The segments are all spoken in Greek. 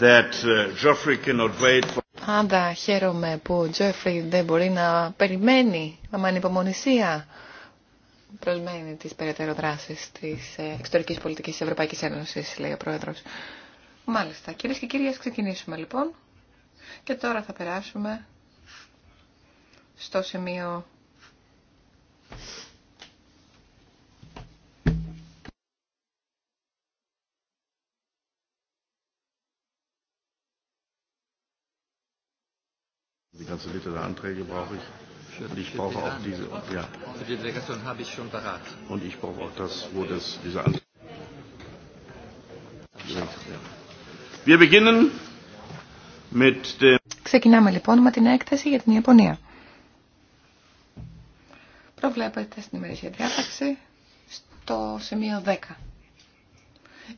that uh, Geoffrey cannot wait for... Πάντα χαίρομαι που ο Τζέφρι δεν μπορεί να περιμένει με ανυπομονησία προσμένει τις περαιτέρω δράσεις της ε, εξωτερικής πολιτικής της Ευρωπαϊκής Ένωσης, λέει ο Πρόεδρος. Μάλιστα. Κυρίες και κύριοι, ας ξεκινήσουμε λοιπόν. Και τώρα θα περάσουμε στο σημείο ganze Liter der Anträge brauche ich. Und ich brauche auch diese. Ja. Für die Delegation habe ich schon parat. Und ich brauche auch das, wo das, diese Anträge. Wir beginnen mit dem. Ξεκινάμε λοιπόν με την έκθεση για την Ιαπωνία. Προβλέπετε στην ημερήσια διάταξη στο σημείο 10.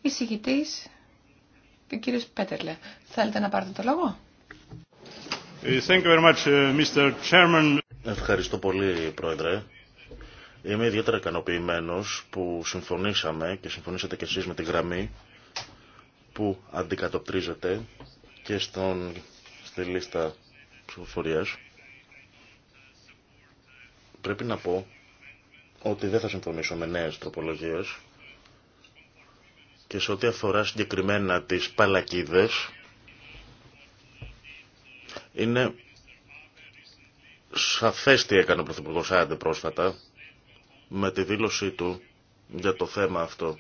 Εισηγητής, ο κύριος Πέτερλε. Θέλετε να πάρετε το λόγο? Ε, ε, Ευχαριστώ πολύ, Πρόεδρε. Είμαι ιδιαίτερα ικανοποιημένο που συμφωνήσαμε και συμφωνήσατε κι εσείς με τη γραμμή που αντικατοπτρίζεται και στον, στη λίστα ψηφοφορία. Πρέπει να πω ότι δεν θα συμφωνήσω με νέες τροπολογίες και σε ό,τι αφορά συγκεκριμένα τις παλακίδες είναι σαφές τι έκανε ο Πρωθυπουργός Άντε πρόσφατα με τη δήλωσή του για το θέμα αυτό.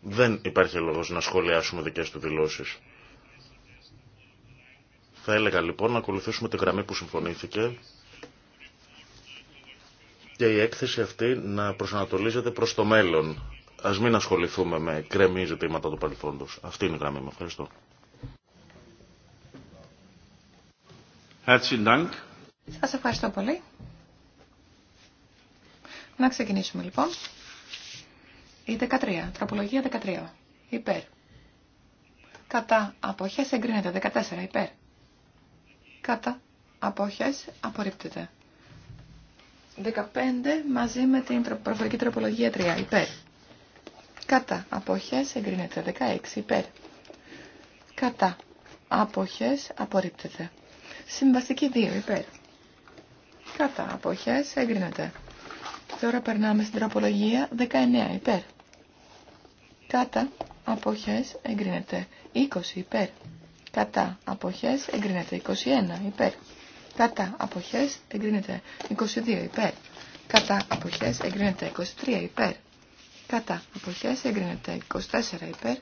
Δεν υπάρχει λόγος να σχολιάσουμε δικές του δηλώσεις. Θα έλεγα λοιπόν να ακολουθήσουμε τη γραμμή που συμφωνήθηκε και η έκθεση αυτή να προσανατολίζεται προς το μέλλον Α μην ασχοληθούμε με κρεμή ζητήματα του παρελθόντο. Αυτή είναι η γραμμή μου. Ευχαριστώ. Σα ευχαριστώ πολύ. Να ξεκινήσουμε λοιπόν. Η 13, τροπολογία 13, υπέρ. Κατά αποχές εγκρίνεται 14, υπέρ. Κατά αποχές απορρίπτεται. 15 μαζί με την προφορική τροπολογία 3, υπέρ. Κατά αποχές εγκρίνεται 16 υπέρ. Κατά αποχές απορρίπτεται. Συμβαστική 2 υπέρ. Κατά αποχές εγκρίνεται. Τώρα περνάμε στην τροπολογία 19 υπέρ. Κατά αποχές εγκρίνεται 20 υπέρ. Κατά αποχές εγκρίνεται 21 υπέρ. Κατά αποχές εγκρίνεται 22 υπέρ. Κατά αποχές εγκρίνεται 23 υπέρ κατά αποχές εγκρίνεται 24 υπέρ,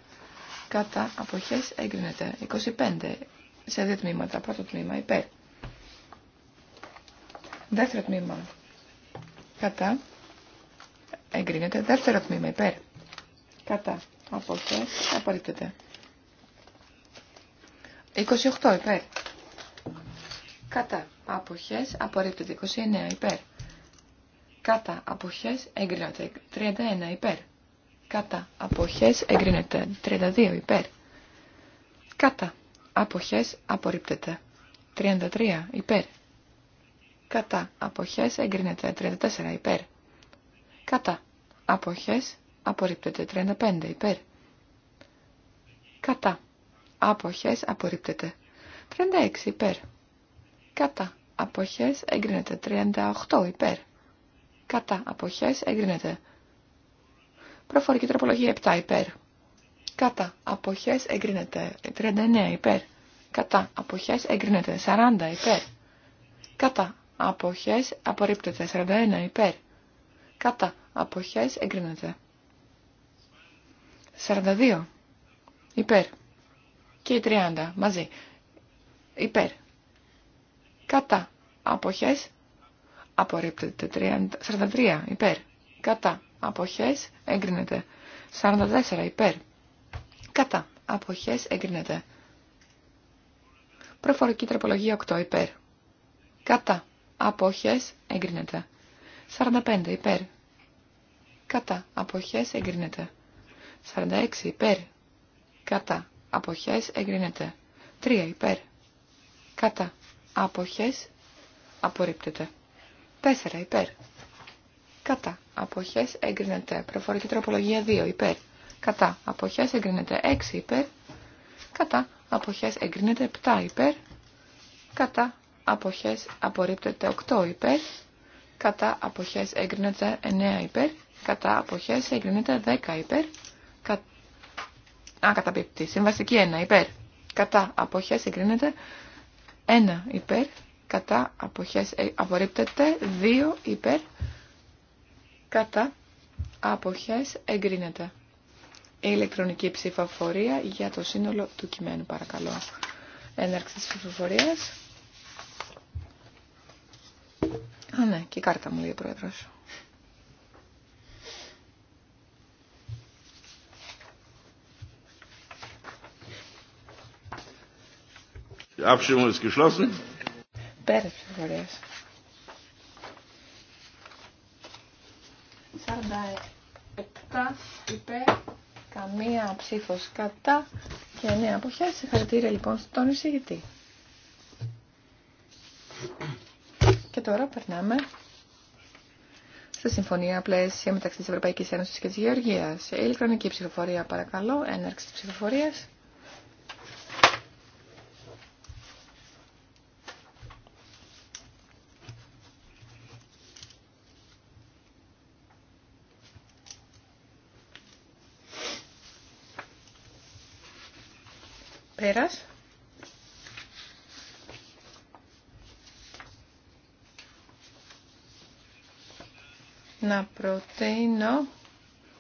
κατά αποχές εγκρίνεται 25 σε δύο τμήματα, πρώτο τμήμα υπέρ. Δεύτερο τμήμα κατά εγκρίνεται, δεύτερο τμήμα υπέρ, κατά αποχές απορρίπτεται. 28 υπέρ. Κατά. Αποχές απορρίπτεται. 29 υπέρ. Κατά αποχές εγκρίνεται. 31 υπέρ. Κατά αποχές εγκρίνεται. 32 υπέρ. Κατά αποχές απορρίπτεται. 33 υπέρ. Κατά αποχές εγκρίνεται. 34 υπέρ. Κατά αποχές απορρίπτεται. 35 υπέρ. Κατά αποχές απορρίπτεται. 36 υπέρ. Κατά αποχές εγκρίνεται. 38 υπέρ κατά αποχές εγκρίνεται. Προφορική τροπολογία 7 υπέρ. Κατά αποχές εγκρίνεται. 39 υπέρ. Κατά αποχές εγκρίνεται. 40 υπέρ. Κατά αποχές απορρίπτεται. 41 υπέρ. Κατά αποχές εγκρίνεται. 42 υπέρ. Και 30 μαζί. Υπέρ. Κατά αποχές απορρίπτεται 43 υπέρ κατά αποχές εγκρίνεται 44 υπέρ κατά αποχές εγκρίνεται προφορική τροπολογία 8 υπέρ κατά αποχές εγκρίνεται 45 υπέρ κατά αποχές εγκρίνεται 46 υπέρ κατά αποχές εγκρίνεται 3 υπέρ κατά αποχές απορρίπτεται 4 υπέρ. Κατά. Αποχές εγκρίνεται. Προφορική τροπολογία 2 υπέρ. Κατά. Αποχέ εγκρίνεται 6 υπέρ. Κατά. Αποχέ εγκρίνεται 7 υπέρ. Κατά. Αποχέ απορρίπτεται 8 υπέρ. Κατά. Αποχέ εγκρίνεται 9 υπέρ. Κατά. Αποχέ εγκρίνεται 10 υπέρ. Κα... Α, καταπίπτει. Συμβαστική 1 υπέρ. Κατά. Αποχέ εγκρίνεται 1 υπέρ κατά αποχές ε, απορρίπτεται, 2 υπέρ κατά αποχές εγκρίνεται. Η ηλεκτρονική ψηφοφορία για το σύνολο του κειμένου παρακαλώ. Έναρξη της ψηφοφορίας. Α, ναι, και η κάρτα μου λέει ο Πρόεδρος. Abstimmung ist geschlossen. Πέρα της 47 υπέρ, καμία ψήφο κατά και 9 αποχέ. Συγχαρητήρια λοιπόν στον εισηγητή. Και τώρα περνάμε στη συμφωνία πλαίσια μεταξύ τη Ευρωπαϊκή Ένωση και τη Γεωργία. ηλεκτρονική ψηφοφορία παρακαλώ, έναρξη ψηφοφορία. ψηφοφορίας. Να προτείνω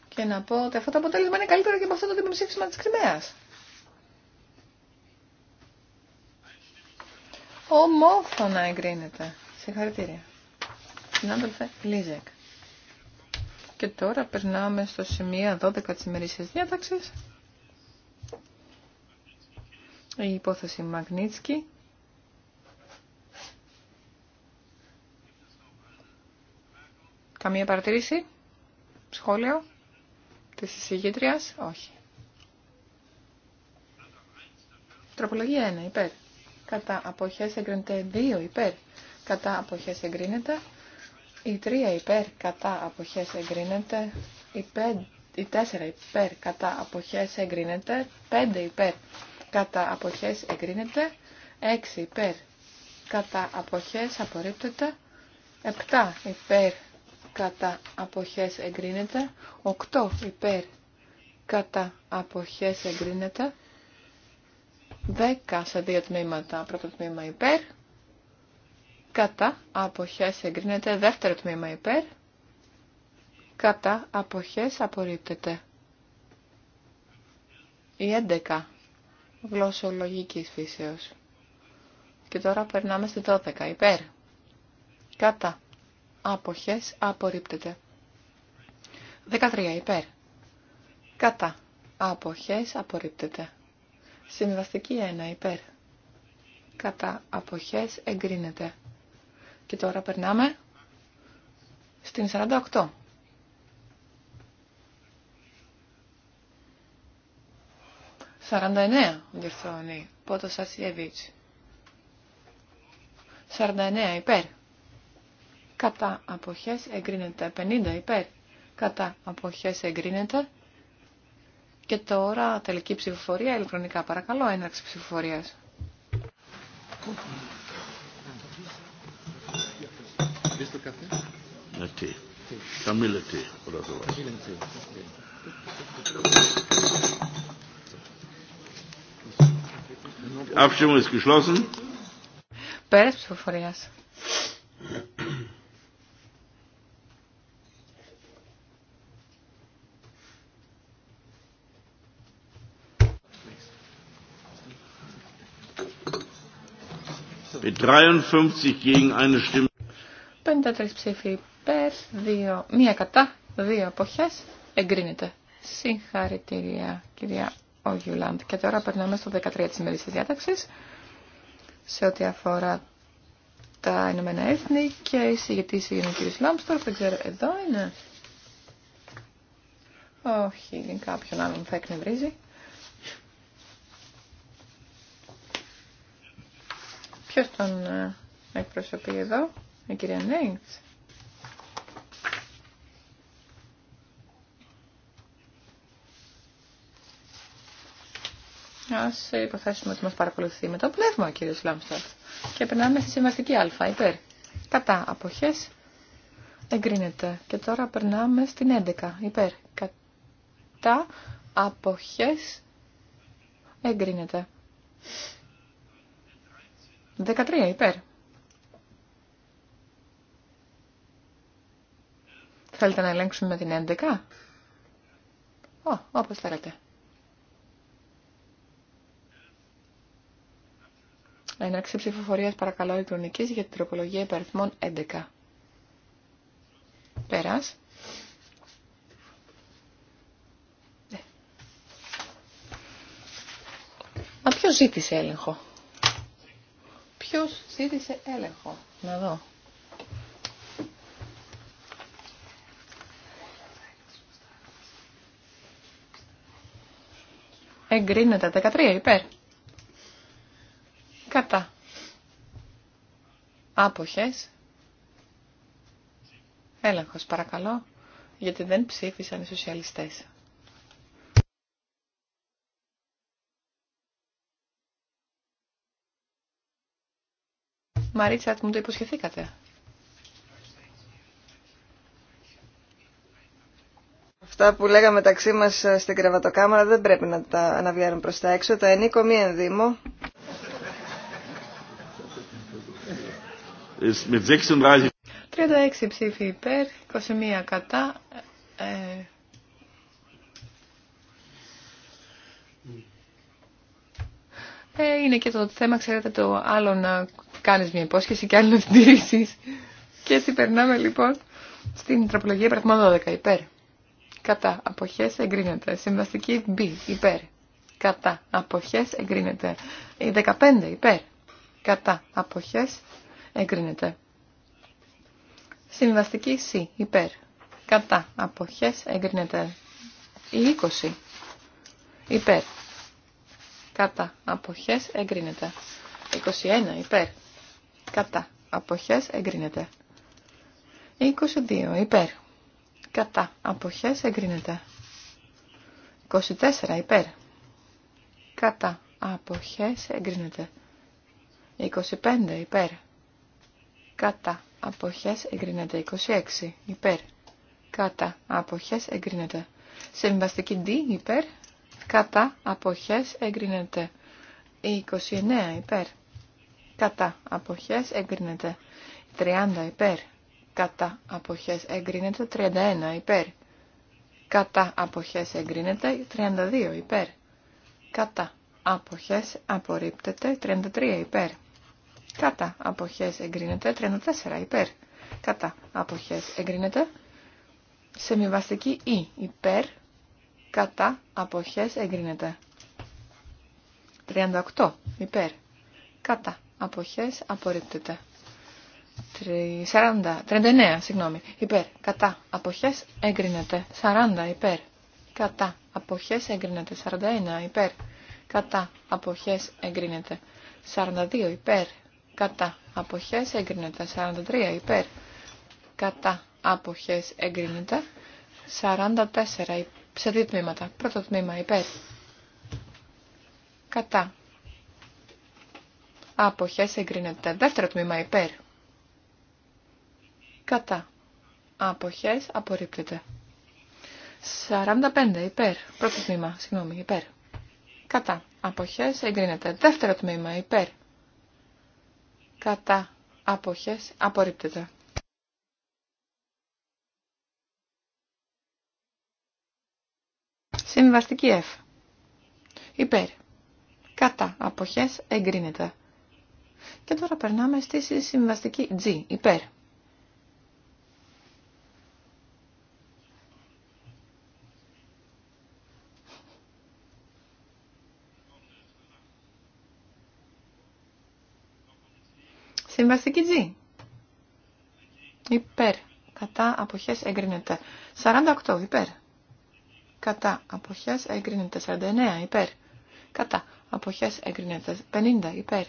και να πω ότι αυτό το αποτέλεσμα είναι καλύτερο και από αυτό το δημοψήφισμα της Κρυμαίας. Ομόφωνα εγκρίνεται. Συγχαρητήρια. Συνάδελφε Λίζεκ. Και τώρα περνάμε στο σημείο 12 της ημερήσιας διάταξης η υπόθεση Μαγνίτσκι. Καμία παρατηρήση, σχόλιο της εισηγήτριας, όχι. Τροπολογία 1, υπέρ. Κατά αποχές εγκρίνεται 2, υπέρ. Κατά αποχές εγκρίνεται. Η 3 υπέρ, κατά αποχές εγκρίνεται. Η 4 υπέρ, κατά αποχές εγκρίνεται. 5 υπέρ, κατά αποχές εγκρίνεται, 6 υπέρ κατά αποχές απορρίπτεται, 7 υπέρ κατά αποχές εγκρίνεται, 8 υπέρ κατά αποχές εγκρίνεται, 10 σε δύο τμήματα, πρώτο τμήμα υπέρ, κατά αποχές εγκρίνεται, δεύτερο τμήμα υπέρ, κατά αποχές απορρίπτεται. Η 11 γλωσσολογικής φύσεως. Και τώρα περνάμε στη 12. Υπέρ. Κατά. Αποχές απορρίπτεται. 13. Υπέρ. Κατά. Αποχές απορρίπτεται. Συμβαστική 1. Υπέρ. Κατά. Αποχές εγκρίνεται. Και τώρα περνάμε στην 48. 49 διορθώνει. Πότο Σασιεβίτς. 49 υπέρ. Κατά αποχές εγκρίνεται. 50 υπέρ. Κατά αποχές εγκρίνεται. Και τώρα τελική ψηφοφορία ηλεκτρονικά. Παρακαλώ, έναρξη ψηφοφορίας. Καμίλε τι, Abstimmung ist ψηφοφορίας. 53 ψήφοι υπέρ, μία κατά, δύο αποχές, εγκρίνεται. Συγχαρητήρια, κυρία Γιουλάντ Και τώρα περνάμε στο 13 της της διάταξης σε ό,τι αφορά τα Ηνωμένα Έθνη και η συγκεκριτή είναι ο κ. Λάμπστορφ, δεν ξέρω, εδώ είναι. Όχι, κάποιον άλλον θα εκνευρίζει. Ποιος τον ε, εκπροσωπεί εδώ, η κυρία Νέιντς. ας υποθέσουμε ότι μας παρακολουθεί με το πνεύμα ο κύριος Λάμστατ. Και περνάμε στη συμβαστική α, υπέρ. Κατά αποχές εγκρίνεται. Και τώρα περνάμε στην 11, υπέρ. Κατά αποχές εγκρίνεται. 13, υπέρ. Θέλετε να ελέγξουμε την 11. Ω, όπως θέλετε. Έναρξη ψηφοφορία παρακαλώ ηλεκτρονική για την τροπολογία υπεριθμών 11. Πέρα. Ναι. Μα ποιο ζήτησε έλεγχο. Ποιο ζήτησε έλεγχο. Να δω. Εγκρίνεται 13 υπέρ κατά άποχες έλεγχος παρακαλώ γιατί δεν ψήφισαν οι σοσιαλιστές. Μαρίτσα, μου το υποσχεθήκατε. Αυτά που λέγαμε μεταξύ μας στην κρεβατοκάμαρα δεν πρέπει να τα αναβιάρουν προς τα έξω. Τα ενίκο μη ενδύμω. 36 ψήφοι υπέρ, 21 κατά. Ε, ε, είναι και το θέμα, ξέρετε, το άλλο να κάνεις μια υπόσχεση και άλλο να την τηρήσεις. Και έτσι περνάμε λοιπόν στην τροπολογία πράγμα 12 υπέρ. Κατά αποχές εγκρίνεται. Συμβαστική B υπέρ. Κατά αποχές εγκρίνεται. 15 υπέρ. Κατά αποχές εγκρίνεται. Συμβαστική C, υπέρ. Κατά. Αποχές εγκρίνεται. 20. Υπέρ. Κατά. Αποχές εγκρίνεται. 21. Υπέρ. Κατά. Αποχές εγκρίνεται. 22. Υπέρ. Κατά. Αποχές εγκρίνεται. 24. Υπέρ. Κατά. Αποχές εγκρίνεται. 25. Υπέρ. Κατά αποχές εγκρίνεται. 26 υπέρ. Κατά αποχές εγκρίνεται. Συμβαστική D υπέρ. Κατά αποχές εγκρίνεται. 29 υπέρ. Κατά αποχές εγκρίνεται. 30 υπέρ. Κατά αποχές εγκρίνεται. 31 υπέρ. Κατά αποχές εγκρίνεται. 32 υπέρ. Κατά αποχές απορρίπτεται. 33 υπέρ. Κατά αποχές εγκρίνεται. 34 υπέρ. Κατά αποχές εγκρίνεται. Σεμιβαστική ή e. υπέρ. Κατά αποχές εγκρίνεται. 38 υπέρ. Κατά αποχές απορρίπτεται. 40, 39, συγγνώμη, υπέρ, κατά, αποχές, έγκρινεται, 40, υπέρ, κατά, αποχές, έγκρινεται, 41, υπέρ, κατά, αποχές, έγκρινεται, 42, υπέρ, κατά αποχές εγκρίνεται. 43 υπέρ κατά αποχές εγκρίνεται. 44 σε δύο τμήματα. Πρώτο τμήμα υπέρ κατά αποχές εγκρίνεται. Δεύτερο τμήμα υπέρ κατά αποχές απορρίπτεται. 45 υπέρ. Πρώτο τμήμα, συγγνώμη, υπέρ. Κατά. Αποχές εγκρίνεται. Δεύτερο τμήμα υπέρ κατά αποχές απορρίπτεται. Συμβαστική F. Υπέρ. Κατά αποχές εγκρίνεται. Και τώρα περνάμε στη συμβαστική G. Υπέρ. Συμβαστική G. Υπέρ. Κατά αποχές εγκρίνεται. 48. Υπέρ. Κατά αποχές εγκρίνεται. 49. Υπέρ. Κατά αποχές εγκρίνεται. 50. Υπέρ.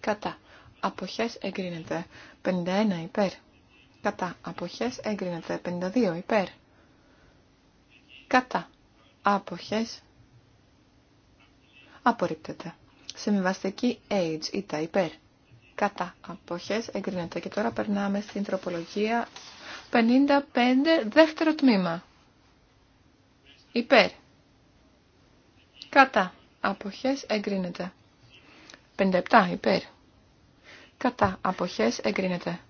Κατά αποχές εγκρίνεται. 51. Υπέρ. Κατά αποχές εγκρίνεται. 52. Υπέρ. Κατά αποχές απορρίπτεται. Συμβαστική H. Ήτα. Υπέρ κατά αποχές εγκρίνεται. Και τώρα περνάμε στην τροπολογία 55 δεύτερο τμήμα. Υπέρ. Κατά αποχές εγκρίνεται. 57 υπέρ. Κατά αποχές εγκρίνεται.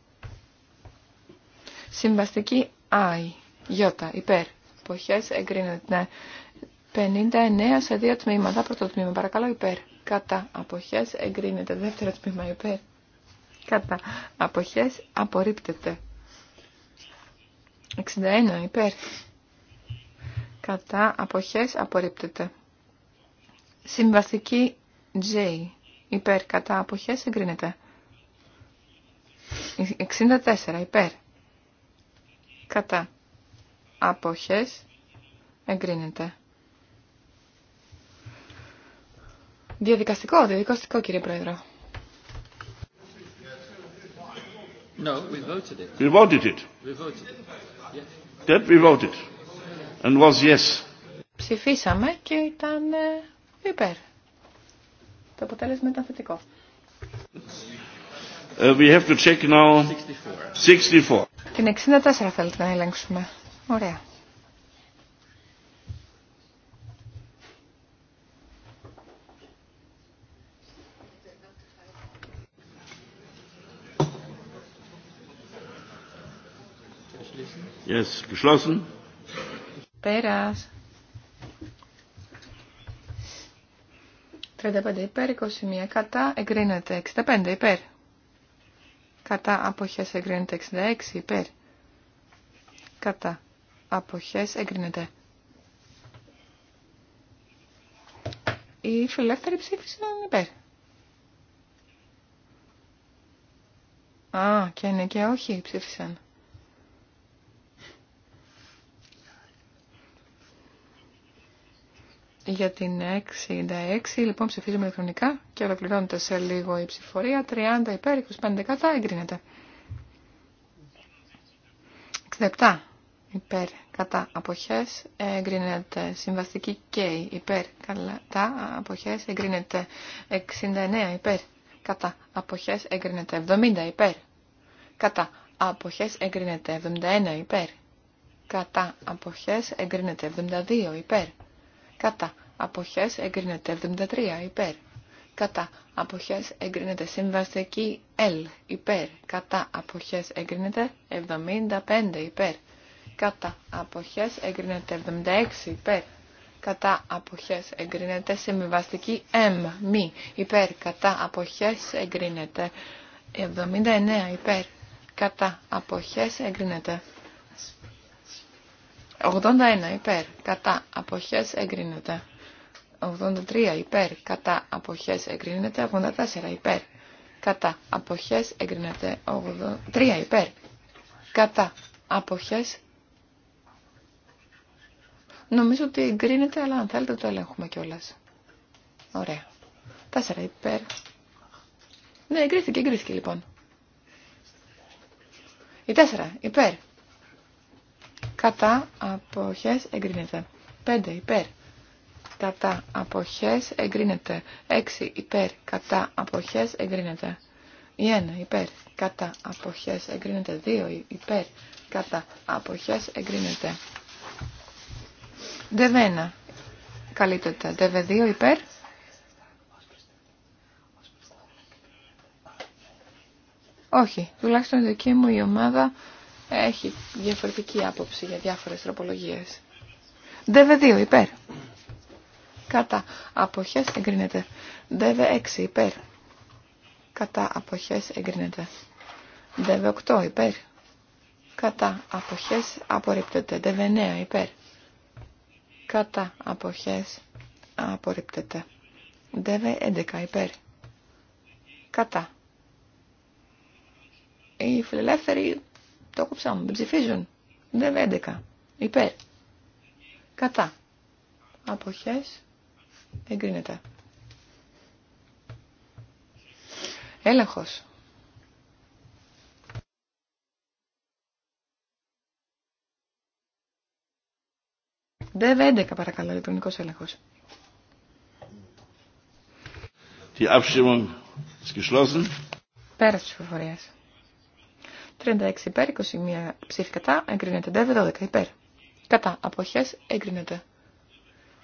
Συμβαστική I. Ι. Υπέρ. Αποχές εγκρίνεται. 59 σε δύο τμήματα. Πρώτο τμήμα παρακαλώ υπέρ. Κατά αποχές εγκρίνεται. Δεύτερο τμήμα υπέρ κατά αποχές απορρίπτεται. 61 υπέρ κατά αποχές απορρίπτεται. Συμβαστική J υπέρ κατά αποχές εγκρίνεται. 64 υπέρ κατά αποχές εγκρίνεται. Διαδικαστικό, διαδικαστικό κύριε Πρόεδρο. No, we voted it. We voted it. We voted it. Yes. That we voted. And was yes. Ψηφίσαμε και ήταν υπέρ. Το αποτέλεσμα ήταν θετικό. Uh, we have to check now 64. 64. Την 64 θέλετε να ελέγξουμε. Ωραία. Yes, geschlossen. 35 υπέρ, 21 κατά, εγκρίνεται 65 υπέρ. Κατά αποχές εγκρίνεται 66 υπέρ. Κατά αποχές εγκρίνεται. Η φιλελεύθερη ψήφιση είναι υπέρ. Α, και είναι και όχι ψήφισαν. για την 66. Λοιπόν, ψηφίζουμε ηλεκτρονικά και ολοκληρώνεται σε λίγο η ψηφορία. 30 υπέρ, 25 κατά, εγκρίνεται. 67 υπέρ, κατά, αποχές, εγκρίνεται. Συμβαστική και υπέρ, κατά, αποχές, εγκρίνεται. 69 υπέρ, κατά, αποχές, εγκρίνεται. 70 υπέρ, κατά, αποχές, εγκρίνεται. 71 υπέρ, κατά, αποχές, εγκρίνεται. 72 υπέρ Κατά. Αποχές εγκρίνεται 73 υπέρ. Κατά. Αποχές εγκρίνεται συμβαστική L υπέρ. Κατά. Αποχές εγκρίνεται 75 υπέρ. Κατά. Αποχές εγκρίνεται 76 υπέρ. Κατά. Αποχές εγκρίνεται συμβιβαστική M. Μη. Υπέρ. Κατά. Αποχές εγκρίνεται 79 υπέρ. Κατά. Αποχές εγκρίνεται 81 υπέρ κατά αποχές εγκρίνεται. 83 υπέρ κατά αποχές εγκρίνεται. 84 υπέρ κατά αποχές εγκρίνεται. 83 υπέρ κατά αποχές Νομίζω ότι εγκρίνεται, αλλά αν θέλετε το ελέγχουμε κιόλα. Ωραία. 4 υπέρ. Ναι, εγκρίθηκε, εγκρίθηκε λοιπόν. Η 4 υπέρ κατά αποχές εγκρίνεται. 5 υπέρ κατά αποχές εγκρίνεται. 6 υπέρ κατά αποχές εγκρίνεται. Η 1 υπέρ κατά αποχές εγκρίνεται. 2 υπέρ κατά αποχές εγκρίνεται. Δεβένα καλύπτεται. Δεβε 2 υπέρ. Όχι, τουλάχιστον δική μου η ομάδα έχει διαφορετική άποψη για διάφορες τροπολογίες. ΔΕΒΕ 2 υπέρ. Κατά αποχές εγκρίνεται. ΔΕΒΕ 6 υπέρ. Κατά αποχές εγκρίνεται. ΔΕΒΕ 8 υπέρ. Κατά αποχές απορρίπτεται. ΔΕΒΕ 9 υπέρ. Κατά αποχές απορρίπτεται. ΔΕΒΕ 11 υπέρ. Κατά. Οι φιλελεύθεροι το κόψα μου. Δεν ψηφίζουν. Δεν 11. Υπέρ. Κατά. Αποχές. Εγκρίνεται. Έλεγχος. ΔΕΒ 11 παρακαλώ, ηλεκτρονικός έλεγχος. Die Abstimmung ist geschlossen. Πέρα της ψηφοφορίας. 36 υπέρ, 21 ψήφι κατά, εγκρίνεται. 12 υπέρ. Κατά. Αποχές εγκρίνεται.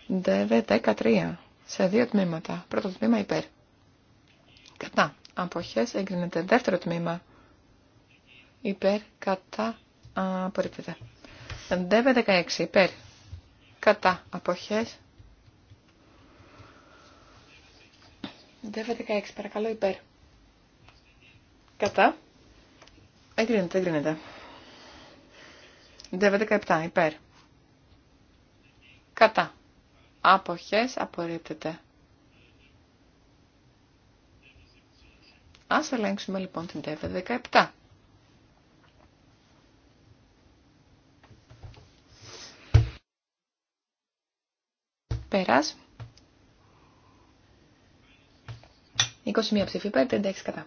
ΔΕΒΕ 13 σε δύο τμήματα. Πρώτο τμήμα υπέρ. Κατά. Αποχές εγκρίνεται. Δεύτερο τμήμα υπέρ, κατά, απορρίπτεται. ΔΕΒΕ 16 υπέρ. Κατά. Αποχές. ΔΕΒΕ 16 παρακαλώ υπέρ. Κατά. Εγκρίνεται, εγκρίνεται. 17, υπέρ. Κατά. Αποχές απορρίπτεται. Ας ελέγξουμε λοιπόν την ΤΕΒΕ 17. Πέρας. 21 ψηφί υπέρ, 36 κατά.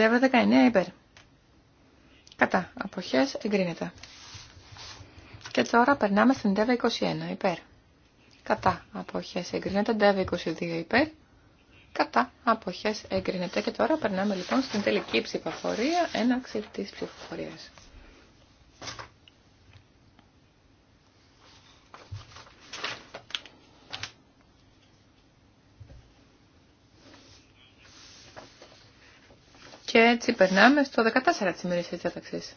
Ντέβε 19 υπέρ. Κατά. Αποχές εγκρίνεται. Και τώρα περνάμε στην ΔΕΒΕ 21 υπέρ. Κατά. Αποχές εγκρίνεται. ΔΕΒΕ 22 υπέρ. Κατά. Αποχές εγκρίνεται. Και τώρα περνάμε λοιπόν στην τελική ψηφοφορία έναξη της ψηφοφορίας. Και έτσι περνάμε στο 14 της ημερής της διάταξης.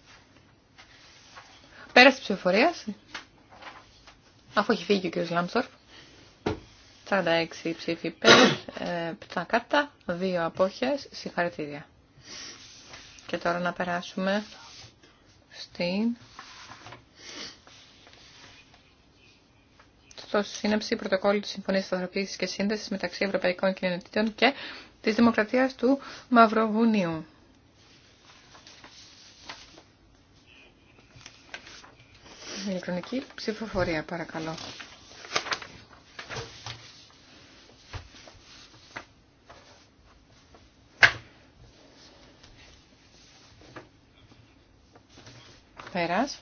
Πέρασε της ψηφοφορίας, αφού έχει φύγει ο κ. Λάμπσορφ, 46 ψήφοι υπέρ, 7 κάρτα, 2 απόχες, συγχαρητήρια. Και τώρα να περάσουμε στην... στο σύναψη πρωτοκόλλου της Συμφωνίας Σταθεροποίησης και Σύνδεσης μεταξύ Ευρωπαϊκών Κοινωνιτήτων και της Δημοκρατίας του Μαυροβουνίου. ηλεκτρονική ψηφοφορία, παρακαλώ. Πέρας.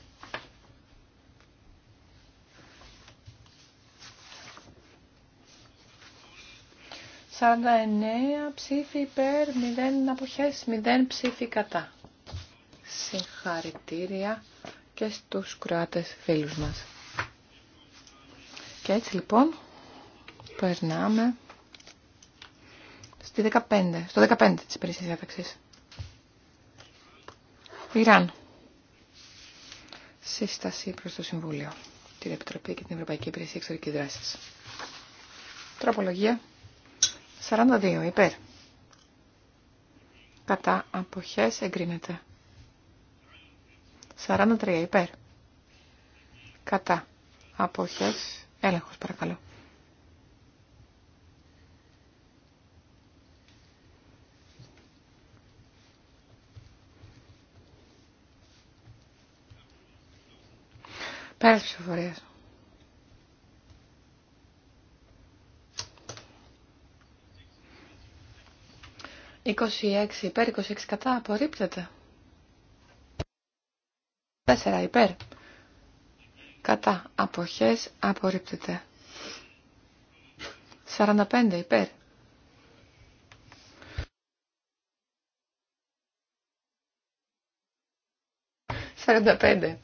Σαράντα εννέα ψήφι υπέρ, μηδέν αποχές, μηδέν ψήφι κατά. Συγχαρητήρια και στους Κροάτες φίλους μας. Και έτσι λοιπόν περνάμε στη 15, στο 15 της υπηρεσίας διάταξης. Ιράν. Σύσταση προς το Συμβούλιο, την Επιτροπή και την Ευρωπαϊκή Υπηρεσία Εξωτερικής Δράσης. Τροπολογία 42 υπέρ. Κατά αποχές εγκρίνεται. 43 υπέρ. Κατά. Αποχές. Έλεγχος παρακαλώ. Πέρας ψηφοφορίες. Είκοσι έξι υπέρ, είκοσι έξι κατά, απορρίπτεται. 4 υπέρ. Κατά αποχές απορρίπτεται. 45 υπέρ. Σαράντα πέντε.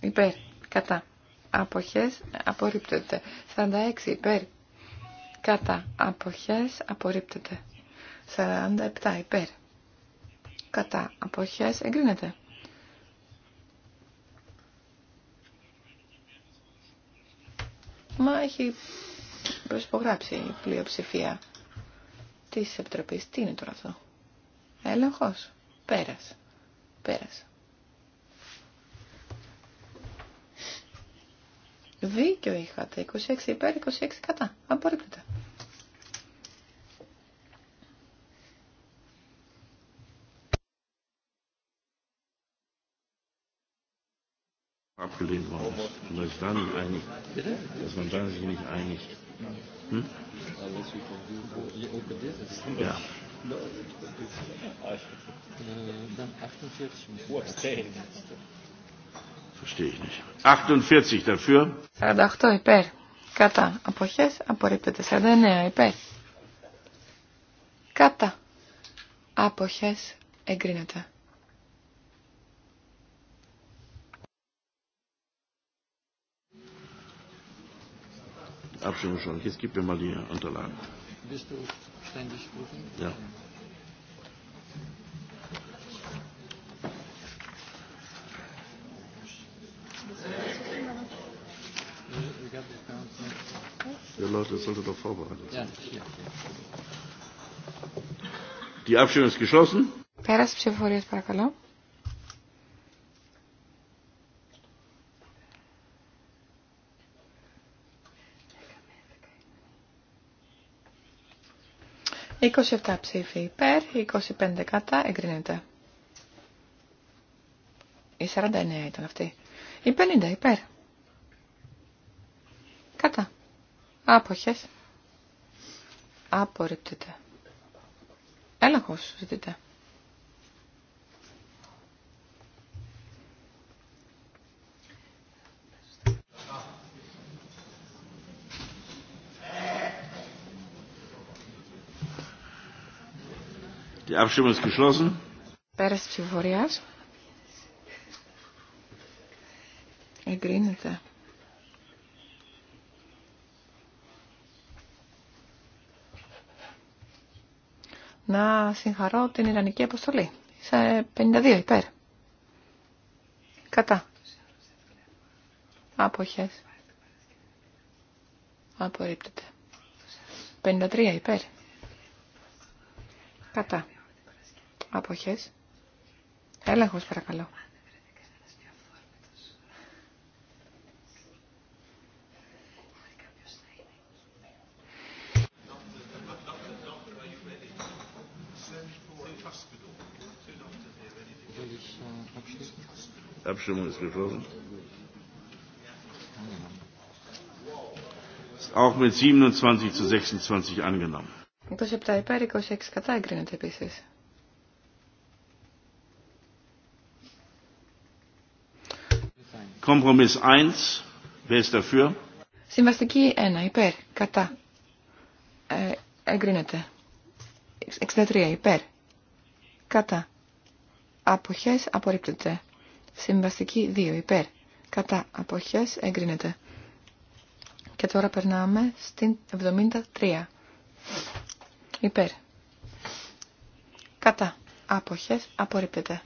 Υπέρ. Κατά. Αποχές απορρίπτεται. 46 υπέρ. Κατά. Αποχές απορρίπτεται. 47 υπέρ. Κατά. Αποχές εγκρίνεται. Μα έχει προσυπογράψει η πλειοψηφία της Επιτροπής. Τι είναι τώρα αυτό. Έλεγχος. Πέρας. Πέρας. Δίκιο είχατε. 26 υπέρ, 26 κατά. Απορρίπτεται. abgelehnt worden ist. Und dass da nicht einigt. Dass man dann sich nicht einigt. Hm? Ja. Verstehe ich nicht. 48 dafür. 48 υπέρ. Κατά. Αποχές απορρίπτεται. 49 υπέρ. Κατά. Αποχές εγκρίνεται. Abstimmung schon. Jetzt gib mir mal die Unterlagen. Bist du ständig prüfen? Ja. Ja, Leute, das sollte doch vorbereitet sein. Die Abstimmung ist geschlossen. Πέρας ψηφοφορίας παρακαλώ. 27 ψήφοι υπέρ, 25 κατά, εγκρίνεται. Η 49 ήταν αυτή. Η 50 υπέρ. Κατά. Άποχες. Απορρίπτεται. Έλεγχος ζητείται. Die Abstimmung ist Εγκρίνεται. Να συγχαρώ την Ιρανική αποστολή. Σε 52 υπέρ. Κατά. Αποχές. Απορρίπτεται. 53 υπέρ. Κατά. Αποχές. Έλεγχος παρακαλώ. auch mit 27 zu 26 angenommen. Das 27 υπέρ, 26 κατά εγκρίνεται επίσης. Συμβαστική 1. Υπέρ. Κατά. Ε, εγκρίνεται. 63. Υπέρ. Κατά. Αποχές απορρίπτεται. Συμβαστική 2. Υπέρ. Κατά. Αποχές εγκρίνεται. Και τώρα περνάμε στην 73. Υπέρ. Κατά. Αποχές απορρίπτεται.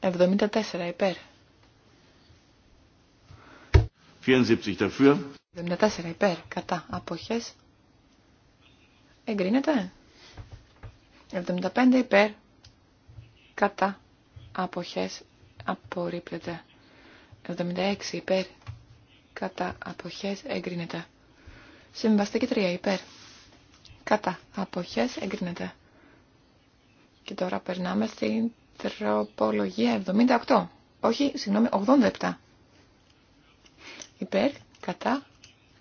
74. Υπέρ. 74 dafür. υπέρ, κατά, αποχές. Εγκρίνεται. 75 υπέρ, κατά, αποχές, απορρίπτεται. 76 υπέρ, κατά, αποχές, εγκρίνεται. Συμβαστική 3 υπέρ, κατά, αποχές, εγκρίνεται. Και τώρα περνάμε στην τροπολογία 78. Όχι, συγγνώμη, 87. Υπέρ, κατά,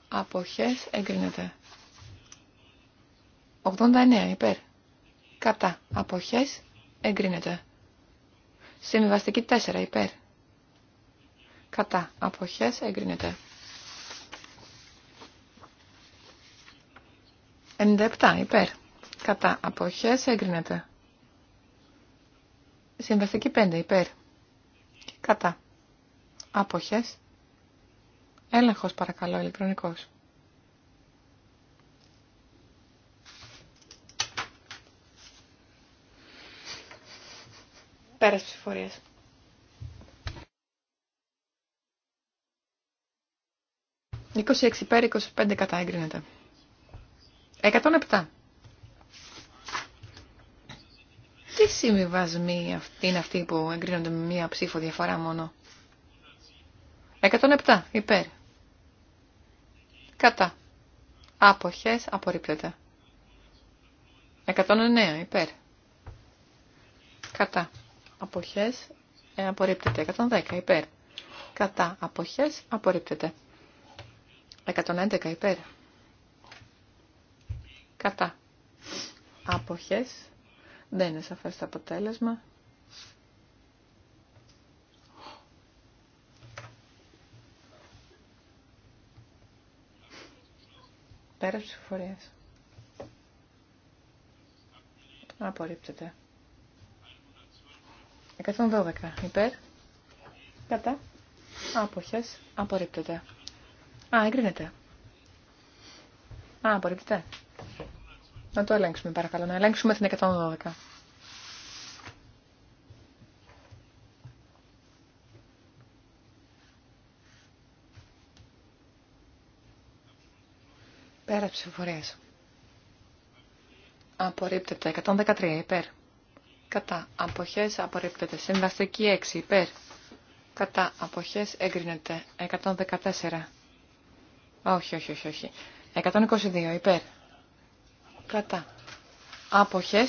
αποχές, εγκρίνεται. 89 υπέρ. Κατά, αποχές, εγκρίνεται. Συμβιβαστική 4 υπέρ. Κατά, αποχές, εγκρίνεται. 97 υπέρ. Κατά, αποχές, εγκρίνεται. Συμβαστική 5 υπέρ. Κατά, αποχές, Έλεγχος παρακαλώ, ηλεκτρονικός. Πέρας ψηφορίας. 26 υπέρ, 25 κατά εγκρίνεται. 107. Τι συμβιβασμοί είναι αυτοί που εγκρίνονται με μία ψήφο διαφορά μόνο. 107 υπέρ. Κατά. Άποχες απορρίπτεται. 109 υπέρ. Κατά. Αποχές ε, απορρίπτεται. 110 υπέρ. Κατά. Αποχές απορρίπτεται. 111 υπέρ. Κατά. Άποχες. Δεν είναι σαφές το αποτέλεσμα. Πέρα ψηφοφορία. Απορρίπτεται. 112 υπέρ. Κατά. Άποχες. Απορρίπτεται. Α, εγκρίνεται. Α, απορρίπτεται. Να το ελέγξουμε παρακαλώ. Να ελέγξουμε την 112. ψηφοφορία. Απορρίπτεται. 113 υπέρ. Κατά. απόχέ απορρίπτεται. Συμβαστική 6 υπέρ. Κατά. απόχέ εγκρίνεται. 114. Όχι, όχι, όχι, όχι. 122 υπέρ. Κατά. απόχέ.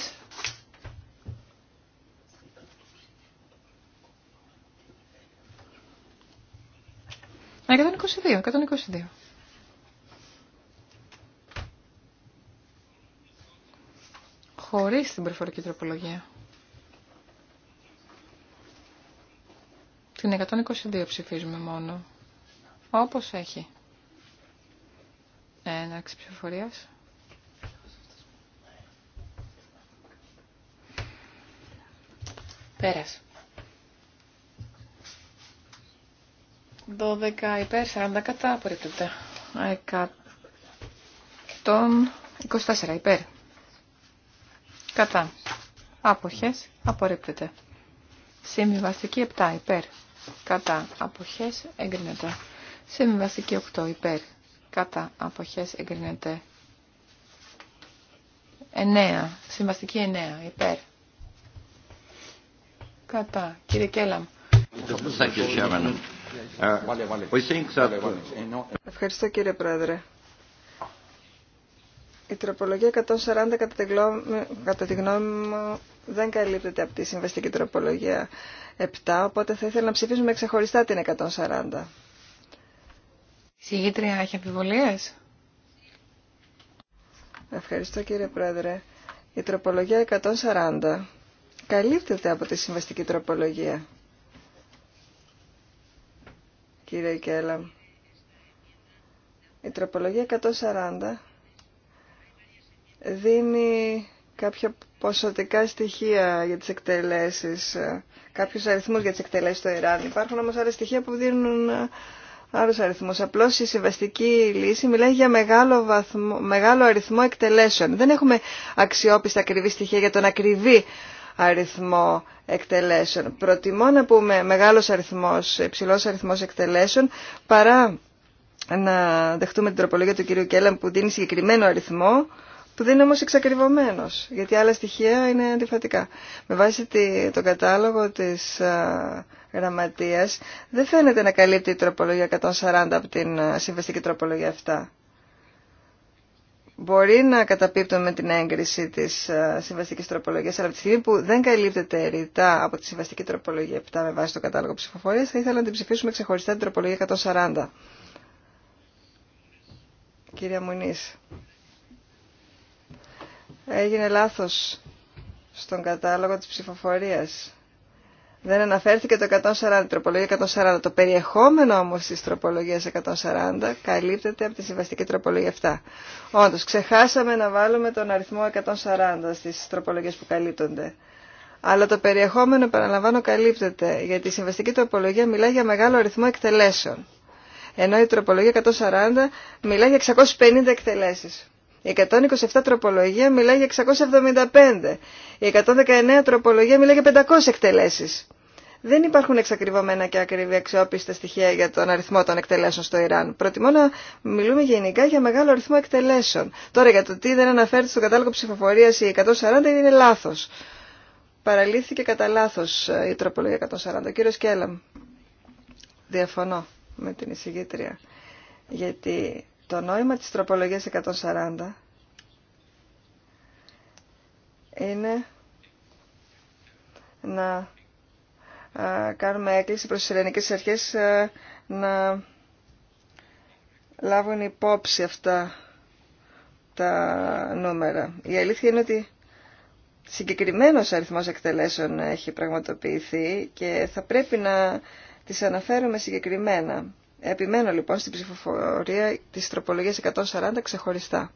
122, 122. χωρίς την προφορική τροπολογία. Την 122 ψηφίζουμε μόνο. Όπως έχει. Έναρξη ψηφοφορίας. Πέρας. 12 υπέρ 40 κατά απορρίπτεται. 124 υπέρ Κατά. Αποχές. Απορρίπτεται. Συμβιβαστική 7. Υπέρ. Κατά. Αποχές. Εγκρίνεται. Συμβιβαστική 8. Υπέρ. Κατά. Αποχές. Εγκρίνεται. 9. Συμβαστική 9. Υπέρ. Κατά. Κύριε Κέλαμ. Uh, Ευχαριστώ κύριε Πρόεδρε. Η τροπολογία 140 κατά τη γνώμη μου δεν καλύπτεται από τη συμβαστική τροπολογία 7, οπότε θα ήθελα να ψηφίσουμε ξεχωριστά την 140. Συγήτρια, έχει αμφιβολίες. Ευχαριστώ κύριε Πρόεδρε. Η τροπολογία 140 καλύπτεται από τη συμβαστική τροπολογία. Κύριε Κέλλα, Η τροπολογία 140 δίνει κάποια ποσοτικά στοιχεία για τις εκτελέσεις, ε, κάποιους αριθμούς για τις εκτελέσεις στο Ιράν. Υπάρχουν όμως άλλα στοιχεία που δίνουν ε, άλλους αριθμούς. Απλώς η συμβαστική λύση μιλάει για μεγάλο, βαθμό, μεγάλο αριθμό εκτελέσεων. Δεν έχουμε αξιόπιστα ακριβή στοιχεία για τον ακριβή αριθμό εκτελέσεων. Προτιμώ να πούμε μεγάλος αριθμός, υψηλός αριθμός εκτελέσεων παρά να δεχτούμε την τροπολογία του κ. Κέλλαμ που δίνει συγκεκριμένο αριθμό που δεν είναι όμως εξακριβωμένος, γιατί άλλα στοιχεία είναι αντιφατικά. Με βάση τη, τον κατάλογο της α, γραμματείας, δεν φαίνεται να καλύπτει η τροπολογία 140 από την συμβαστική τροπολογία 7. Μπορεί να καταπίπτουμε με την έγκριση της συμβαστική τροπολογίας, αλλά από τη στιγμή που δεν καλύπτεται ρητά από τη συμβαστική τροπολογία 7 με βάση το κατάλογο ψηφοφορίας, θα ήθελα να την ψηφίσουμε ξεχωριστά την τροπολογία 140. Κυρία Μουνής. Έγινε λάθος στον κατάλογο της ψηφοφορίας. Δεν αναφέρθηκε το 140, τροπολογία 140. Το περιεχόμενο όμως της τροπολογίας 140 καλύπτεται από τη συμβαστική τροπολογία 7. Όντως, ξεχάσαμε να βάλουμε τον αριθμό 140 στις τροπολογίες που καλύπτονται. Αλλά το περιεχόμενο, παραλαμβάνω, καλύπτεται, γιατί η συμβαστική τροπολογία μιλά για μεγάλο αριθμό εκτελέσεων. Ενώ η τροπολογία 140 μιλά για 650 εκτελέσεις. Η 127 τροπολογία μιλάει για 675. Η 119 τροπολογία μιλάει για 500 εκτελέσεις. Δεν υπάρχουν εξακριβωμένα και ακριβή αξιόπιστα στοιχεία για τον αριθμό των εκτελέσεων στο Ιράν. Προτιμώ να μιλούμε γενικά για μεγάλο αριθμό εκτελέσεων. Τώρα για το τι δεν αναφέρεται στο κατάλογο ψηφοφορία η 140 είναι λάθο. Παραλήθηκε κατά λάθο ε, η τροπολογία 140. Κύριο Κέλαμ. Διαφωνώ με την εισηγήτρια. Γιατί το νόημα της τροπολογίας 140 είναι να κάνουμε έκκληση προς τις ελληνικές αρχές να λάβουν υπόψη αυτά τα νούμερα. Η αλήθεια είναι ότι συγκεκριμένος αριθμός εκτελέσεων έχει πραγματοποιηθεί και θα πρέπει να τις αναφέρουμε συγκεκριμένα. Επιμένω λοιπόν στην ψηφοφορία της τροπολογίας 140 ξεχωριστά.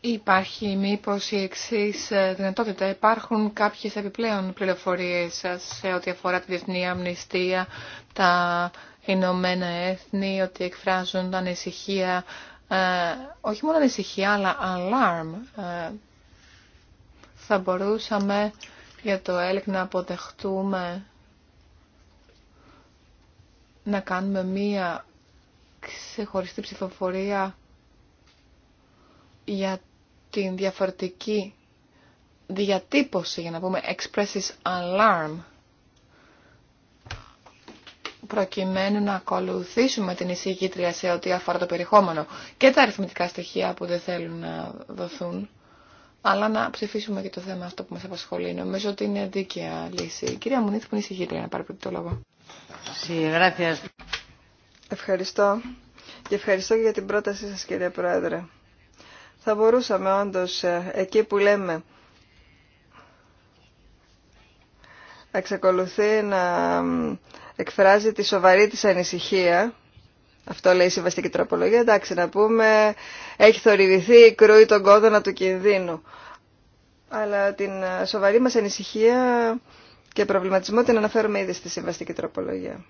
Υπάρχει μήπως η εξή ε, δυνατότητα. Υπάρχουν κάποιες επιπλέον πληροφορίες σας σε ό,τι αφορά τη διεθνή αμνηστία, τα Ηνωμένα Έθνη, ότι εκφράζουν ανησυχία, ε, όχι μόνο ανησυχία, αλλά alarm. Ε, θα μπορούσαμε για το ΕΛΚ να αποτεχτούμε να κάνουμε μία ξεχωριστή ψηφοφορία για την διαφορετική διατύπωση, για να πούμε expresses alarm, προκειμένου να ακολουθήσουμε την εισηγήτρια σε ό,τι αφορά το περιεχόμενο και τα αριθμητικά στοιχεία που δεν θέλουν να δοθούν αλλά να ψηφίσουμε και το θέμα αυτό που μας απασχολεί. Νομίζω ότι είναι δίκαια λύση. κυρία Μουνίτ που είναι εισηγήτρια να πάρει πρώτη το λόγο. Ευχαριστώ και ευχαριστώ και για την πρότασή σας κύριε Πρόεδρε. Θα μπορούσαμε όντως ε, εκεί που λέμε να εξακολουθεί να εκφράζει τη σοβαρή της ανησυχία αυτό λέει η συμβαστική τροπολογία. Εντάξει, να πούμε, έχει θορυβηθεί η κρούη των κόδωνα του κινδύνου. Αλλά την ε, σοβαρή μας ανησυχία και προβληματισμό την αναφέρουμε ήδη στη συμβαστική τροπολογία.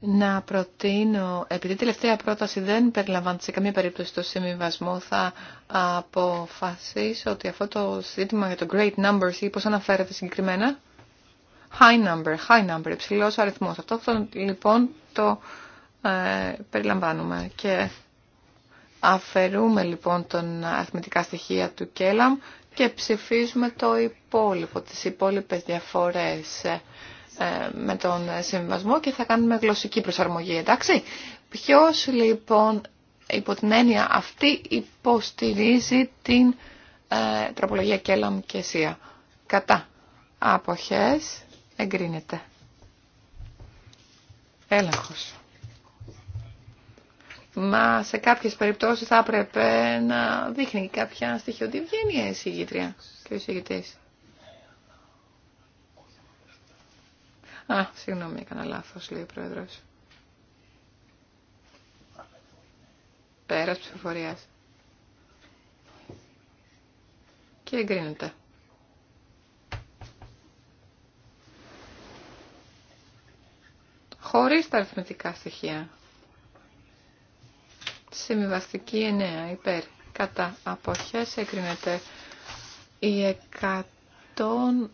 Να προτείνω, επειδή η τελευταία πρόταση δεν περιλαμβάνεται σε καμία περίπτωση το συμβιβασμό, θα αποφασίσω ότι αυτό το ζήτημα για το great numbers ή πώς αναφέρεται συγκεκριμένα, high number, high number, υψηλός αριθμός. Αυτό λοιπόν το ε, περιλαμβάνουμε. Και αφαιρούμε λοιπόν τον αριθμητικά στοιχεία του ΚΕΛΑΜ και ψηφίζουμε το υπόλοιπο, τις υπόλοιπες διαφορές ε, ε, με τον συμβασμό και θα κάνουμε γλωσσική προσαρμογή, εντάξει. Ποιος λοιπόν υπό την έννοια αυτή υποστηρίζει την ε, τροπολογία Κέλαμ και Σία. Κατά. Αποχές εγκρίνεται. Έλεγχος. Μα σε κάποιες περιπτώσεις θα έπρεπε να δείχνει και κάποια ότι ευγένεια η συγγήτρια και ο συγγητή. Α, συγγνώμη, έκανα λάθος, λέει ο πρόεδρος. Πέρα ψηφοφορία. Και εγκρίνεται. Χωρίς τα αριθμητικά στοιχεία. Συμβιβαστική 9 υπέρ κατά αποχές έκρινεται η 156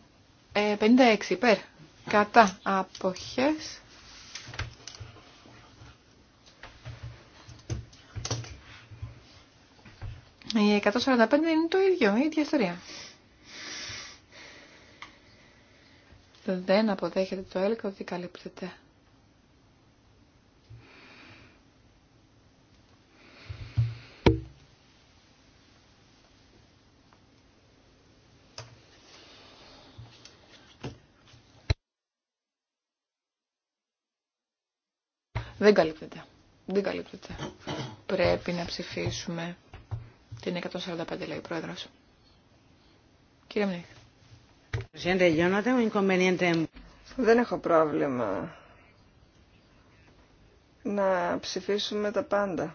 ε, υπέρ κατά αποχές η 145 είναι το ίδιο, η ίδια ιστορία δεν αποδέχεται το έλεγχο, ότι καλύπτεται Δεν καλύπτεται. Δεν καλύπτεται. Πρέπει να ψηφίσουμε την 145, λέει ο πρόεδρο. Κύριε Μνήχ. Δεν έχω πρόβλημα να ψηφίσουμε τα πάντα.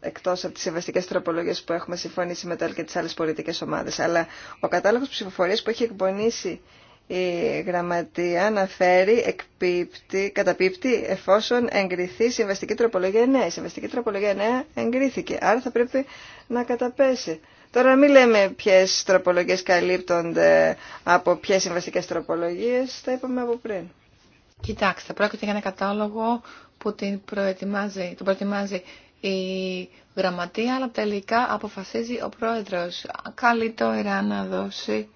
Εκτός από τις συμβαστικές τροπολογίες που έχουμε συμφωνήσει μετά και τι άλλε πολιτικέ ομάδες. Αλλά ο κατάλογος ψηφοφορία που έχει εκπονήσει η γραμματεία αναφέρει εκπίπτει, καταπίπτει εφόσον εγκριθεί συμβαστική τροπολογία 9. Η συμβαστική τροπολογία 9 εγκρίθηκε, άρα θα πρέπει να καταπέσει. Τώρα μην λέμε ποιες τροπολογίες καλύπτονται από ποιες συμβαστικές τροπολογίες, τα είπαμε από πριν. Κοιτάξτε, πρόκειται για ένα κατάλογο που την προετοιμάζει, τον προετοιμάζει η γραμματεία, αλλά τελικά αποφασίζει ο πρόεδρος. Καλή τώρα να δώσει...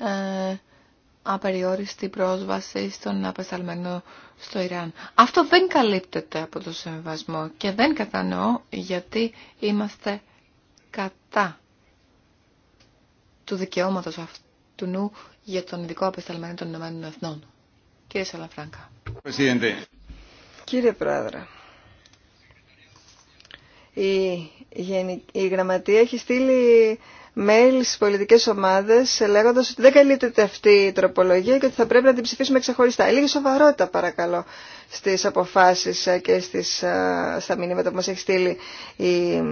Ε, απεριόριστη πρόσβαση στον απεσταλμένο στο Ιράν. Αυτό δεν καλύπτεται από το συμβασμό και δεν κατανοώ γιατί είμαστε κατά του δικαιώματος αυτού νου για τον ειδικό απεσταλμένο των Ηνωμένων Εθνών. Κύριε Σαλαφράγκα. Κύριε Πρόεδρε, η, η Γραμματεία έχει στείλει mail στι πολιτικέ ομάδε λέγοντα ότι δεν καλύπτεται αυτή η τροπολογία και ότι θα πρέπει να την ψηφίσουμε ξεχωριστά. Λίγη σοβαρότητα παρακαλώ στι αποφάσει και στις, στα μηνύματα που μα έχει στείλει η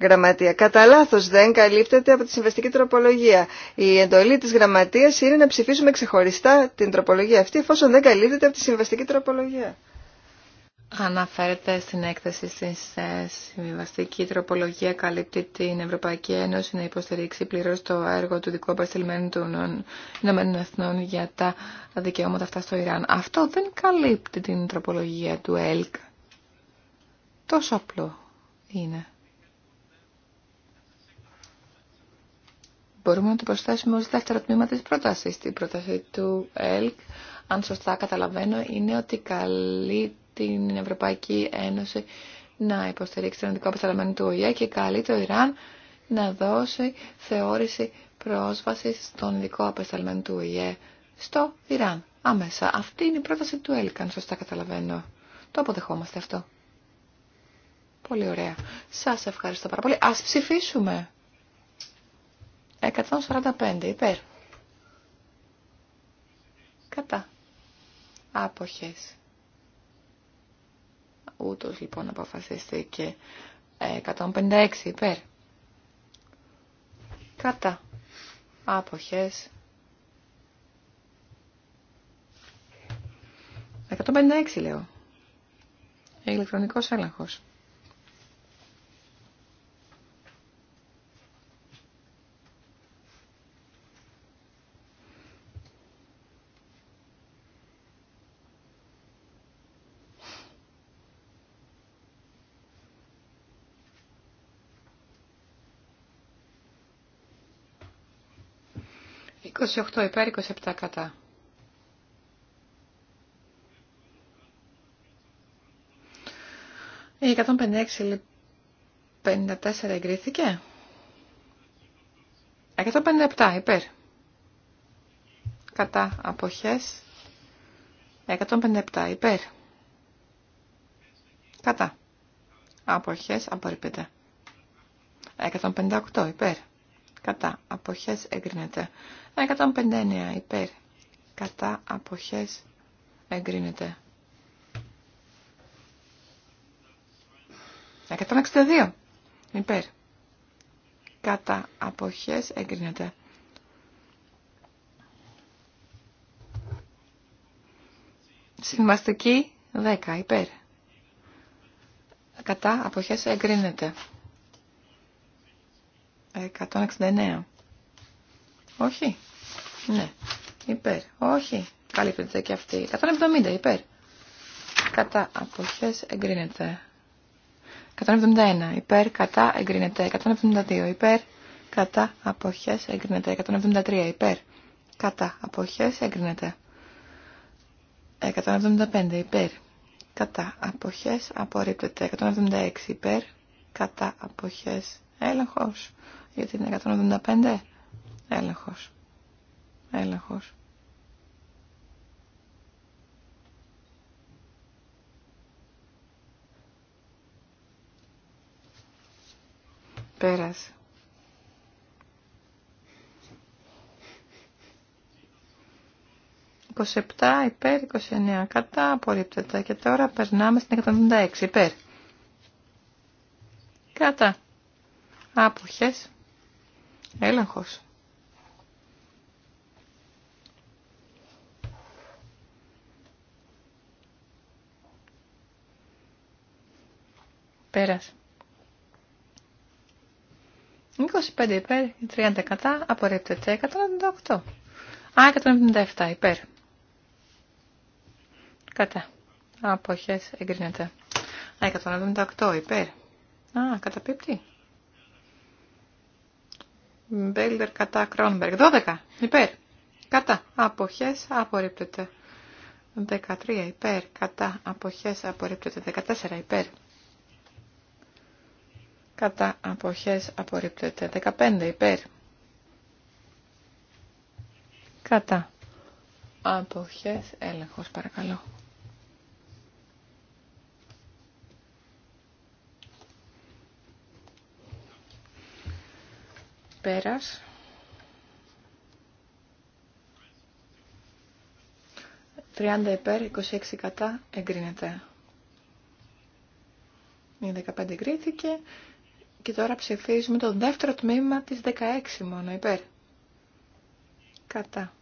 γραμματεία. Κατά λάθο δεν καλύπτεται από τη συμβαστική τροπολογία. Η εντολή τη γραμματεία είναι να ψηφίσουμε ξεχωριστά την τροπολογία αυτή, εφόσον δεν καλύπτεται από τη συμβαστική τροπολογία αναφέρεται στην έκθεση στην συμβιβαστική τροπολογία καλύπτει την Ευρωπαϊκή Ένωση να υποστηρίξει πλήρως το έργο του δικού απαστηλμένου των Ηνωμένων Εθνών για τα δικαιώματα αυτά στο Ιράν. Αυτό δεν καλύπτει την τροπολογία του ΕΛΚ. Τόσο απλό είναι. Μπορούμε να το προσθέσουμε ως δεύτερο τμήμα της πρότασης. Την πρόταση του ΕΛΚ, αν σωστά καταλαβαίνω, είναι ότι καλύπτει την Ευρωπαϊκή Ένωση να υποστηρίξει τον ειδικό απεσταλμένο του ΟΗΕ και καλεί το Ιράν να δώσει θεώρηση πρόσβαση στον ειδικό απεσταλμένο του ΟΗΕ στο Ιράν. Άμεσα. Αυτή είναι η πρόταση του Έλκαν, σωστά καταλαβαίνω. Το αποδεχόμαστε αυτό. Πολύ ωραία. Σας ευχαριστώ πάρα πολύ. Ας ψηφίσουμε. 145 υπέρ. Κατά. Άποχες. Ούτως λοιπόν αποφασίστηκε 156 ε, υπέρ. Κατά. Άποχες. 156 λέω. Ηλεκτρονικός έλεγχος. 28 υπέρ, 27 κατά. Η 156 54 εγκρίθηκε. 157 υπέρ. Κατά αποχές. 157 υπέρ. Κατά. Αποχές απορρίπτεται. 158 υπέρ κατά αποχές εγκρίνεται. 159 υπέρ κατά αποχές εγκρίνεται. 162 υπέρ κατά αποχές εγκρίνεται. Συμβαστική 10 υπέρ. Κατά αποχές εγκρίνεται. 169. Όχι. Ναι. Υπέρ. Όχι. Καλύπτεται και αυτή. 170. Υπέρ. Κατά αποχές εγκρίνεται. 171. Υπέρ. Κατά εγκρίνεται. 172. Υπέρ. Κατά αποχές εγκρίνεται. 173. Υπέρ. Κατά αποχές εγκρίνεται. 175. Υπέρ. Κατά αποχές απορρίπτεται. 176. Υπέρ. Κατά αποχές έλεγχος. Γιατί είναι 185 Έλεγχος. Έλεγχος. Πέρασε. «27 υπέρ, 29 κατά, απορρίπτεται». Και τώρα περνάμε στην 176 υπέρ. Κατά. Άποχες. Έλεγχος. Πέρας. 25 υπέρ, 30 κατά, απορρίπτεται 198. Α, 177 υπέρ. Κατά. Αποχές εγκρίνεται. Α, 178 υπέρ. Α, καταπίπτει. Μπέλντερ κατά Κρόνμπεργκ. 12 υπέρ. Κατά αποχές απορρίπτεται. 13 υπέρ. Κατά αποχές απορρίπτεται. 14 υπέρ. Κατά αποχές απορρίπτεται. 15 υπέρ. Κατά αποχές έλεγχος παρακαλώ. Πέρας. Τριάντα υπέρ, 26 κατά, εγκρίνεται. Η 15 εγκρίθηκε και τώρα ψηφίζουμε το δεύτερο τμήμα της 16 μόνο υπέρ. Κατά.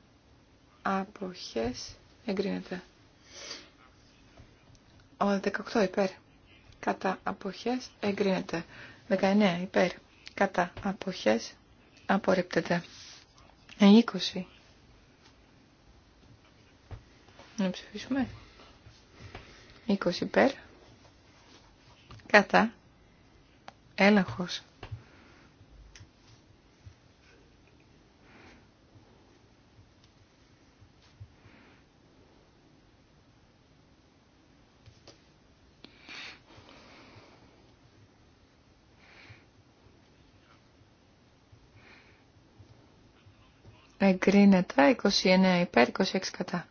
Αποχές εγκρίνεται. Ο 18 υπέρ. Κατά αποχές εγκρίνεται. 19 υπέρ. Κατά αποχές Απορρίπτεται. 20. Να ψηφίσουμε. 20 υπέρ. Κατά. Έλεγχος. εγκρίνεται 29 υπέρ 26 κατά.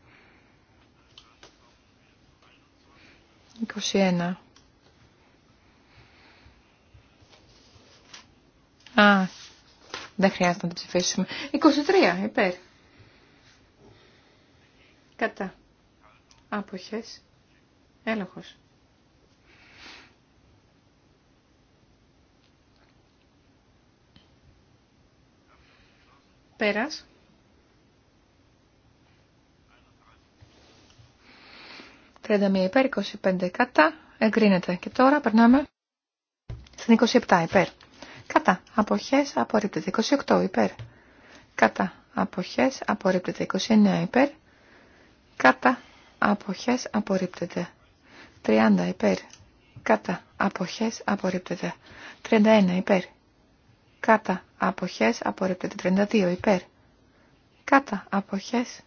21. Α, δεν χρειάζεται να το ψηφίσουμε. 23 υπέρ. Κατά. Άποχες. Έλεγχος. Πέρας. 31 υπέρ, 25 κατά. Εγκρίνεται. Και τώρα περνάμε στην 27 υπέρ. Κατά. Αποχές απορρίπτεται. 28 υπέρ. Κατά. Αποχές απορρίπτεται. 29 υπέρ. Κατά. Αποχές απορρίπτεται. 30 υπέρ. Κατά. Αποχές απορρίπτεται. 31 υπέρ. Κατά. Αποχές απορρίπτεται. 32 υπέρ. Κατά. Αποχές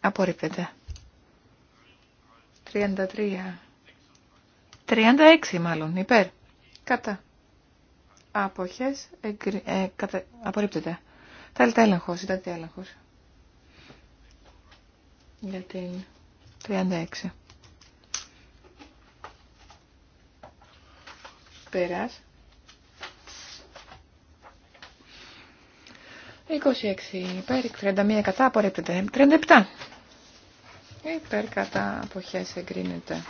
απορρίπτεται. 33. 36 μάλλον, υπέρ. Κατά. Αποχές, εγκρι... ε, κατα... απορρίπτεται. Θέλετε έλεγχο, ζητάτε έλεγχο. Για την 36. Πέρας. 26 υπέρ, 31 κατά, απορρίπτεται. 37 Υπέρ κατά αποχές εγκρίνεται.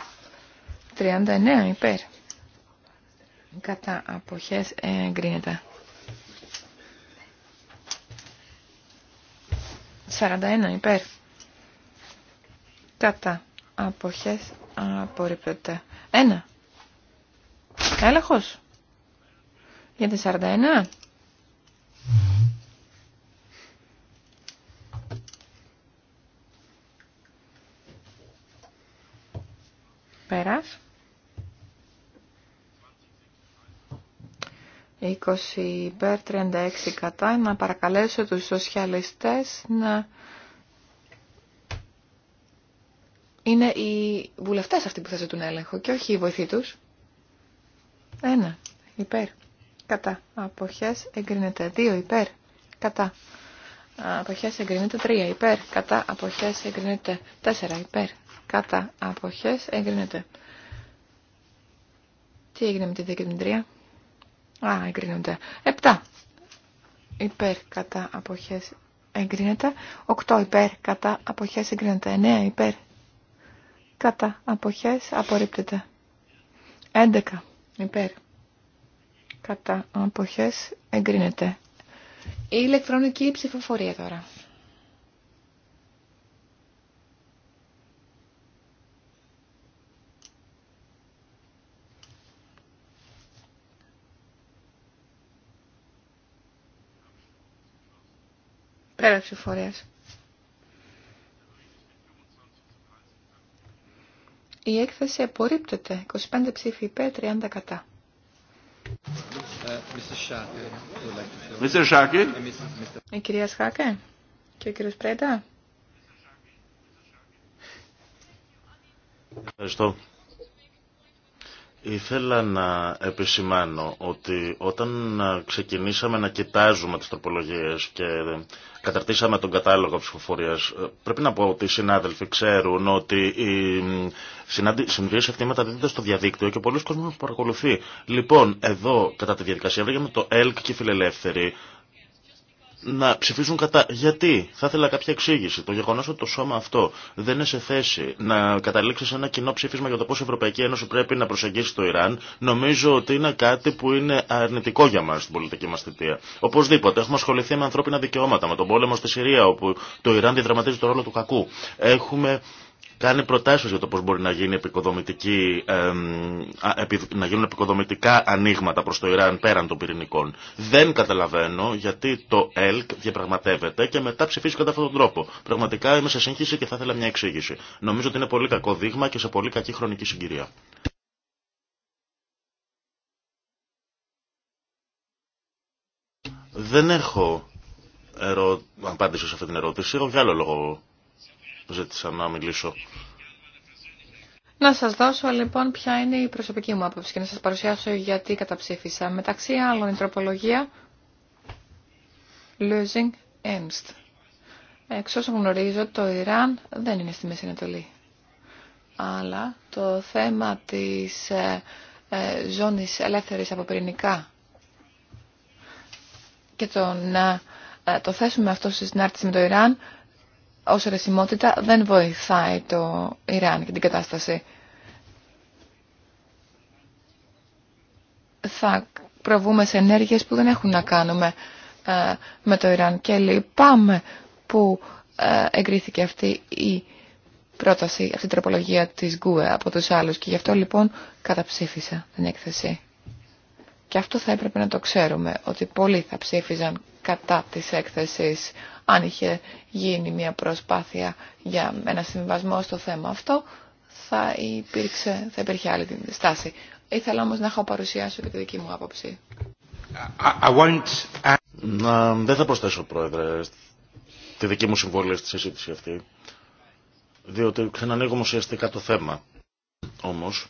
39 υπέρ. Κατά αποχές εγκρίνεται. 41 υπέρ. Κατά αποχές απορρίπτεται. 1. Έλεγχος. Για τη 41. Πέρας. 20 υπέρ, 36 κατά. Να παρακαλέσω τους σοσιαλιστές να... Είναι οι βουλευτές αυτοί που θα ζητούν έλεγχο και όχι οι βοηθοί τους. Ένα υπέρ, κατά. Αποχές εγκρίνεται. Δύο υπέρ, κατά αποχές εγκρίνεται 3 υπέρ, κατά αποχές εγκρίνεται 4 υπέρ, κατά αποχές εγκρίνεται. Τι έγινε με τη 2 και την 3? Α, εγκρίνονται. 7 υπέρ, κατά αποχές εγκρίνεται. 8 υπέρ, κατά αποχές εγκρίνεται. 9 υπέρ, κατά αποχές απορρίπτεται. 11 υπέρ, κατά αποχές εγκρίνεται. Η ηλεκτρονική ψηφοφορία τώρα. Πέρα ψηφοφορίας. Η έκθεση απορρίπτεται. 25 ψήφοι υπέρ, 30 κατά. Mr. Shaki. Η κυρία Σχάκε και ο κύριος Πρέντα. Ευχαριστώ. Ήθελα να επισημάνω ότι όταν ε, ξεκινήσαμε να κοιτάζουμε τις τροπολογίες και ε, καταρτήσαμε τον κατάλογο ψηφοφορία. Ε, πρέπει να πω ότι οι συνάδελφοι ξέρουν ότι η συνδυασία αυτή μεταδίδεται στο διαδίκτυο και πολλοί κόσμοι παρακολουθεί. Λοιπόν, εδώ κατά τη διαδικασία βρήκαμε το ΕΛΚ και οι φιλελεύθεροι να ψηφίσουν κατά. Γιατί, θα ήθελα κάποια εξήγηση. Το γεγονό ότι το σώμα αυτό δεν είναι σε θέση να καταλήξει σε ένα κοινό ψήφισμα για το πώ η Ευρωπαϊκή Ένωση πρέπει να προσεγγίσει το Ιράν, νομίζω ότι είναι κάτι που είναι αρνητικό για μα στην πολιτική μα θητεία. Οπωσδήποτε, έχουμε ασχοληθεί με ανθρώπινα δικαιώματα, με τον πόλεμο στη Συρία, όπου το Ιράν διδραματίζει το ρόλο του κακού. Έχουμε κάνει προτάσεις για το πώς μπορεί να, γίνει επικοδομητική, να γίνουν επικοδομητικά ανοίγματα προς το Ιράν πέραν των πυρηνικών. Δεν καταλαβαίνω γιατί το ΕΛΚ διαπραγματεύεται και μετά ψηφίζει κατά αυτόν τον τρόπο. Πραγματικά είμαι σε σύγχυση και θα ήθελα μια εξήγηση. Νομίζω ότι είναι πολύ κακό δείγμα και σε πολύ κακή χρονική συγκυρία. Δεν έχω ερω... απάντηση σε αυτή την ερώτηση, Έχω για άλλο λόγο ζήτησα να μιλήσω. Να σας δώσω λοιπόν ποια είναι η προσωπική μου άποψη και να σας παρουσιάσω γιατί καταψήφισα. Μεταξύ άλλων η τροπολογία Losing Ernst. Εξ όσων γνωρίζω το Ιράν δεν είναι στη Μέση Ανατολή. Αλλά το θέμα της ε, ε, ζώνης ελεύθερης από πυρηνικά και το να ε, το θέσουμε αυτό στη συνάρτηση με το Ιράν ως ρεσιμότητα δεν βοηθάει το Ιράν και την κατάσταση. Θα προβούμε σε ενέργειες που δεν έχουν να κάνουμε ε, με το Ιράν και λυπάμαι που ε, εγκρίθηκε αυτή η πρόταση, αυτή η τροπολογία της ΓΚΟΕ από τους άλλους και γι' αυτό λοιπόν καταψήφισα την έκθεση. Και αυτό θα έπρεπε να το ξέρουμε, ότι πολλοί θα ψήφιζαν κατά της έκθεσης αν είχε γίνει μια προσπάθεια για ένα συμβασμό στο θέμα αυτό, θα, υπήρξε, θα υπήρχε άλλη στάση. Ήθελα όμως να έχω παρουσιάσω και τη δική μου άποψη. I δεν θα προσθέσω, Πρόεδρε, τη δική μου συμβόλαια στη συζήτηση αυτή, διότι ξανανοίγω ουσιαστικά το θέμα. Όμως,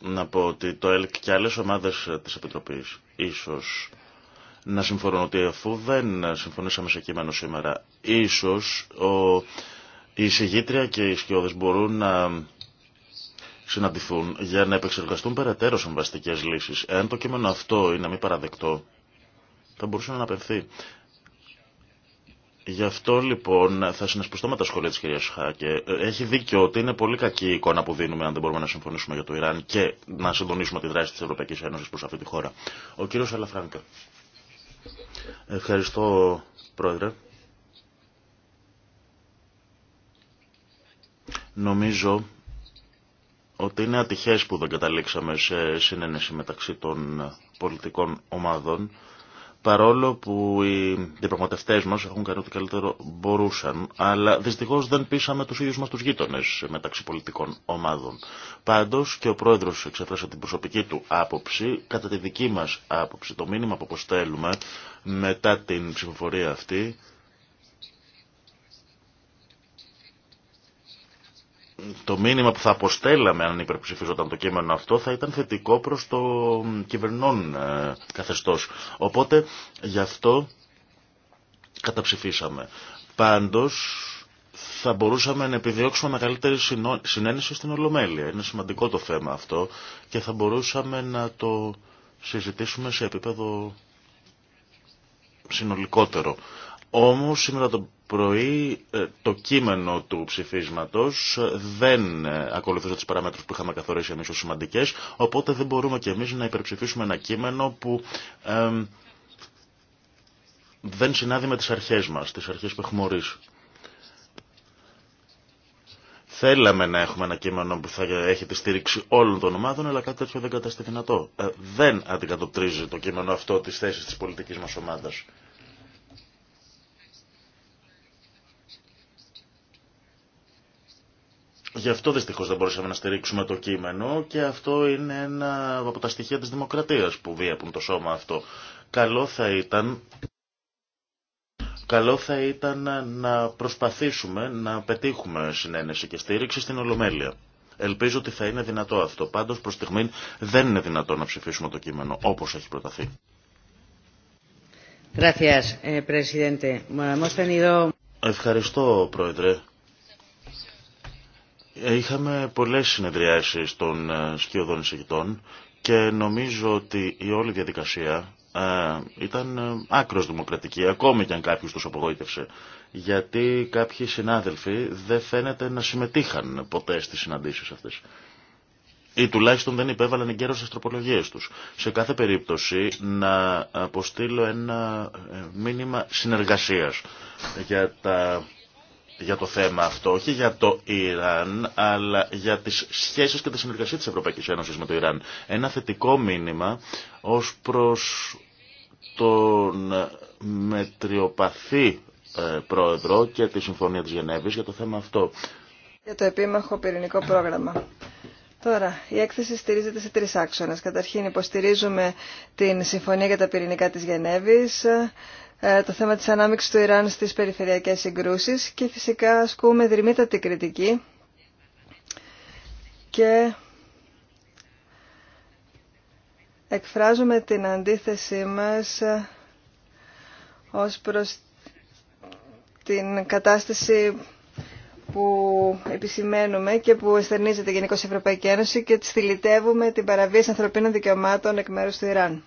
να πω ότι το ΕΛΚ και άλλες ομάδες της Επιτροπής, ίσως να συμφωνώ ότι αφού δεν συμφωνήσαμε σε κείμενο σήμερα, ίσως οι η συγγήτρια και οι σκιώδες μπορούν να συναντηθούν για να επεξεργαστούν περαιτέρω συμβαστικέ λύσεις. Εάν το κείμενο αυτό είναι μη παραδεκτό, θα μπορούσε να αναπευθεί. Γι' αυτό λοιπόν θα συνασπιστώ με τα σχόλια τη κυρία Χάκε. Έχει δίκιο ότι είναι πολύ κακή η εικόνα που δίνουμε αν δεν μπορούμε να συμφωνήσουμε για το Ιράν και να συντονίσουμε τη δράση τη Ευρωπαϊκή Ένωση προ αυτή τη χώρα. Ο κύριο Αλαφράνκα. Ευχαριστώ, Πρόεδρε. Νομίζω ότι είναι ατυχές που δεν καταλήξαμε σε συνένεση μεταξύ των πολιτικών ομάδων παρόλο που οι διαπραγματευτέ μα έχουν κάνει ό,τι καλύτερο μπορούσαν, αλλά δυστυχώ δεν πείσαμε του ίδιου μα του γείτονε μεταξύ πολιτικών ομάδων. Πάντω και ο πρόεδρο εξέφρασε την προσωπική του άποψη, κατά τη δική μα άποψη. Το μήνυμα που αποστέλουμε μετά την ψηφοφορία αυτή το μήνυμα που θα αποστέλαμε αν υπερψηφίζονταν το κείμενο αυτό θα ήταν θετικό προς το κυβερνών ε, καθεστώς. Οπότε γι' αυτό καταψηφίσαμε. Πάντως θα μπορούσαμε να επιδιώξουμε μεγαλύτερη συνένεση στην Ολομέλεια. Είναι σημαντικό το θέμα αυτό και θα μπορούσαμε να το συζητήσουμε σε επίπεδο συνολικότερο. Όμως σήμερα το πρωί ε, το κείμενο του ψηφίσματος ε, δεν ε, ακολουθούσε τις παραμέτρους που είχαμε καθορίσει εμείς ως σημαντικές, οπότε δεν μπορούμε και εμείς να υπερψηφίσουμε ένα κείμενο που δεν συνάδει με τις αρχές μας, τις αρχές που έχουμε ορίσει. Θέλαμε να έχουμε ένα κείμενο που θα έχει τη στήριξη όλων των ομάδων, αλλά κάτι τέτοιο δεν καταστεί δυνατό. δεν αντικατοπτρίζει το κείμενο αυτό τις θέσεις της πολιτικής μας ομάδας. Γι' αυτό δυστυχώ δεν μπορούσαμε να στηρίξουμε το κείμενο και αυτό είναι ένα από τα στοιχεία της δημοκρατίας που βίαπουν το σώμα αυτό. Καλό θα ήταν... Καλό θα ήταν να προσπαθήσουμε να πετύχουμε συνένεση και στήριξη στην Ολομέλεια. Ελπίζω ότι θα είναι δυνατό αυτό. Πάντως προς στιγμή δεν είναι δυνατό να ψηφίσουμε το κείμενο όπως έχει προταθεί. Eh, Ευχαριστώ, Πρόεδρε. Ε, είχαμε πολλές συνεδριάσεις των ε, σκιωδών εισηγητών και νομίζω ότι η όλη διαδικασία ε, ήταν άκρος δημοκρατική, ακόμη και αν κάποιος τους απογοήτευσε. Γιατί κάποιοι συνάδελφοι δεν φαίνεται να συμμετείχαν ποτέ στις συναντήσεις αυτές. Ή τουλάχιστον δεν υπέβαλαν εγκαίρως στις τροπολογίες τους. Σε κάθε περίπτωση να αποστείλω ένα μήνυμα συνεργασίας για τα για το θέμα αυτό, όχι για το Ιράν, αλλά για τις σχέσεις και τη συνεργασία της Ευρωπαϊκής Ένωσης με το Ιράν. Ένα θετικό μήνυμα ως προς τον μετριοπαθή ε, πρόεδρο και τη Συμφωνία της Γενέβης για το θέμα αυτό. Για το επίμαχο πυρηνικό πρόγραμμα. Τώρα, η έκθεση στηρίζεται σε τρεις άξονες. Καταρχήν υποστηρίζουμε την Συμφωνία για τα Πυρηνικά της Γενέβης, ε, το θέμα της ανάμειξης του Ιράν στις περιφερειακές συγκρούσεις και φυσικά ασκούμε δρυμύτατη κριτική και εκφράζουμε την αντίθεσή μας ε, ως προς την κατάσταση που επισημαίνουμε και που εστερνίζεται γενικώ η Ευρωπαϊκή Ένωση και τη θηλητεύουμε την παραβίαση ανθρωπίνων δικαιωμάτων εκ μέρους του Ιράν.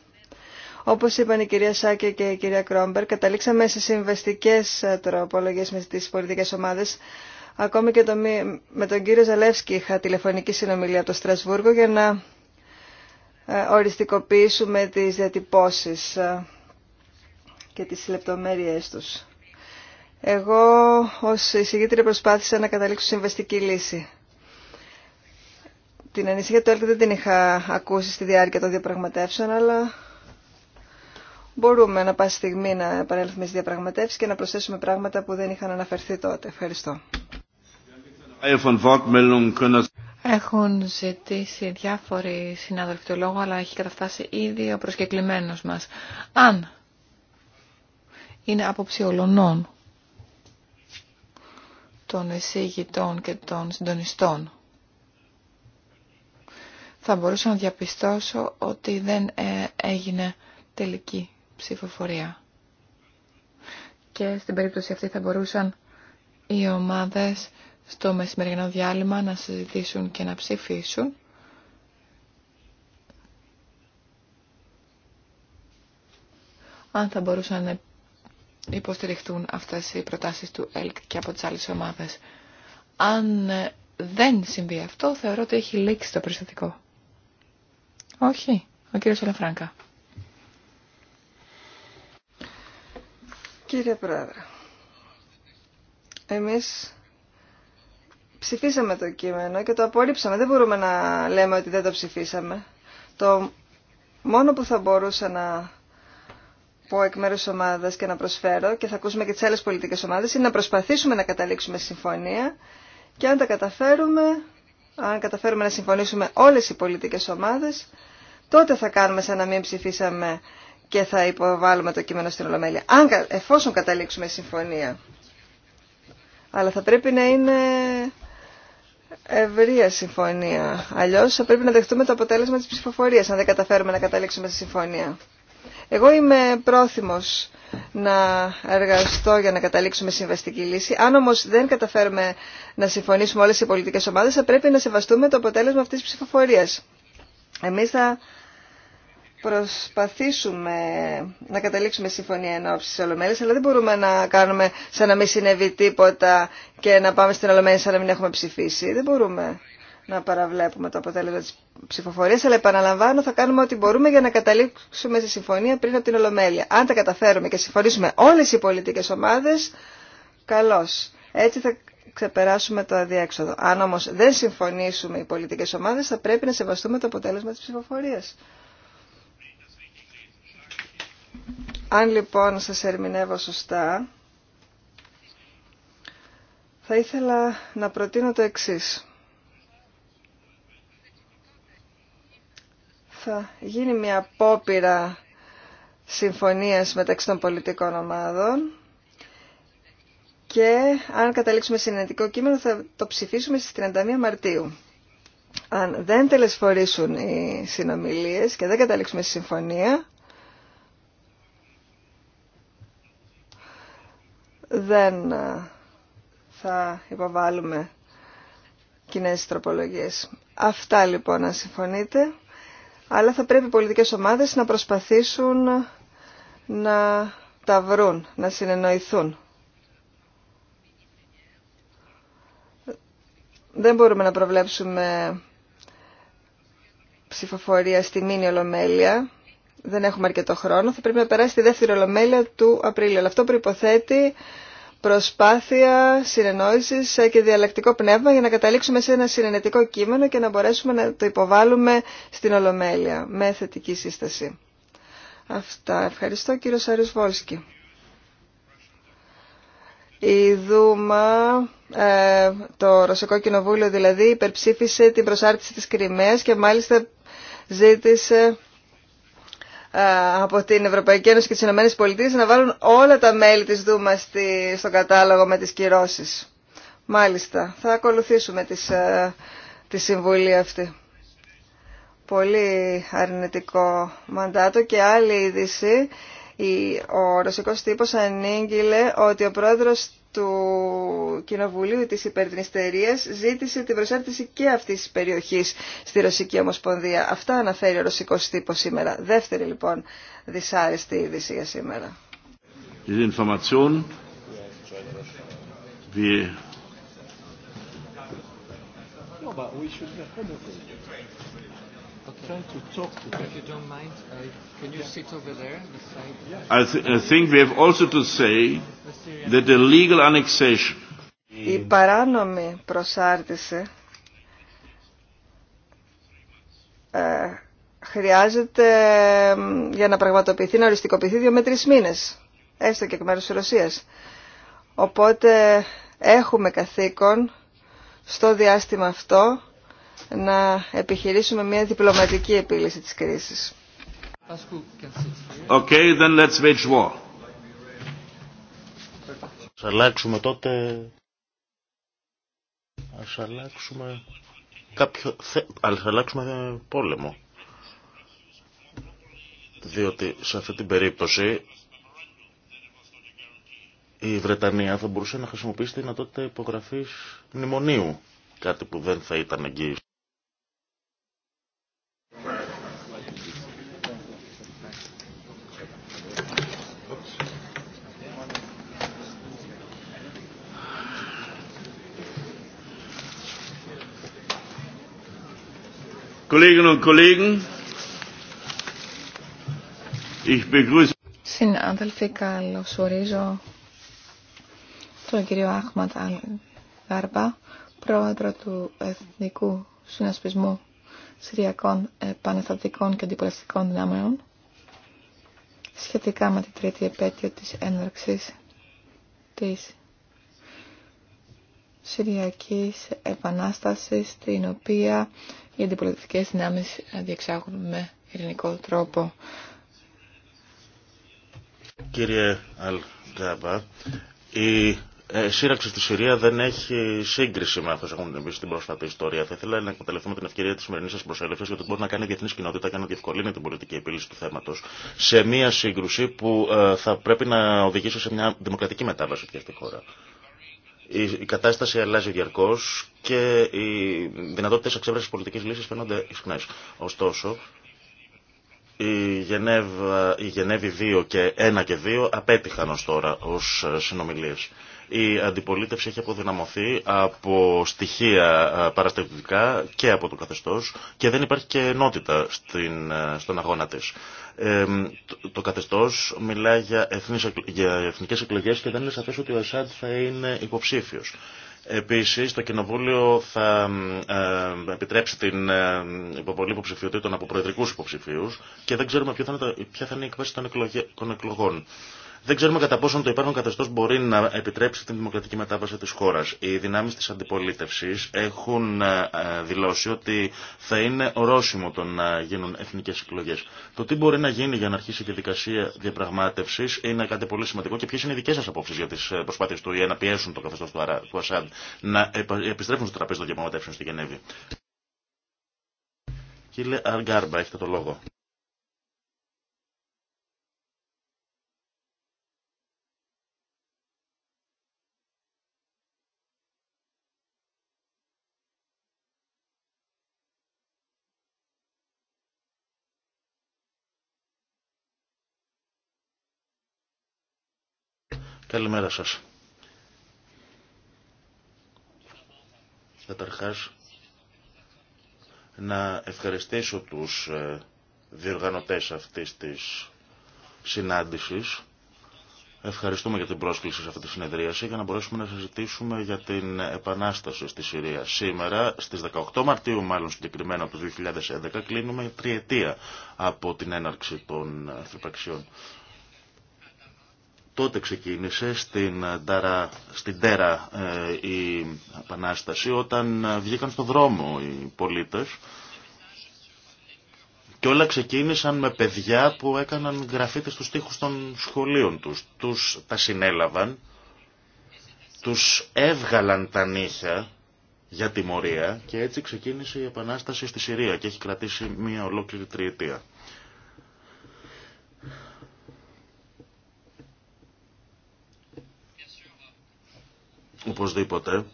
Όπως είπαν η κυρία Σάκια και η κυρία Κρόμπερ, καταλήξαμε σε συμβεστικές ε, τροπολογίες με τις πολιτικές ομάδες. Ακόμη και το, με τον κύριο Ζαλεύσκη είχα τηλεφωνική συνομιλία από το Στρασβούργο για να ε, οριστικοποιήσουμε τις διατυπώσεις ε, και τις λεπτομέρειές τους. Εγώ ως εισηγήτρια προσπάθησα να καταλήξω συμβαστική λύση. Την ανησυχία του δεν την είχα ακούσει στη διάρκεια των διαπραγματεύσεων, αλλά μπορούμε να πάει στιγμή να επανέλθουμε στις διαπραγματεύσεις και να προσθέσουμε πράγματα που δεν είχαν αναφερθεί τότε. Ευχαριστώ. Έχουν ζητήσει διάφοροι συνάδελφοι το λόγο, αλλά έχει καταφτάσει ήδη ο προσκεκλημένος μας. Αν είναι άποψη ολονών των εισηγητών και των συντονιστών, θα μπορούσα να διαπιστώσω ότι δεν ε, έγινε τελική ψηφοφορία. Και στην περίπτωση αυτή θα μπορούσαν οι ομάδες στο μεσημερινό διάλειμμα να συζητήσουν και να ψηφίσουν. Αν θα μπορούσαν να υποστηριχθούν αυτές οι προτάσεις του ΕΛΚ και από τις άλλες ομάδες. Αν ε, δεν συμβεί αυτό, θεωρώ ότι έχει λήξει το περιστατικό. Όχι, ο κύριος Αλαφράγκα. Κύριε Πρόεδρε, εμείς ψηφίσαμε το κείμενο και το απορρίψαμε. Δεν μπορούμε να λέμε ότι δεν το ψηφίσαμε. Το μόνο που θα μπορούσα να πω εκ μέρους ομάδας και να προσφέρω και θα ακούσουμε και τις άλλες πολιτικές ομάδες είναι να προσπαθήσουμε να καταλήξουμε συμφωνία και αν τα καταφέρουμε, αν καταφέρουμε να συμφωνήσουμε όλες οι πολιτικές ομάδες, τότε θα κάνουμε σαν να μην ψηφίσαμε και θα υποβάλουμε το κείμενο στην Ολομέλεια. Αν, εφόσον καταλήξουμε συμφωνία. Αλλά θα πρέπει να είναι ευρεία συμφωνία. Αλλιώ θα πρέπει να δεχτούμε το αποτέλεσμα τη ψηφοφορία, αν δεν καταφέρουμε να καταλήξουμε στη συμφωνία. Εγώ είμαι πρόθυμο να εργαστώ για να καταλήξουμε συμβαστική λύση. Αν όμω δεν καταφέρουμε να συμφωνήσουμε όλε οι πολιτικέ ομάδε, θα πρέπει να σεβαστούμε το αποτέλεσμα αυτή τη ψηφοφορία. θα προσπαθήσουμε να καταλήξουμε συμφωνία ενόψη τη Ολομέλεια, αλλά δεν μπορούμε να κάνουμε σαν να μην συνέβη τίποτα και να πάμε στην Ολομέλεια σαν να μην έχουμε ψηφίσει. Δεν μπορούμε να παραβλέπουμε το αποτέλεσμα τη ψηφοφορία, αλλά επαναλαμβάνω, θα κάνουμε ό,τι μπορούμε για να καταλήξουμε στη συμφωνία πριν από την Ολομέλεια. Αν τα καταφέρουμε και συμφωνήσουμε όλε οι πολιτικέ ομάδε, καλώ. Έτσι θα ξεπεράσουμε το αδιέξοδο. Αν όμω δεν συμφωνήσουμε οι πολιτικέ ομάδε, θα πρέπει να σεβαστούμε το αποτέλεσμα τη ψηφοφορία. Αν λοιπόν σας ερμηνεύω σωστά, θα ήθελα να προτείνω το εξής. Θα γίνει μια απόπειρα συμφωνίας μεταξύ των πολιτικών ομάδων και αν καταλήξουμε συνενετικό κείμενο θα το ψηφίσουμε στις 31 Μαρτίου. Αν δεν τελεσφορήσουν οι συνομιλίες και δεν καταλήξουμε στη συμφωνία, δεν ε, θα υποβάλουμε κοινέ τροπολογίες. Αυτά λοιπόν να συμφωνείτε. Αλλά θα πρέπει οι πολιτικές ομάδες να προσπαθήσουν να τα βρουν, να συνεννοηθούν. Δεν μπορούμε να προβλέψουμε ψηφοφορία στη μήνυ ολομέλεια δεν έχουμε αρκετό χρόνο, θα πρέπει να περάσει τη δεύτερη ολομέλεια του Απρίλιο. Αλλά αυτό προϋποθέτει προσπάθεια συνεννόησης και διαλλακτικό πνεύμα για να καταλήξουμε σε ένα συνενετικό κείμενο και να μπορέσουμε να το υποβάλουμε στην Ολομέλεια με θετική σύσταση. Αυτά. Ευχαριστώ κύριο Σάριος Βόλσκι. Η Δούμα, ε, το Ρωσικό Κοινοβούλιο δηλαδή, υπερψήφισε την προσάρτηση της Κρυμαίας και μάλιστα ζήτησε ε, από την Ευρωπαϊκή Ένωση και τις Ηνωμένες Πολιτείες να βάλουν όλα τα μέλη της Δούμα στο κατάλογο με τις κυρώσεις. Μάλιστα, θα ακολουθήσουμε τις, ε, τη συμβουλή αυτή. Πολύ αρνητικό μαντάτο και άλλη είδηση. Ο ρωσικός τύπος ανήγγειλε ότι ο πρόεδρος του Κοινοβουλίου της Υπερδνηστερίας ζήτησε την προσάρτηση και αυτής της περιοχής στη Ρωσική Ομοσπονδία. Αυτά αναφέρει ο ρωσικός τύπος σήμερα. Δεύτερη λοιπόν δυσάρεστη είδηση για σήμερα. Η παράνομη προσάρτηση ε, χρειάζεται για να πραγματοποιηθεί, να οριστικοποιηθεί δύο με τρεις μήνες, έστω και εκ μέρους της Ρωσίας. Οπότε έχουμε καθήκον στο διάστημα αυτό να επιχειρήσουμε μια διπλωματική επίλυση της κρίσης. Okay, then let's wage war. Ας αλλάξουμε τότε... Ας αλλάξουμε... Κάποιο... Ας αλλάξουμε πόλεμο. Διότι σε αυτή την περίπτωση η Βρετανία θα μπορούσε να χρησιμοποιήσει τη δυνατότητα υπογραφής μνημονίου. Κάτι που δεν θα ήταν εγγύηση. Kolleginnen und Kollegen, ich Συνάδελφοι, καλώς ορίζω τον κύριο Αχμαντ Αλγάρμπα, πρόεδρο του Εθνικού Συνασπισμού Συριακών Πανεστατικών και Αντιπολιστικών Δυνάμεων, σχετικά με την τρίτη επέτειο της έναρξης της Συριακής Επανάστασης, την οποία οι αντιπολιτικές δυνάμεις διεξάγουν με ειρηνικό τρόπο. Κύριε Αλγκάμπα, η ε, σύραξη στη Συρία δεν έχει σύγκριση με αυτό που έχουμε εμεί στην πρόσφατη ιστορία. Θα ήθελα να εκμεταλλευτούμε την ευκαιρία τη σημερινή σα προσέλευσης για το μπορεί να κάνει η διεθνή κοινότητα και να διευκολύνει την πολιτική επίλυση του θέματο σε μια σύγκρουση που ε, θα πρέπει να οδηγήσει σε μια δημοκρατική μετάβαση αυτή στη χώρα. Η κατάσταση αλλάζει διαρκώ και οι δυνατότητε εξέβρεση πολιτική λύση φαίνονται ισχνέ. Ωστόσο, η, η Γενέβη 2 και 1 και 2 απέτυχαν ω τώρα ω συνομιλίε. Η αντιπολίτευση έχει αποδυναμωθεί από στοιχεία ε, παραστατικά και από το καθεστώς και δεν υπάρχει και ενότητα στην, ε, στον αγώνα της. Ε, το, το καθεστώς μιλάει για, εθνικές, για εκλογές και δεν είναι σαφές ότι ο Ασάντ θα είναι υποψήφιος. Επίσης, το Κοινοβούλιο θα επιτρέψει την ε, υποβολή υποψηφιότητων από προεδρικούς υποψηφίους και δεν ξέρουμε ποια θα είναι, η εκβάση των εκλογών. Δεν ξέρουμε κατά πόσον το υπάρχον καθεστώ μπορεί να επιτρέψει την δημοκρατική μετάβαση τη χώρα. Οι δυνάμει τη αντιπολίτευση έχουν ε, δηλώσει ότι θα είναι ορόσημο το να γίνουν εθνικέ εκλογέ. Το τι μπορεί να γίνει για να αρχίσει η διαδικασία διαπραγμάτευση είναι κάτι πολύ σημαντικό και ποιε είναι οι δικέ σα απόψει για τι ε, προσπάθειε του ΙΕ να πιέσουν το καθεστώ του Ασάντ να επιστρέψουν στο τραπέζι των διαπραγματεύσεων στη Γενέβη. Κύριε Αργκάρμπα, έχετε το λόγο. Καλημέρα σας. Καταρχά να ευχαριστήσω τους ε, διοργανωτές αυτής της συνάντησης. Ευχαριστούμε για την πρόσκληση σε αυτή τη συνεδρίαση για να μπορέσουμε να συζητήσουμε για την επανάσταση στη Συρία. Σήμερα, στις 18 Μαρτίου μάλλον συγκεκριμένα του 2011, κλείνουμε τριετία από την έναρξη των θρηπαξιών τότε ξεκίνησε στην, Τέρα, στην Τέρα ε, η Επανάσταση όταν ε, βγήκαν στο δρόμο οι πολίτες και όλα ξεκίνησαν με παιδιά που έκαναν γραφίτες στους τοίχους των σχολείων τους. Τους τα συνέλαβαν, τους έβγαλαν τα νύχια για τιμωρία και έτσι ξεκίνησε η Επανάσταση στη Συρία και έχει κρατήσει μία ολόκληρη τριετία. οπωσδήποτε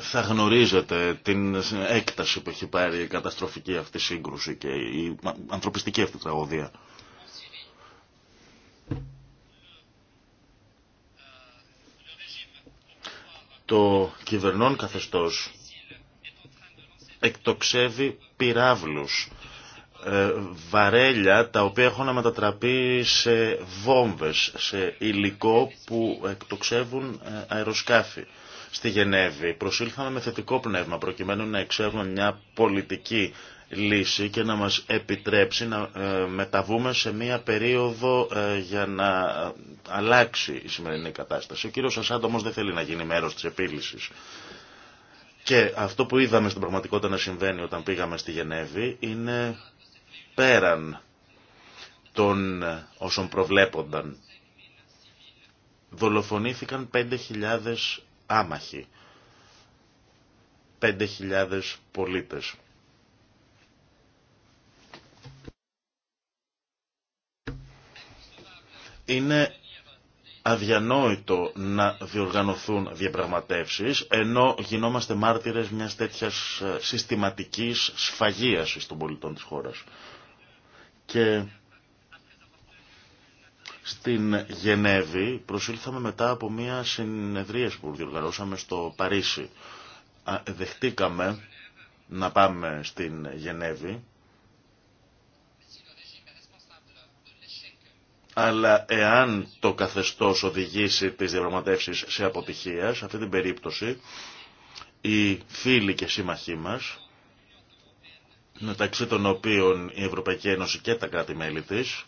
θα γνωρίζετε την έκταση που έχει πάρει η καταστροφική αυτή σύγκρουση και η ανθρωπιστική αυτή τραγωδία. Το κυβερνών καθεστώς εκτοξεύει πυράβλους ε, βαρέλια τα οποία έχουν μετατραπεί σε βόμβες, σε υλικό που εκτοξεύουν ε, αεροσκάφη. Στη Γενέβη προσήλθαμε με θετικό πνεύμα προκειμένου να εξέρουν μια πολιτική λύση και να μας επιτρέψει να ε, μεταβούμε σε μια περίοδο για να αλλάξει η σημερινή κατάσταση. Ο κύριος Ασάντ όμως δεν θέλει να γίνει μέρος της επίλυσης. Και αυτό που είδαμε στην πραγματικότητα να συμβαίνει όταν πήγαμε στη Γενέβη είναι πέραν των όσων προβλέπονταν. Δολοφονήθηκαν 5.000 άμαχοι, 5.000 πολίτες. Είναι αδιανόητο να διοργανωθούν διαπραγματεύσεις, ενώ γινόμαστε μάρτυρες μιας τέτοιας ε, συστηματικής σφαγίασης των πολιτών της χώρας. Και στην Γενέβη προσήλθαμε μετά από μια συνεδρία που διοργανώσαμε στο Παρίσι. Δεχτήκαμε να πάμε στην Γενέβη, αλλά εάν το καθεστώς οδηγήσει τις διαπραγματεύσεις σε αποτυχία, σε αυτή την περίπτωση, οι φίλοι και σύμμαχοί μας μεταξύ των οποίων η Ευρωπαϊκή Ένωση και τα κράτη-μέλη της,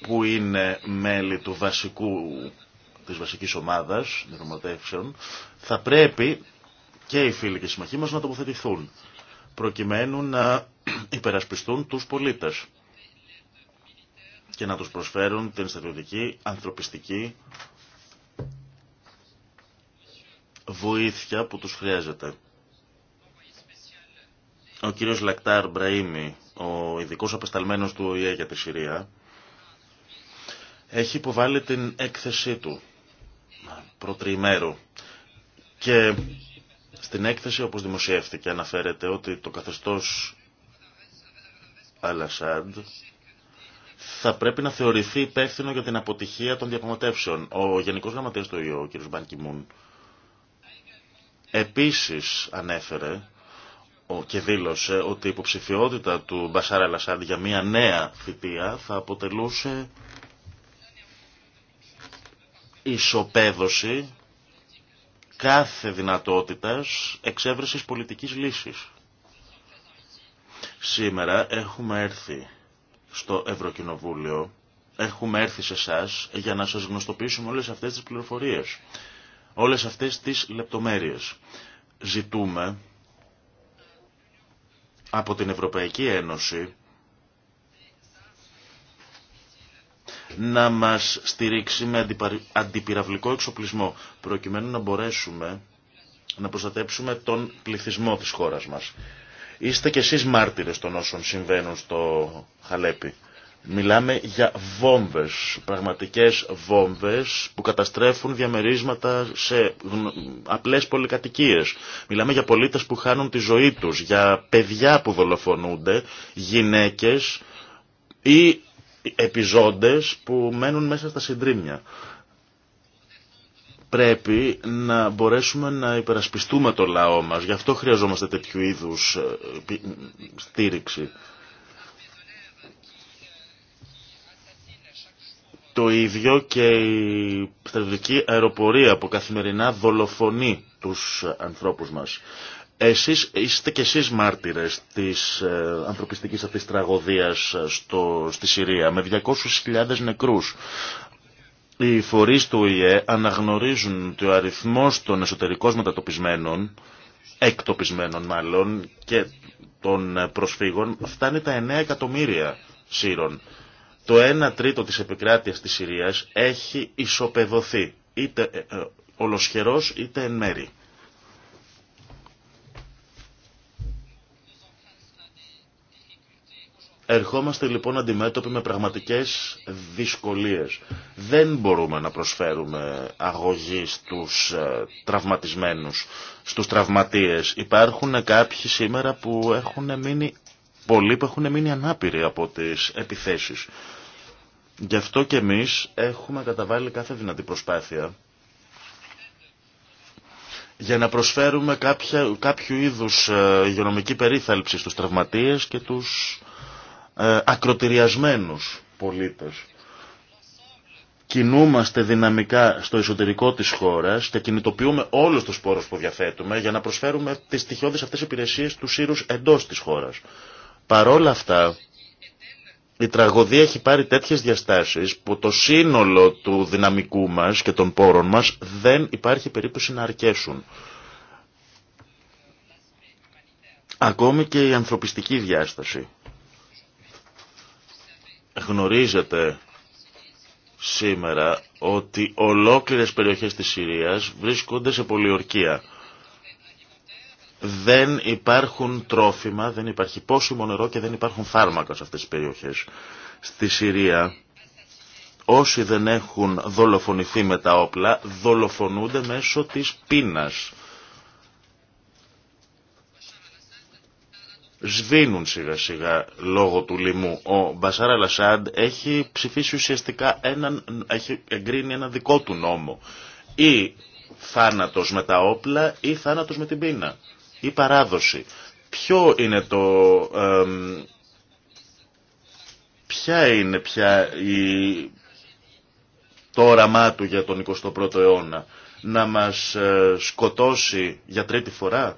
που είναι μέλη του βασικού, της βασικής ομάδας νερομοτεύσεων, θα πρέπει και οι φίλοι και οι μας να τοποθετηθούν, προκειμένου να υπερασπιστούν τους πολίτες και να τους προσφέρουν την στρατιωτική, ανθρωπιστική βοήθεια που τους χρειάζεται. Ο κύριος Λακτάρ Μπραήμι, ο ειδικό απεσταλμένος του ΟΗΕ για τη Συρία, έχει υποβάλει την έκθεσή του προτριημέρου και στην έκθεση όπως δημοσιεύτηκε αναφέρεται ότι το καθεστώς Αλασάντ θα πρέπει να θεωρηθεί υπεύθυνο για την αποτυχία των διαπραγματεύσεων. Ο Γενικός Γραμματέας του ΟΗΕ, ο κ. Μπανκιμούν, επίσης ανέφερε και δήλωσε ότι η υποψηφιότητα του Μπασάρα Λασάντ για μια νέα θητεία θα αποτελούσε ισοπαίδωση κάθε δυνατότητας εξέβρεσης πολιτικής λύσης. Σήμερα έχουμε έρθει στο Ευρωκοινοβούλιο, έχουμε έρθει σε εσά για να σας γνωστοποιήσουμε όλες αυτές τις πληροφορίες, όλες αυτές τις λεπτομέρειες. Ζητούμε από την Ευρωπαϊκή Ένωση να μας στηρίξει με αντιπυραυλικό εξοπλισμό προκειμένου να μπορέσουμε να προστατέψουμε τον πληθυσμό της χώρας μας. Είστε κι εσείς μάρτυρες των όσων συμβαίνουν στο Χαλέπι. Μιλάμε για βόμβες, πραγματικές βόμβες που καταστρέφουν διαμερίσματα σε απλές πολυκατοικίες. Μιλάμε για πολίτες που χάνουν τη ζωή τους, για παιδιά που δολοφονούνται, γυναίκες ή επιζώντες που μένουν μέσα στα συντρίμια. Πρέπει να μπορέσουμε να υπερασπιστούμε το λαό μας, γι' αυτό χρειαζόμαστε τέτοιου είδους ε, στήριξη. Το ίδιο και η στρατιωτική αεροπορία που καθημερινά δολοφονεί τους ανθρώπους μας. Εσείς είστε και εσείς μάρτυρες της ε, ανθρωπιστικής αυτής τραγωδίας ε, στο, στη Συρία με 200.000 νεκρούς. Οι φορείς του ΙΕ αναγνωρίζουν ότι ο αριθμός των εσωτερικών μετατοπισμένων, εκτοπισμένων μάλλον, και των προσφύγων φτάνει τα 9 εκατομμύρια Σύρων. Το 1 τρίτο της επικράτειας της Συρίας έχει ισοπεδωθεί, είτε ε, ε, ολοσχερός είτε εν μέρη. Ερχόμαστε λοιπόν αντιμέτωποι με πραγματικές δυσκολίες. Δεν μπορούμε να προσφέρουμε αγωγή στους ε, τραυματισμένους, στους τραυματίες. Υπάρχουν κάποιοι σήμερα που έχουν μείνει, πολλοί που έχουν μείνει ανάπηροι από τις επιθέσεις. Γι' αυτό και εμείς έχουμε καταβάλει κάθε δυνατή προσπάθεια για να προσφέρουμε κάποια, κάποιο είδους ε, υγειονομική περίθαλψη στους τραυματίες και τους ε, ακροτηριασμένους πολίτες. Κινούμαστε δυναμικά στο εσωτερικό της χώρας και κινητοποιούμε όλους τους πόρους που διαθέτουμε για να προσφέρουμε τις στοιχειώδεις αυτές υπηρεσίες του σύρους εντός της χώρας. Παρόλα αυτά, η τραγωδία έχει πάρει τέτοιες διαστάσεις που το σύνολο του δυναμικού μας και των πόρων μας δεν υπάρχει περίπτωση να αρκέσουν. Ακόμη και η ανθρωπιστική διάσταση. Γνωρίζετε σήμερα ότι ολόκληρες περιοχές της Συρίας βρίσκονται σε πολιορκία δεν υπάρχουν τρόφιμα, δεν υπάρχει πόσιμο νερό και δεν υπάρχουν φάρμακα σε αυτές τις περιοχές. Στη Συρία όσοι δεν έχουν δολοφονηθεί με τα όπλα δολοφονούνται μέσω της πείνας. σβήνουν σιγά σιγά λόγω του λοιμού. Ο Μπασάρα Λασάντ έχει ψηφίσει ουσιαστικά έναν, έχει εγκρίνει ένα δικό του νόμο. Ή θάνατος με τα όπλα ή θάνατος με την πείνα η παράδοση. Ποιο είναι το... ποια είναι πια η, το όραμά του για τον 21ο αιώνα. Να μας ε, σκοτώσει για τρίτη φορά.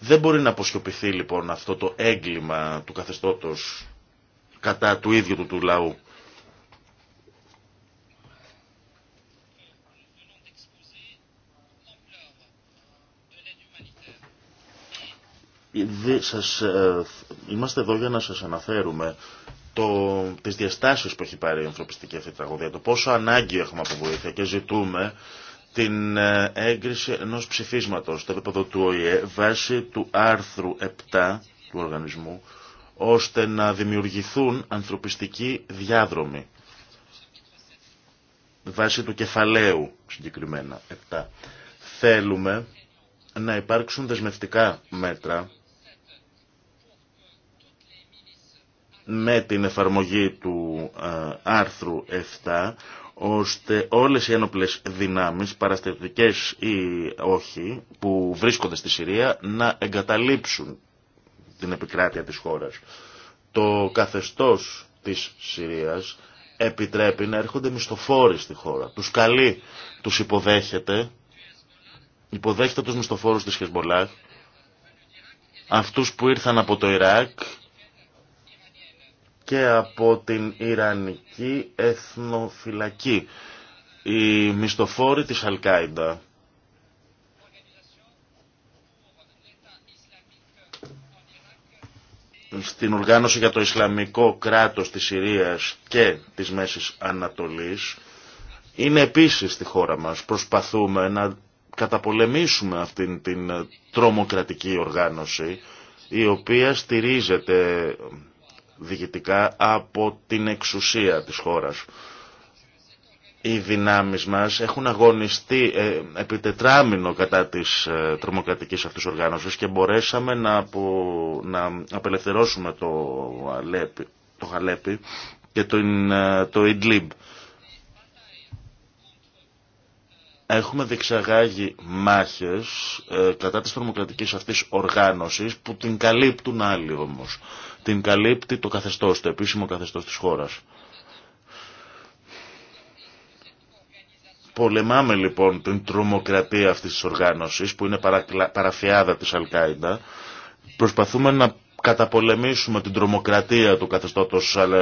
Δεν μπορεί να αποσιοποιηθεί λοιπόν αυτό το έγκλημα του καθεστώτος κατά του ίδιου του, του λαού. Ε, είμαστε εδώ για να σας αναφέρουμε το, τις διαστάσεις που έχει πάρει η ανθρωπιστική αυτή τραγωδία, το πόσο ανάγκη έχουμε από βοήθεια και ζητούμε την ε, έγκριση ενός ψηφίσματος στο επίπεδο του ΟΗΕ βάσει του άρθρου 7 του οργανισμού ώστε να δημιουργηθούν ανθρωπιστικοί διάδρομοι βάσει του κεφαλαίου συγκεκριμένα 7. Θέλουμε να υπάρξουν δεσμευτικά μέτρα με την εφαρμογή του ε, άρθρου 7 ώστε όλες οι ένοπλες δυνάμεις, παραστατικές ή όχι, που βρίσκονται στη Συρία να εγκαταλείψουν την επικράτεια της χώρας. Το καθεστώς της Συρίας επιτρέπει να έρχονται μισθοφόροι στη χώρα. Τους καλεί, τους υποδέχεται, υποδέχεται τους μισθοφόρους της Χεσμολάχ, αυτούς που ήρθαν από το Ιράκ και από την Ιρανική Εθνοφυλακή. η μισθοφόροι της Αλκάιντα στην οργάνωση για το Ισλαμικό κράτος της Συρίας και της Μέσης Ανατολής είναι επίσης στη χώρα μας. Προσπαθούμε να καταπολεμήσουμε αυτήν την τρομοκρατική οργάνωση η οποία στηρίζεται διοικητικά από την εξουσία της χώρας. Οι δυνάμεις μας έχουν αγωνιστεί ε, επί τετράμινο κατά της ε, τρομοκρατικής αυτής οργάνωσης και μπορέσαμε να, να απελευθερώσουμε το το Χαλέπι και το, ε, το Ιντλίμπ. Έχουμε διεξαγάγει μάχες ε, κατά της τρομοκρατικής αυτής οργάνωσης που την καλύπτουν άλλοι όμως. Την καλύπτει το καθεστώς, το επίσημο καθεστώς της χώρας. Πολεμάμε λοιπόν την τρομοκρατία αυτής της οργάνωσης που είναι παραφιάδα της Αλκάιντα. Προσπαθούμε να καταπολεμήσουμε την τρομοκρατία του καθεστώτος Αλ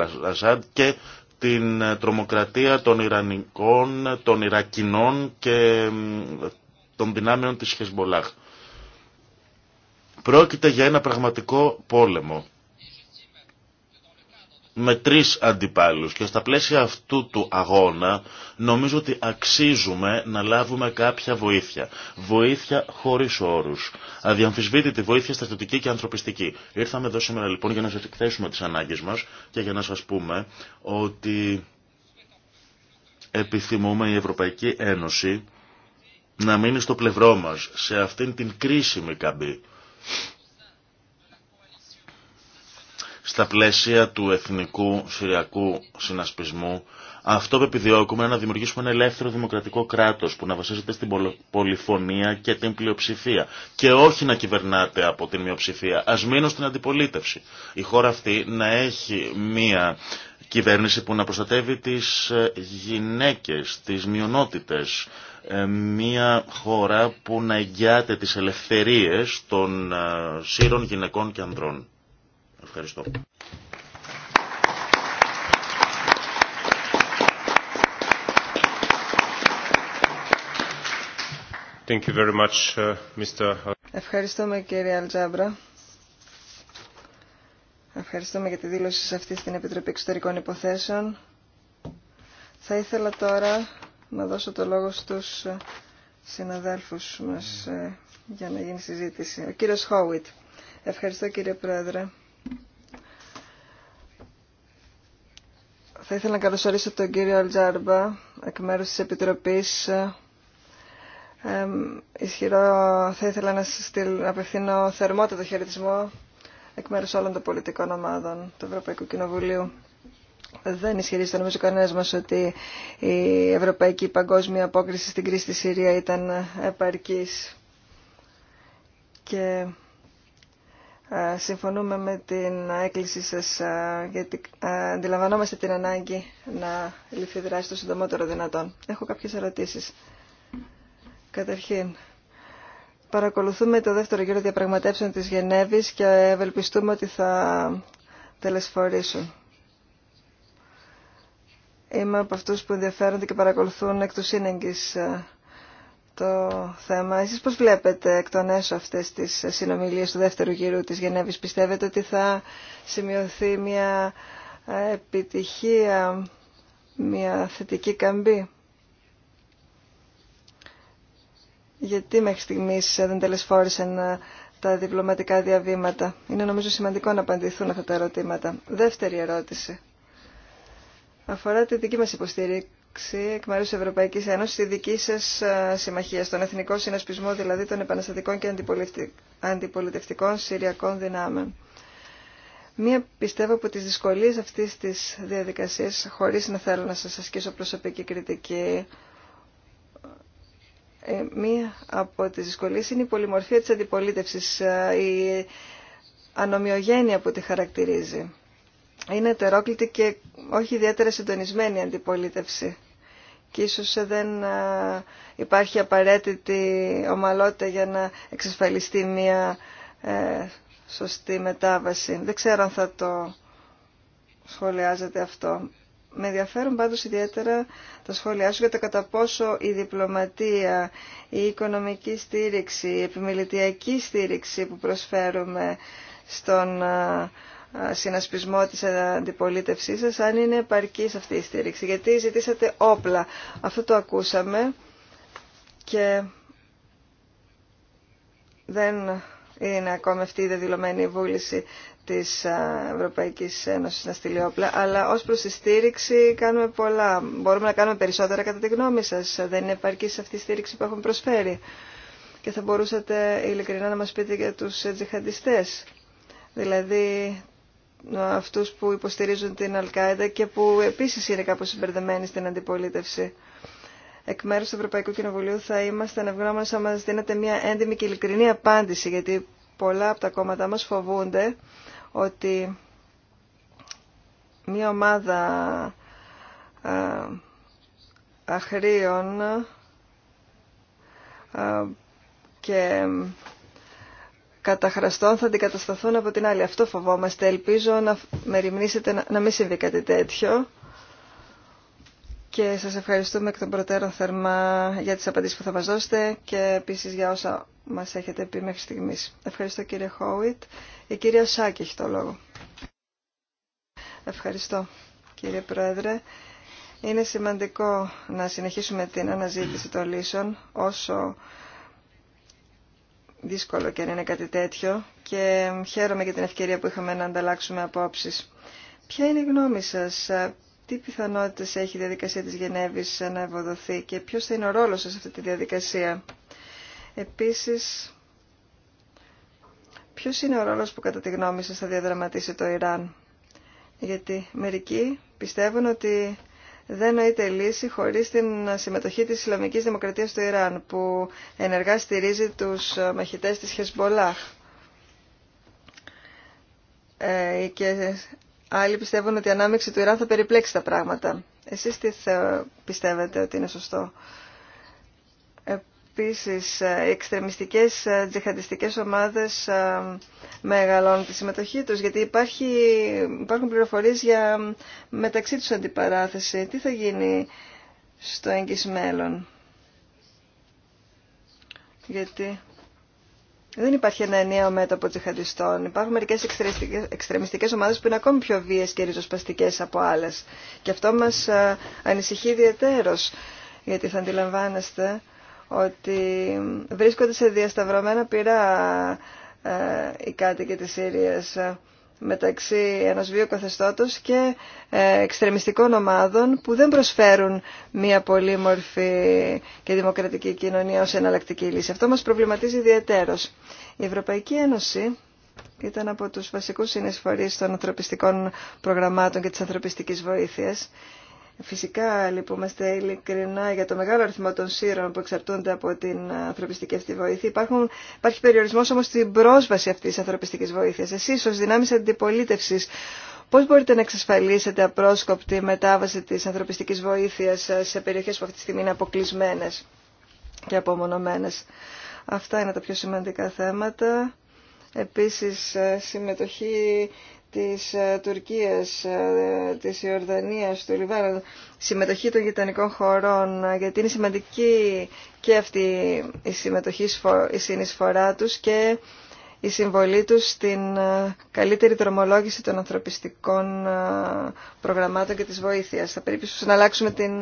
ε, Ασάντ και την ε, τρομοκρατία των Ιρανικών, των Ιρακινών και των δυνάμεων της Χεσμολάχ. Πρόκειται για ένα πραγματικό πόλεμο με τρεις αντιπάλους και στα πλαίσια αυτού του αγώνα νομίζω ότι αξίζουμε να λάβουμε κάποια βοήθεια. Βοήθεια χωρίς όρους. Αδιαμφισβήτητη βοήθεια στρατιωτική και ανθρωπιστική. Ήρθαμε εδώ σήμερα λοιπόν για να σας εκθέσουμε τις ανάγκες μας και για να σας πούμε ότι επιθυμούμε η Ευρωπαϊκή Ένωση να μείνει στο πλευρό μας σε αυτήν την κρίσιμη καμπή στα πλαίσια του εθνικού συριακού συνασπισμού, αυτό που επιδιώκουμε είναι να δημιουργήσουμε ένα ελεύθερο δημοκρατικό κράτος που να βασίζεται στην πολυφωνία και την πλειοψηφία και όχι να κυβερνάται από την μειοψηφία. Ας μείνω στην αντιπολίτευση. Η χώρα αυτή να έχει μία κυβέρνηση που να προστατεύει τις ε, γυναίκες, τις μειονότητες, ε, μια χώρα που να εγγυάται τις ελευθερίες των ε, σύρων γυναικών και ανδρών. Ευχαριστώ. Thank you very much, uh, Mr. Ευχαριστούμε κύριε Αλτζάμπρα. Ευχαριστούμε για τη δήλωση σε αυτή στην Επιτροπή Εξωτερικών Υποθέσεων. Θα ήθελα τώρα να δώσω το λόγο στους ε, συναδέλφους μας ε, για να γίνει συζήτηση. Ο κύριος Χόουιτ. Ευχαριστώ κύριε Πρόεδρε. Θα ήθελα να καλωσορίσω τον κύριο Αλτζάρμπα εκ μέρους της Επιτροπής. Ε, ισχυρό θα ήθελα να σας στείλω, να απευθύνω θερμότατο χαιρετισμό εκ μέρους όλων των πολιτικών ομάδων του Ευρωπαϊκού Κοινοβουλίου. Δεν ισχυρίζεται νομίζω κανένας μας ότι η ευρωπαϊκή παγκόσμια απόκριση στην κρίση στη Συρία ήταν επαρκής. Και ε, συμφωνούμε με την έκκλησή σας ε, γιατί ε, αντιλαμβανόμαστε την ανάγκη να ληφθεί δράση το συντομότερο δυνατόν. Έχω κάποιες ερωτήσεις. Καταρχήν, παρακολουθούμε το δεύτερο γύρο διαπραγματεύσεων της Γενέβης και ευελπιστούμε ότι θα τελεσφορήσουν. Είμαι από αυτούς που ενδιαφέρονται και παρακολουθούν εκ του σύνεγγης το θέμα. Εσείς πώς βλέπετε εκ των έσω αυτές τις συνομιλίες του δεύτερου γύρου της Γενέβης. Πιστεύετε ότι θα σημειωθεί μια ε, επιτυχία, μια θετική καμπή. Γιατί μέχρι στιγμής δεν τελεσφόρησαν ε, τα διπλωματικά διαβήματα. Είναι νομίζω σημαντικό να απαντηθούν αυτά τα ερωτήματα. Δεύτερη ερώτηση. Αφορά τη δική μας υποστήριξη εκ μέρου Ευρωπαϊκή Ένωση Ένωσης τη δική σα συμμαχία, στον Εθνικό Συνασπισμό δηλαδή των Επαναστατικών και Αντιπολιτευτικών Συριακών Δυνάμεων. Μία πιστεύω από τις δυσκολίε αυτής της διαδικασία χωρί να θέλω να σας ασκήσω προσωπική κριτική, ε, μία από τι δυσκολίε είναι η πολυμορφία της αντιπολίτευσης, η ανομοιογένεια που τη χαρακτηρίζει. Είναι ετερόκλητη και όχι ιδιαίτερα συντονισμένη αντιπολίτευση και ίσως δεν υπάρχει απαραίτητη ομαλότητα για να εξασφαλιστεί μια ε, σωστή μετάβαση. Δεν ξέρω αν θα το σχολιάζετε αυτό. Με ενδιαφέρουν πάντως ιδιαίτερα τα σχόλιά σου για το κατά πόσο η διπλωματία, η οικονομική στήριξη, η επιμελητιακή στήριξη που προσφέρουμε στον συνασπισμό της αντιπολίτευσής σας, αν είναι επαρκή αυτή η στήριξη. Γιατί ζητήσατε όπλα. Αυτό το ακούσαμε και δεν είναι ακόμη αυτή η δεδηλωμένη βούληση της Ευρωπαϊκής Ένωσης να στείλει όπλα, αλλά ως προς τη στήριξη κάνουμε πολλά. Μπορούμε να κάνουμε περισσότερα κατά τη γνώμη σας. Δεν είναι επαρκή αυτή η στήριξη που έχουμε προσφέρει. Και θα μπορούσατε ειλικρινά να μας πείτε για τους τζιχαντιστές. Δηλαδή αυτούς που υποστηρίζουν την Αλκάιδα και που επίσης είναι κάπως συμπερδεμένοι στην αντιπολίτευση. Εκ μέρους του Ευρωπαϊκού Κοινοβουλίου θα είμαστε ευγνώμονες αν μας δίνετε μια έντιμη και ειλικρινή απάντηση, γιατί πολλά από τα κόμματα μας φοβούνται ότι μια ομάδα αχρίων και καταχραστών θα αντικατασταθούν από την άλλη. Αυτό φοβόμαστε. Ελπίζω να μεριμνήσετε να μην συμβεί κάτι τέτοιο. Και σας ευχαριστούμε εκ των προτέρων θερμά για τις απαντήσεις που θα μας δώσετε και επίσης για όσα μας έχετε πει μέχρι στιγμής. Ευχαριστώ κύριε Χόουιτ. Η κυρία Σάκη έχει το λόγο. Ευχαριστώ κύριε Πρόεδρε. Είναι σημαντικό να συνεχίσουμε την αναζήτηση των λύσεων όσο δύσκολο και αν είναι κάτι τέτοιο και χαίρομαι για την ευκαιρία που είχαμε να ανταλλάξουμε απόψεις. Ποια είναι η γνώμη σας, τι πιθανότητες έχει η διαδικασία της Γενέβης να ευοδοθεί και ποιος θα είναι ο ρόλος σας σε αυτή τη διαδικασία. Επίσης, ποιος είναι ο ρόλος που κατά τη γνώμη σας θα διαδραματίσει το Ιράν. Γιατί μερικοί πιστεύουν ότι δεν νοείται λύση χωρίς την συμμετοχή της Ισλαμικής Δημοκρατίας του Ιράν που ενεργά στηρίζει τους ε, μαχητές της Χεσμολάχ. Ε, και άλλοι πιστεύουν ότι η ανάμειξη του Ιράν θα περιπλέξει τα πράγματα. Εσείς τι πιστεύετε ότι είναι σωστό. Επίσης, ε, οι εξτρεμιστικές ε, τζιχαντιστικές ομάδες ε, μεγαλώνουν τη συμμετοχή τους, γιατί υπάρχει, υπάρχουν πληροφορίες για μεταξύ τους αντιπαράθεση. Τι θα γίνει στο έγκυς μέλλον. Γιατί δεν υπάρχει ένα ενιαίο μέτωπο τζιχαντιστών. Υπάρχουν μερικές εξτρεμιστικές ομάδες που είναι ακόμη πιο βίες και ριζοσπαστικές από άλλες. Και αυτό μας ανησυχεί ιδιαίτερος, γιατί θα αντιλαμβάνεστε ότι βρίσκονται σε διασταυρωμένα πειρά ε, οι κάτοικοι της Σύριας ε, μεταξύ ενός βίου και ε, εξτρεμιστικών ομάδων που δεν προσφέρουν μια πολύμορφη και δημοκρατική κοινωνία ως εναλλακτική λύση. Αυτό μας προβληματίζει ιδιαίτερος. Η Ευρωπαϊκή Ένωση ήταν από τους βασικούς συνεισφορείς των ανθρωπιστικών προγραμμάτων και της ανθρωπιστικής βοήθειας Φυσικά λυπούμαστε λοιπόν, ειλικρινά για το μεγάλο αριθμό των σύρων που εξαρτούνται από την ανθρωπιστική αυτή βοήθεια. Υπάρχουν, υπάρχει περιορισμό όμω στην πρόσβαση αυτή τη ανθρωπιστική βοήθεια. Εσεί ω δυνάμει αντιπολίτευση, πώ μπορείτε να εξασφαλίσετε απρόσκοπτη μετάβαση τη ανθρωπιστική βοήθεια σε περιοχέ που αυτή τη στιγμή είναι αποκλεισμένε και απομονωμένε. Αυτά είναι τα πιο σημαντικά θέματα. Επίσης συμμετοχή της ε, Τουρκίας, ε, της Ιορδανίας, του Λιβάνου, συμμετοχή των γειτονικών χωρών, ε, γιατί είναι σημαντική και αυτή η συμμετοχή, η συνεισφορά τους και η συμβολή τους στην καλύτερη δρομολόγηση των ανθρωπιστικών προγραμμάτων και της βοήθειας. Θα πρέπει να αλλάξουμε την,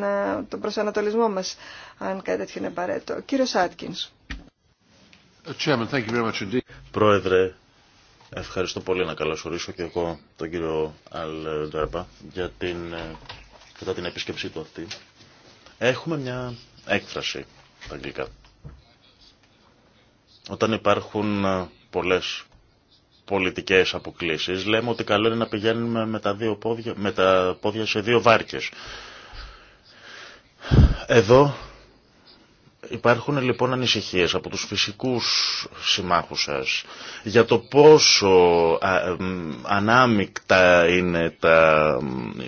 τον προσανατολισμό μας, αν κάτι τέτοιο είναι απαραίτητο. Κύριος Άτκινς. Πρόεδρε, Ευχαριστώ πολύ να καλωσορίσω και εγώ τον κύριο Αλνταρμπά για την, ε, κατά την επίσκεψή του αυτή. Έχουμε μια έκφραση τα αγγλικά. Όταν υπάρχουν ε, πολλές πολιτικές αποκλήσεις, λέμε ότι καλό είναι να πηγαίνουμε με τα, δύο πόδια, με τα πόδια σε δύο βάρκες. Εδώ Υπάρχουν λοιπόν ανησυχίες από τους φυσικούς συμμάχους σας για το πόσο ανάμεικτα είναι τα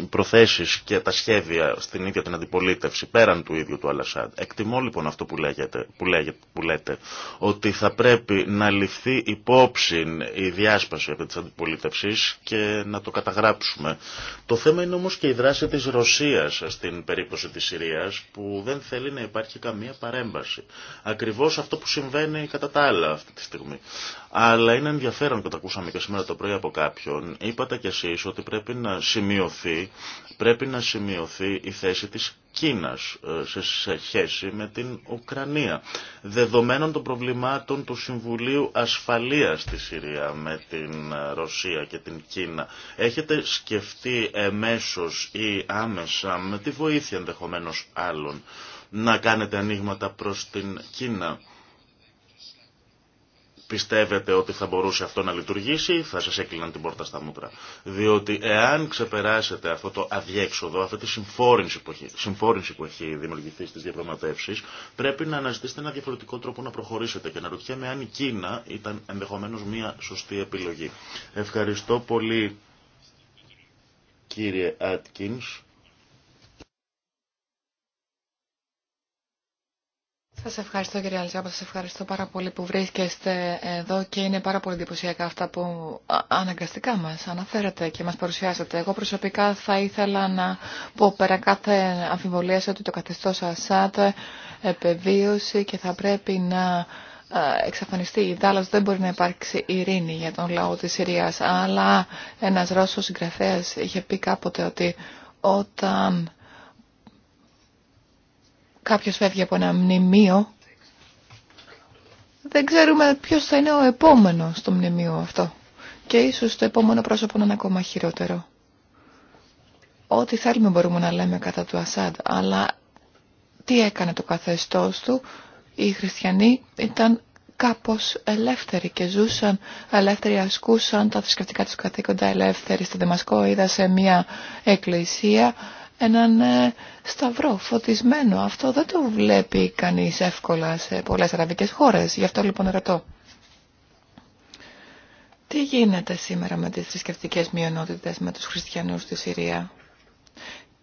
προθέσεις και τα σχέδια στην ίδια την αντιπολίτευση πέραν του ίδιου του Αλασάντ. Εκτιμώ λοιπόν αυτό που, λέγεται, που, λέγεται, που λέτε ότι θα πρέπει να ληφθεί υπόψη η διάσπαση από της αντιπολίτευσης και να το καταγράψουμε. Το θέμα είναι όμως και η δράση της Ρωσίας στην περίπτωση της Συρίας που δεν θέλει να υπάρχει καμία παρέμβαση παρέμβαση. Ακριβώς αυτό που συμβαίνει κατά τα άλλα αυτή τη στιγμή. Αλλά είναι ενδιαφέρον και το ακούσαμε και σήμερα το πρωί από κάποιον. Είπατε κι εσείς ότι πρέπει να σημειωθεί, πρέπει να σημειωθεί η θέση της Κίνας ε, σε σχέση με την Ουκρανία. Δεδομένων των προβλημάτων του Συμβουλίου Ασφαλείας στη Συρία με την ε, Ρωσία και την Κίνα, έχετε σκεφτεί εμέσως ή άμεσα με τη βοήθεια ενδεχομένως άλλων να κάνετε ανοίγματα προς την Κίνα. Πιστεύετε ότι θα μπορούσε αυτό να λειτουργήσει, θα σας έκλειναν την πόρτα στα μούτρα. Διότι εάν ξεπεράσετε αυτό το αδιέξοδο, αυτή τη συμφόρυνση που έχει, συμφόρυνση που έχει δημιουργηθεί στις διαπραγματεύσεις, πρέπει να αναζητήσετε ένα διαφορετικό τρόπο να προχωρήσετε και να ρωτιέμαι αν η Κίνα ήταν ενδεχομένως μια σωστή επιλογή. Ευχαριστώ πολύ κύριε Άτκινς. Σας ευχαριστώ κύριε Αλτζάμπα, σας ευχαριστώ πάρα πολύ που βρίσκεστε εδώ και είναι πάρα πολύ εντυπωσιακά αυτά που αναγκαστικά μας αναφέρατε και μας παρουσιάσατε. Εγώ προσωπικά θα ήθελα να πω πέρα κάθε αμφιβολία ότι το καθεστώς Ασάτ επεβίωση και θα πρέπει να εξαφανιστεί η δεν μπορεί να υπάρξει ειρήνη για τον λαό της Συρίας αλλά ένας Ρώσος συγγραφέα είχε πει κάποτε ότι όταν κάποιος φεύγει από ένα μνημείο, δεν ξέρουμε ποιος θα είναι ο επόμενος στο μνημείο αυτό. Και ίσως το επόμενο πρόσωπο να είναι ακόμα χειρότερο. Ό,τι θέλουμε μπορούμε να λέμε κατά του Ασάντ, αλλά τι έκανε το καθεστώς του, οι χριστιανοί ήταν κάπως ελεύθεροι και ζούσαν ελεύθεροι, ασκούσαν τα θρησκευτικά τους καθήκοντα ελεύθεροι. Στη Δεμασκό είδα σε μια εκκλησία έναν ε, σταυρό φωτισμένο. Αυτό δεν το βλέπει κανείς εύκολα σε πολλές αραβικές χώρες. Γι' αυτό λοιπόν ρωτώ. Τι γίνεται σήμερα με τις θρησκευτικέ μειονότητες, με τους χριστιανούς στη Συρία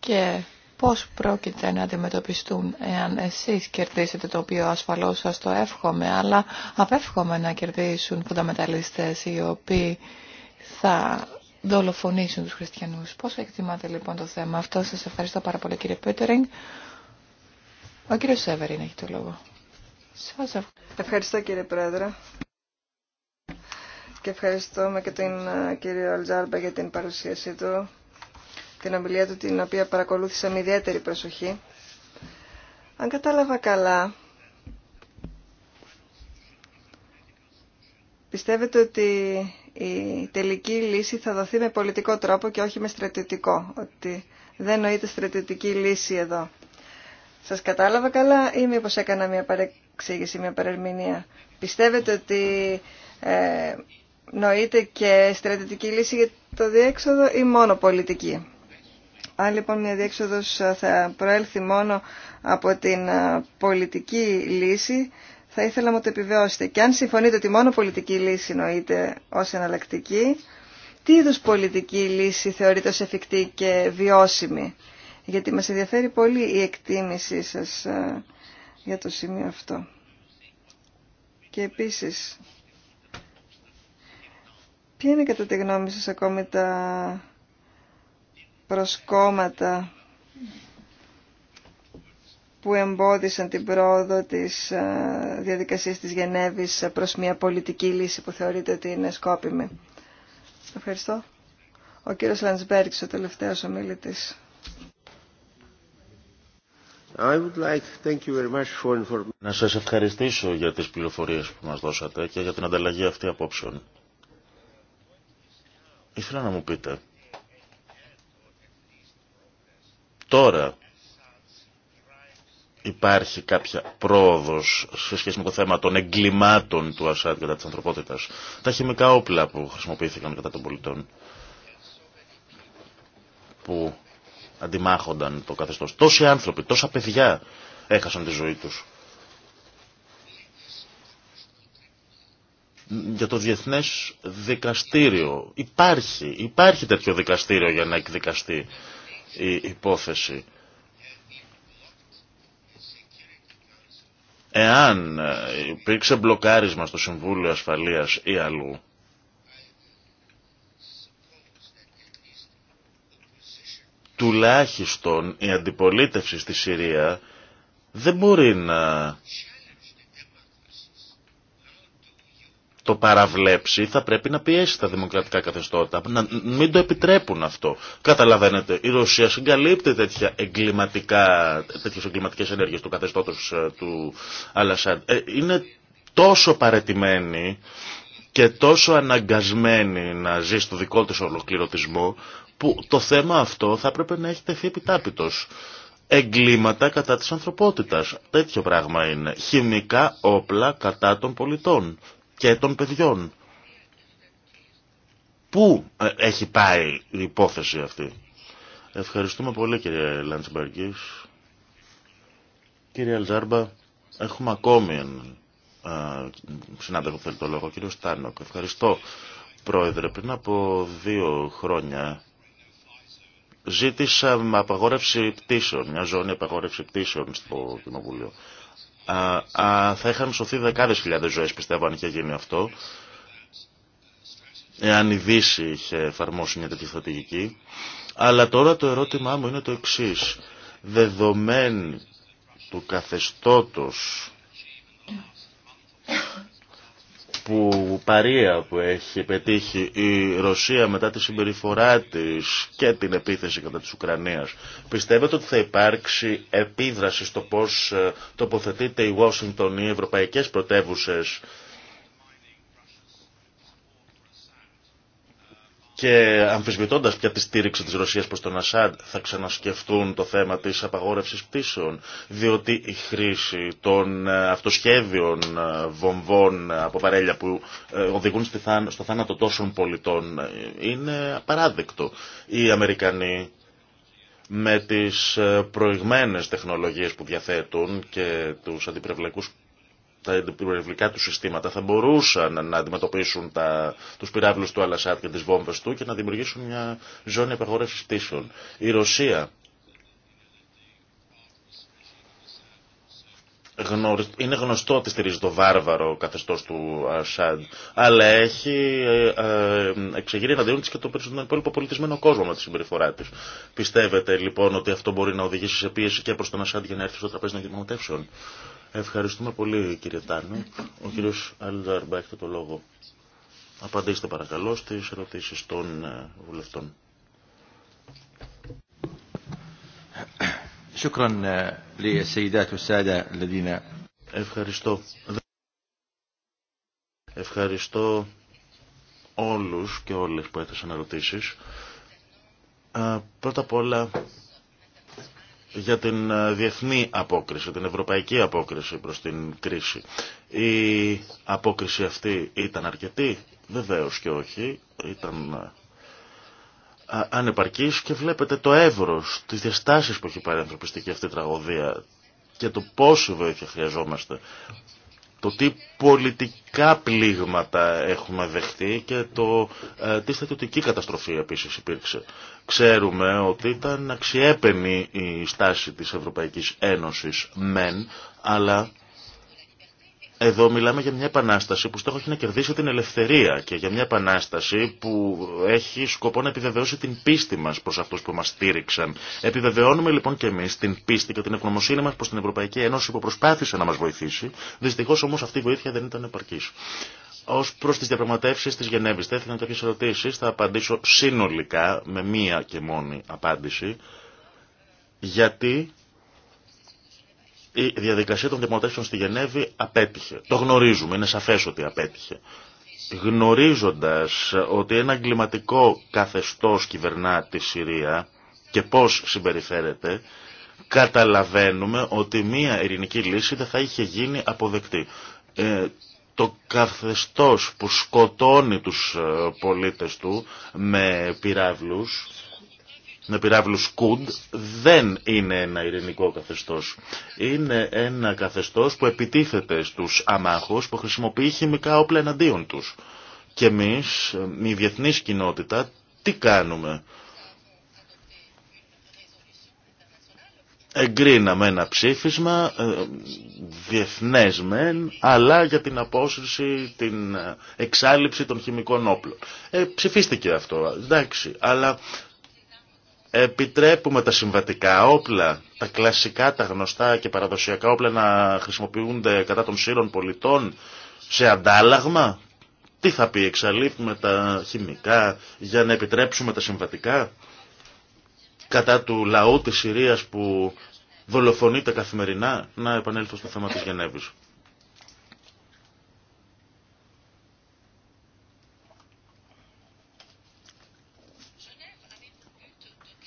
και πώς πρόκειται να αντιμετωπιστούν εάν εσείς κερδίσετε το οποίο ασφαλώς σας το εύχομαι, αλλά απεύχομαι να κερδίσουν φονταμεταλλιστές οι οποίοι θα δολοφονήσουν τους χριστιανούς. Πώς εκτιμάτε λοιπόν το θέμα αυτό. Σας ευχαριστώ πάρα πολύ κύριε Πέτερινγκ. Ο κύριος Σέβεριν έχει το λόγο. Σας ευχαριστώ. Ευχαριστώ κύριε Πρόεδρε. Και ευχαριστούμε και τον ε, κύριο Αλτζάρμπα για την παρουσίασή του, την ομιλία του την οποία παρακολούθησα με ιδιαίτερη προσοχή. Αν κατάλαβα καλά, πιστεύετε ότι η τελική λύση θα δοθεί με πολιτικό τρόπο και όχι με στρατιωτικό, ότι δεν νοείται στρατιωτική λύση εδώ. Σας κατάλαβα καλά ή μήπως έκανα μια παρεξήγηση, μια παρερμηνία. Πιστεύετε ότι ε, νοείται και στρατιωτική λύση για το διέξοδο ή μόνο πολιτική. Αν λοιπόν μια διέξοδος θα προέλθει μόνο από την ε, πολιτική λύση, θα ήθελα να μου το επιβεβαιώσετε. Και αν συμφωνείτε ότι μόνο πολιτική λύση νοείται ως εναλλακτική, τι είδους πολιτική λύση θεωρείτε ως εφικτή και βιώσιμη. Γιατί μας ενδιαφέρει πολύ η εκτίμησή σας ε, για το σημείο αυτό. Και επίσης, ποια είναι κατά τη γνώμη σας ακόμη τα προσκόμματα που εμπόδισαν την πρόοδο της ε, διαδικασίας της Γενέβης προς μια πολιτική λύση που θεωρείται ότι είναι σκόπιμη. Ευχαριστώ. Ο κύριος Λαντσμπέργκης, ο τελευταίος ομίλητης. I would like, Να σας ευχαριστήσω για τις πληροφορίες που μας δώσατε και για την ανταλλαγή αυτή απόψεων. Ήθελα να μου πείτε, τώρα υπάρχει κάποια πρόοδος σε σχέση με το θέμα των εγκλημάτων του ΑΣΑΤ κατά της ανθρωπότητας. Τα χημικά όπλα που χρησιμοποιήθηκαν κατά των πολιτών που αντιμάχονταν το καθεστώς. Τόσοι άνθρωποι, τόσα παιδιά έχασαν τη ζωή τους. για το διεθνές δικαστήριο. Υπάρχει, υπάρχει τέτοιο δικαστήριο για να εκδικαστεί η υπόθεση. Εάν ε, υπήρξε μπλοκάρισμα στο Συμβούλιο Ασφαλείας ή αλλού, τουλάχιστον η αντιπολίτευση στη Συρία δεν μπορεί να το παραβλέψει θα πρέπει να πιέσει τα δημοκρατικά καθεστώτα, να μην το επιτρέπουν αυτό. Καταλαβαίνετε, η Ρωσία συγκαλύπτει τέτοια εγκληματικά, τέτοιες εγκληματικές ενέργειες του καθεστώτος ε, του Αλασάντ. Ε, είναι τόσο παρετημένη και τόσο αναγκασμένη να ζει στο δικό της ολοκληρωτισμό που το θέμα αυτό θα έπρεπε να έχει τεθεί επιτάπητος εγκλήματα κατά της ανθρωπότητας. Τέτοιο πράγμα είναι. Χημικά όπλα κατά των πολιτών και των παιδιών. Πού ε, έχει πάει η υπόθεση αυτή. Ευχαριστούμε πολύ κύριε Λαντσμπαργκής. Κύριε Αλζάρμπα, έχουμε ακόμη έναν ε, συνάδελφο που θέλει το λόγο, κύριο Στάνοκ. Ευχαριστώ πρόεδρε. Πριν από δύο χρόνια ζήτησα απαγόρευση πτήσεων, μια ζώνη απαγόρευση πτήσεων στο Κοινοβούλιο θα είχαν σωθεί δεκάδες χιλιάδες ζωές πιστεύω αν είχε γίνει αυτό εάν η Δύση είχε εφαρμόσει μια τέτοια στρατηγική. Αλλά τώρα το ερώτημά μου είναι το εξής. δεδομένου του καθεστώτος που παρία που έχει πετύχει η Ρωσία μετά τη συμπεριφορά της και την επίθεση κατά της Ουκρανίας, πιστεύετε ότι θα υπάρξει επίδραση στο πώς ε, τοποθετείται η Ουάσινγκτον ή οι ευρωπαϊκές πρωτεύουσες και αμφισβητώντας πια τη στήριξη της Ρωσίας προς τον Ασάντ θα ξανασκεφτούν το θέμα της απαγόρευσης πτήσεων διότι η χρήση των ε, αυτοσχέδιων ε, βομβών ε, από παρέλια που οδηγούν στο θάνατο τόσων πολιτών είναι απαράδεκτο. Οι Αμερικανοί με τις προηγμένες τεχνολογίες που διαθέτουν και τους αντιπρευλακούς τα υπερβολικά του συστήματα θα μπορούσαν να αντιμετωπίσουν τα, τους πυράβλους του Αλασάτ και τις βόμβες του και να δημιουργήσουν μια ζώνη απαγόρευσης πτήσεων. Η Ρωσία είναι γνωστό ότι στηρίζει το βάρβαρο καθεστώς του Ασάντ, αλλά έχει ε, ε, εξεγείρει εναντίον της και τον υπόλοιπο πολιτισμένο κόσμο με τη συμπεριφορά της. Πιστεύετε λοιπόν ότι αυτό μπορεί να οδηγήσει σε πίεση και προς τον Ασάντ για να έρθει στο τραπέζι των διαπραγματεύσεων. Ευχαριστούμε πολύ κύριε Τάνο. Ο κύριος Αλνταρμπά έχετε το λόγο. Απαντήστε παρακαλώ στις ερωτήσεις των ε, βουλευτών. Ε, Ευχαριστώ. Ευχαριστώ όλους και όλες που έθεσαν ερωτήσεις. Πρώτα απ' όλα για την ε, διεθνή απόκριση, την ευρωπαϊκή απόκριση προς την κρίση. Η απόκριση αυτή ήταν αρκετή, βεβαίως και όχι, ήταν ε, ανεπαρκής και βλέπετε το εύρος, τις διαστάσεις που έχει πάρει η ανθρωπιστική αυτή τραγωδία και το πόση βοήθεια χρειαζόμαστε το τι πολιτικά πλήγματα έχουμε δεχτεί και το ε, τι στατιωτική καταστροφή επίσης υπήρξε. Ξέρουμε ότι ήταν αξιέπαινη η στάση της Ευρωπαϊκής Ένωσης μεν, αλλά εδώ μιλάμε για μια επανάσταση που στόχο έχει να κερδίσει την ελευθερία και για μια επανάσταση που έχει σκοπό να επιβεβαιώσει την πίστη μας προς αυτούς που μας στήριξαν. Επιβεβαιώνουμε λοιπόν και εμείς την πίστη και την ευγνωμοσύνη μας προς την Ευρωπαϊκή Ένωση που προσπάθησε να μας βοηθήσει. Δυστυχώς όμως αυτή η βοήθεια δεν ήταν επαρκής. Ω προ τι διαπραγματεύσει τη Γενέβη, τέθηκαν κάποιε ερωτήσει. Θα απαντήσω συνολικά με μία και μόνη απάντηση. Γιατί η διαδικασία των διαπραγματεύσεων στη Γενέβη απέτυχε. Το γνωρίζουμε, είναι σαφές ότι απέτυχε. Γνωρίζοντας ότι ένα εγκληματικό καθεστώς κυβερνά τη Συρία και πώς συμπεριφέρεται, καταλαβαίνουμε ότι μία ειρηνική λύση δεν θα είχε γίνει αποδεκτή. Ε, το καθεστώς που σκοτώνει τους ε, πολίτες του με πυράβλους με πυράβλους Κουντ δεν είναι ένα ειρηνικό καθεστώς. Είναι ένα καθεστώς που επιτίθεται στους αμάχους που χρησιμοποιεί χημικά όπλα εναντίον τους. Και εμείς, η διεθνής κοινότητα, τι κάνουμε. Εγκρίναμε ένα ψήφισμα, ε, διεθνές μεν, αλλά για την απόσυρση, την ε, εξάλληψη των χημικών όπλων. Ε, ψηφίστηκε αυτό, εντάξει, αλλά επιτρέπουμε τα συμβατικά όπλα, τα κλασικά, τα γνωστά και παραδοσιακά όπλα να χρησιμοποιούνται κατά των σύρων πολιτών σε αντάλλαγμα. Τι θα πει, εξαλείπουμε τα χημικά για να επιτρέψουμε τα συμβατικά κατά του λαού της Συρίας που δολοφονείται καθημερινά. Να επανέλθω στο θέμα της Γενέβης.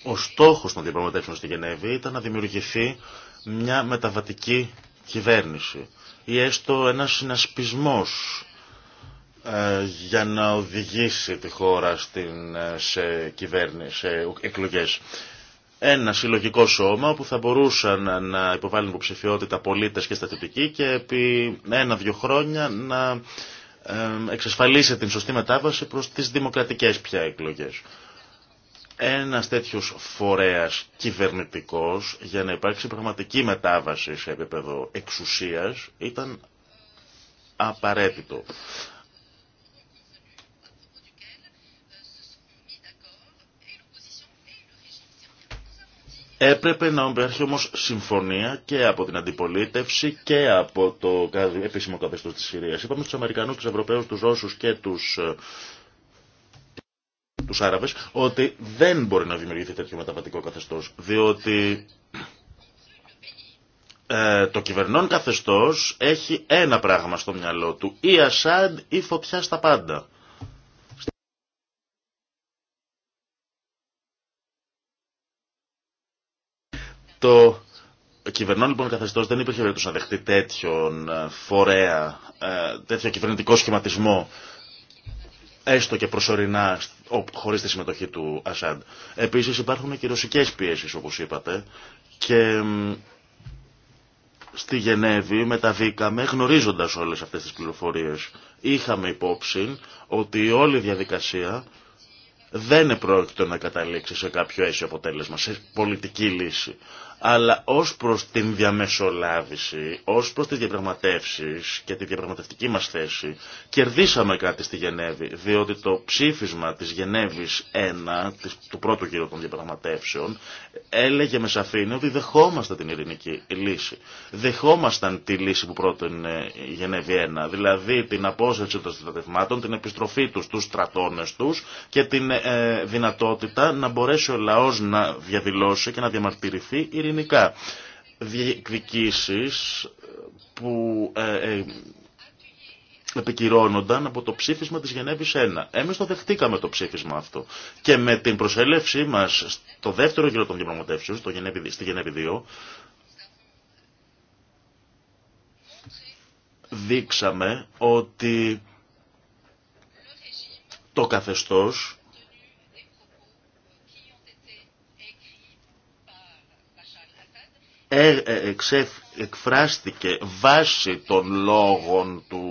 Ο στόχος των διαπραγματεύσεων στη Γενέβη ήταν να δημιουργηθεί μια μεταβατική κυβέρνηση ή έστω ένα συνασπισμός ε, για να οδηγήσει τη χώρα στην, ε, σε, κυβέρνηση, σε εκλογές. Ένα συλλογικό σώμα που θα μπορούσαν να υποβάλουν υποψηφιότητα πολίτες και στατιωτικοί και επί ένα-δυο χρόνια να ε, εξασφαλίσει την σωστή μετάβαση προς τις δημοκρατικές πια εκλογές ένας τέτοιος φορέας κυβερνητικός για να υπάρξει πραγματική μετάβαση σε επίπεδο εξουσίας ήταν απαραίτητο. Έπρεπε να υπάρχει όμως συμφωνία και από την αντιπολίτευση και από το επίσημο καθεστώς της Συρίας. Είπαμε τους Αμερικανούς, τους Ευρωπαίους, τους Ρώσους και τους ε, τους Άραβες ότι δεν μπορεί να δημιουργηθεί τέτοιο μεταβατικό καθεστώς διότι ε, το κυβερνών καθεστώς έχει ένα πράγμα στο μυαλό του ή Ασάντ ή φωτιά στα πάντα. Το κυβερνών λοιπόν καθεστώ δεν υπήρχε περίπτωση να δεχτεί τέτοιον ε, φορέα, ε, τέτοιο κυβερνητικό σχηματισμό έστω και προσωρινά, χωρίς τη συμμετοχή του Ασάντ. Επίσης υπάρχουν και ρωσικές πιέσεις, όπως είπατε, και στη Γενέβη μεταβήκαμε γνωρίζοντας όλες αυτές τις πληροφορίες. Είχαμε υπόψη ότι όλη η όλη διαδικασία δεν πρόκειται να καταλήξει σε κάποιο αίσιο αποτέλεσμα, σε πολιτική λύση αλλά ως προς την διαμεσολάβηση, ως προς τις διαπραγματεύσεις και τη διαπραγματευτική μας θέση, κερδίσαμε κάτι στη Γενέβη, διότι το ψήφισμα της Γενέβης 1, του πρώτου γύρου των διαπραγματεύσεων, έλεγε με σαφήνεια ότι δεχόμαστε την ειρηνική λύση. Δεχόμασταν τη λύση που πρότεινε η Γενέβη 1, δηλαδή την απόσυρση των στρατευμάτων, την επιστροφή τους στους στρατώνες τους και την ε, δυνατότητα να μπορέσει ο λαός να διαδηλώσει και να διαμαρτυρηθεί ειρηνικά. Διεκδικήσεις ε, που ε, ε, επικυρώνονταν από το ψήφισμα της Γενέβης 1. Εμείς το δεχτήκαμε το ψήφισμα αυτό. Και με την προσέλευσή μας στο δεύτερο γύρο των διαπραγματεύσεων, στη Γενέβη 2, δείξαμε ότι το καθεστώς Ε, ε, εξεφ, εκφράστηκε βάσει των λόγων του,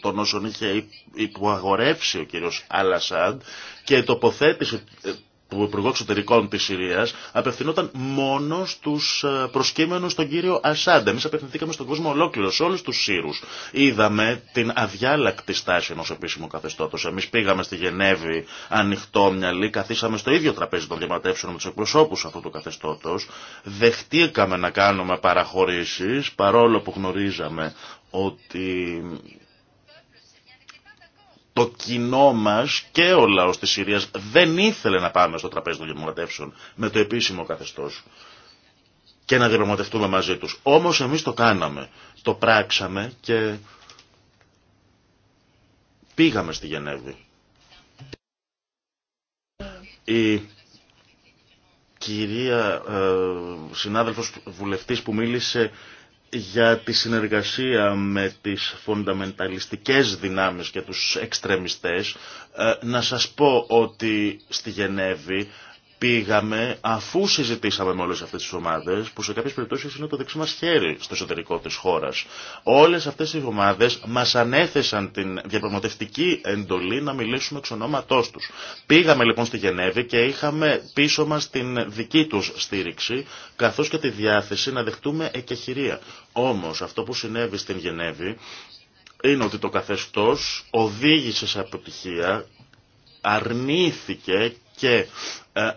των όσων είχε υποαγορεύσει ο κύριος Αλασάντ και τοποθέτησε ε, του Υπουργού Εξωτερικών της Συρίας απευθυνόταν μόνο στους ε, προσκύμενους τον κύριο Ασάντε. Εμείς απευθυνθήκαμε στον κόσμο ολόκληρο, σε όλους τους Σύρους. Είδαμε την αδιάλακτη στάση ενός επίσημου καθεστώτος. Εμείς πήγαμε στη Γενέβη ανοιχτόμυαλοι, καθίσαμε στο ίδιο τραπέζι των διαπραγματεύσεων με τους εκπροσώπους αυτού του καθεστώτος. Δεχτήκαμε να κάνουμε παραχωρήσεις, παρόλο που γνωρίζαμε ότι το κοινό μα και ο λαό τη Συρία δεν ήθελε να πάμε στο τραπέζι των διαπραγματεύσεων με το επίσημο καθεστώ και να διαπραγματευτούμε μαζί του. Όμω εμεί το κάναμε. Το πράξαμε και πήγαμε στη Γενέβη. Η κυρία ε, συνάδελφος βουλευτής που μίλησε για τη συνεργασία με τις φονταμενταλιστικές δυνάμεις και τους εξτρεμιστές ε, να σας πω ότι στη Γενέβη πήγαμε αφού συζητήσαμε με όλε αυτέ τι ομάδε, που σε κάποιε περιπτώσει είναι το δεξί μα χέρι στο εσωτερικό τη χώρα. Όλε αυτέ οι ομάδε μα ανέθεσαν την διαπραγματευτική εντολή να μιλήσουμε εξ ονόματό του. Πήγαμε λοιπόν στη Γενέβη και είχαμε πίσω μα την δική του στήριξη, καθώ και τη διάθεση να δεχτούμε εκεχηρία. Όμω αυτό που συνέβη στην Γενέβη είναι ότι το καθεστώς οδήγησε σε αποτυχία αρνήθηκε και ε,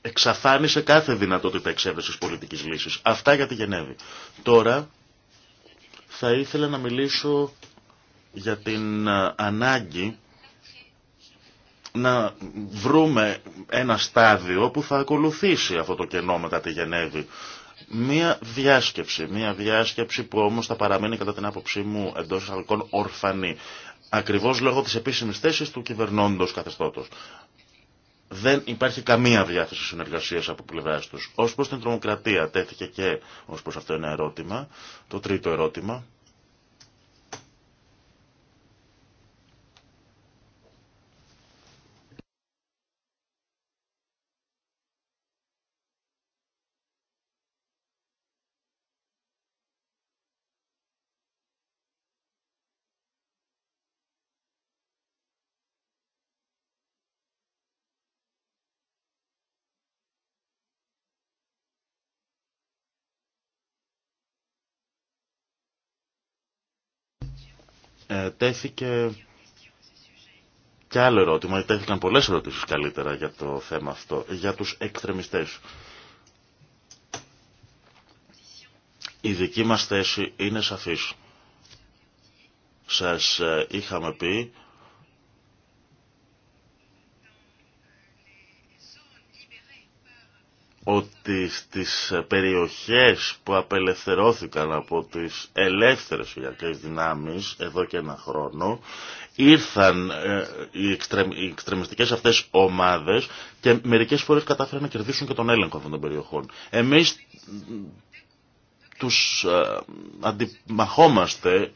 εξαφάνισε κάθε δυνατότητα εξέβρεσης πολιτικής λύσης. Αυτά για τη Γενέβη. Τώρα θα ήθελα να μιλήσω για την ε, ανάγκη να βρούμε ένα στάδιο που θα ακολουθήσει αυτό το κενό μετά τη Γενέβη. Μία διάσκεψη, μία διάσκεψη που όμως θα παραμένει κατά την άποψή μου εντός εισαγωγικών ορφανή. Ακριβώς λόγω της επίσημης θέσης του κυβερνώντος καθεστώτος. Δεν υπάρχει καμία διάθεση συνεργασίας από πλευράς τους. Ως προς την τρομοκρατία τέθηκε και ως προς αυτό ένα ερώτημα. Το τρίτο ερώτημα τέθηκε και άλλο ερώτημα, τέθηκαν πολλές ερωτήσεις καλύτερα για το θέμα αυτό, για τους εκτρεμιστές. Η δική μας θέση είναι σαφής. Σας ε, είχαμε πει ότι στις περιοχές που απελευθερώθηκαν από τις ελεύθερες φυλιακές δυνάμεις εδώ και ένα χρόνο ήρθαν ε, οι, εξτρεμ, οι εξτρεμιστικές αυτές ομάδες και μερικές φορές κατάφεραν να κερδίσουν και τον έλεγχο αυτών των περιοχών. Εμείς τους ε, αντιμαχόμαστε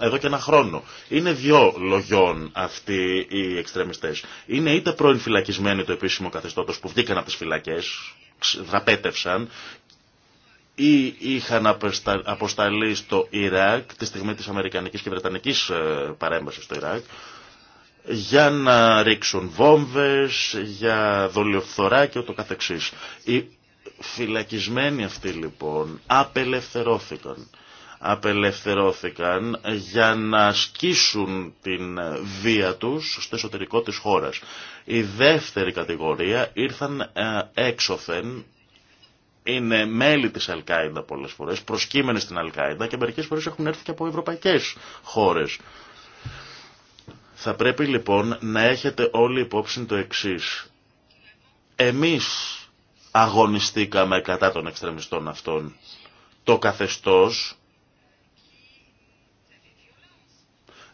εδώ και ένα χρόνο. Είναι δυο λογιών αυτοί οι εξτρεμιστές. Είναι είτε φυλακισμένοι το επίσημο καθεστώτος που βγήκαν από τις φυλακές δραπέτευσαν ή είχαν αποσταλεί στο Ιράκ τη στιγμή της Αμερικανικής και Βρετανικής ε, παρέμβασης στο Ιράκ για να ρίξουν βόμβες, για δολιοφθορά και ούτω καθεξής. Οι φυλακισμένοι αυτοί λοιπόν απελευθερώθηκαν απελευθερώθηκαν για να ασκήσουν την βία τους στο εσωτερικό της χώρας. Η δεύτερη κατηγορία ήρθαν ε, έξωθεν είναι μέλη της Αλκάιντα πολλές φορές, προσκύμενοι στην Αλκάιντα και μερικές φορές έχουν έρθει και από ευρωπαϊκές χώρες. Θα πρέπει λοιπόν να έχετε όλοι υπόψη το εξής. Εμείς αγωνιστήκαμε κατά των εξτρεμιστών αυτών. Το καθεστώς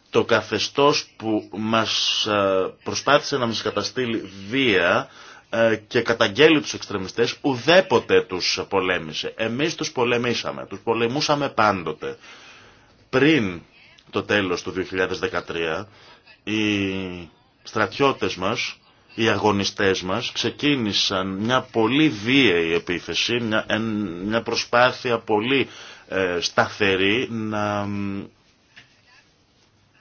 το καθεστώς που μας ε, προσπάθησε να μας καταστήλει βία ε, και καταγγέλει τους εξτρεμιστές ουδέποτε τους πολέμησε. Εμείς τους πολεμήσαμε, τους πολεμούσαμε πάντοτε. Πριν το τέλος του 2013 οι στρατιώτες μας, οι αγωνιστές μας ξεκίνησαν μια πολύ βίαιη επίθεση, μια, μια προσπάθεια πολύ ε, σταθερή να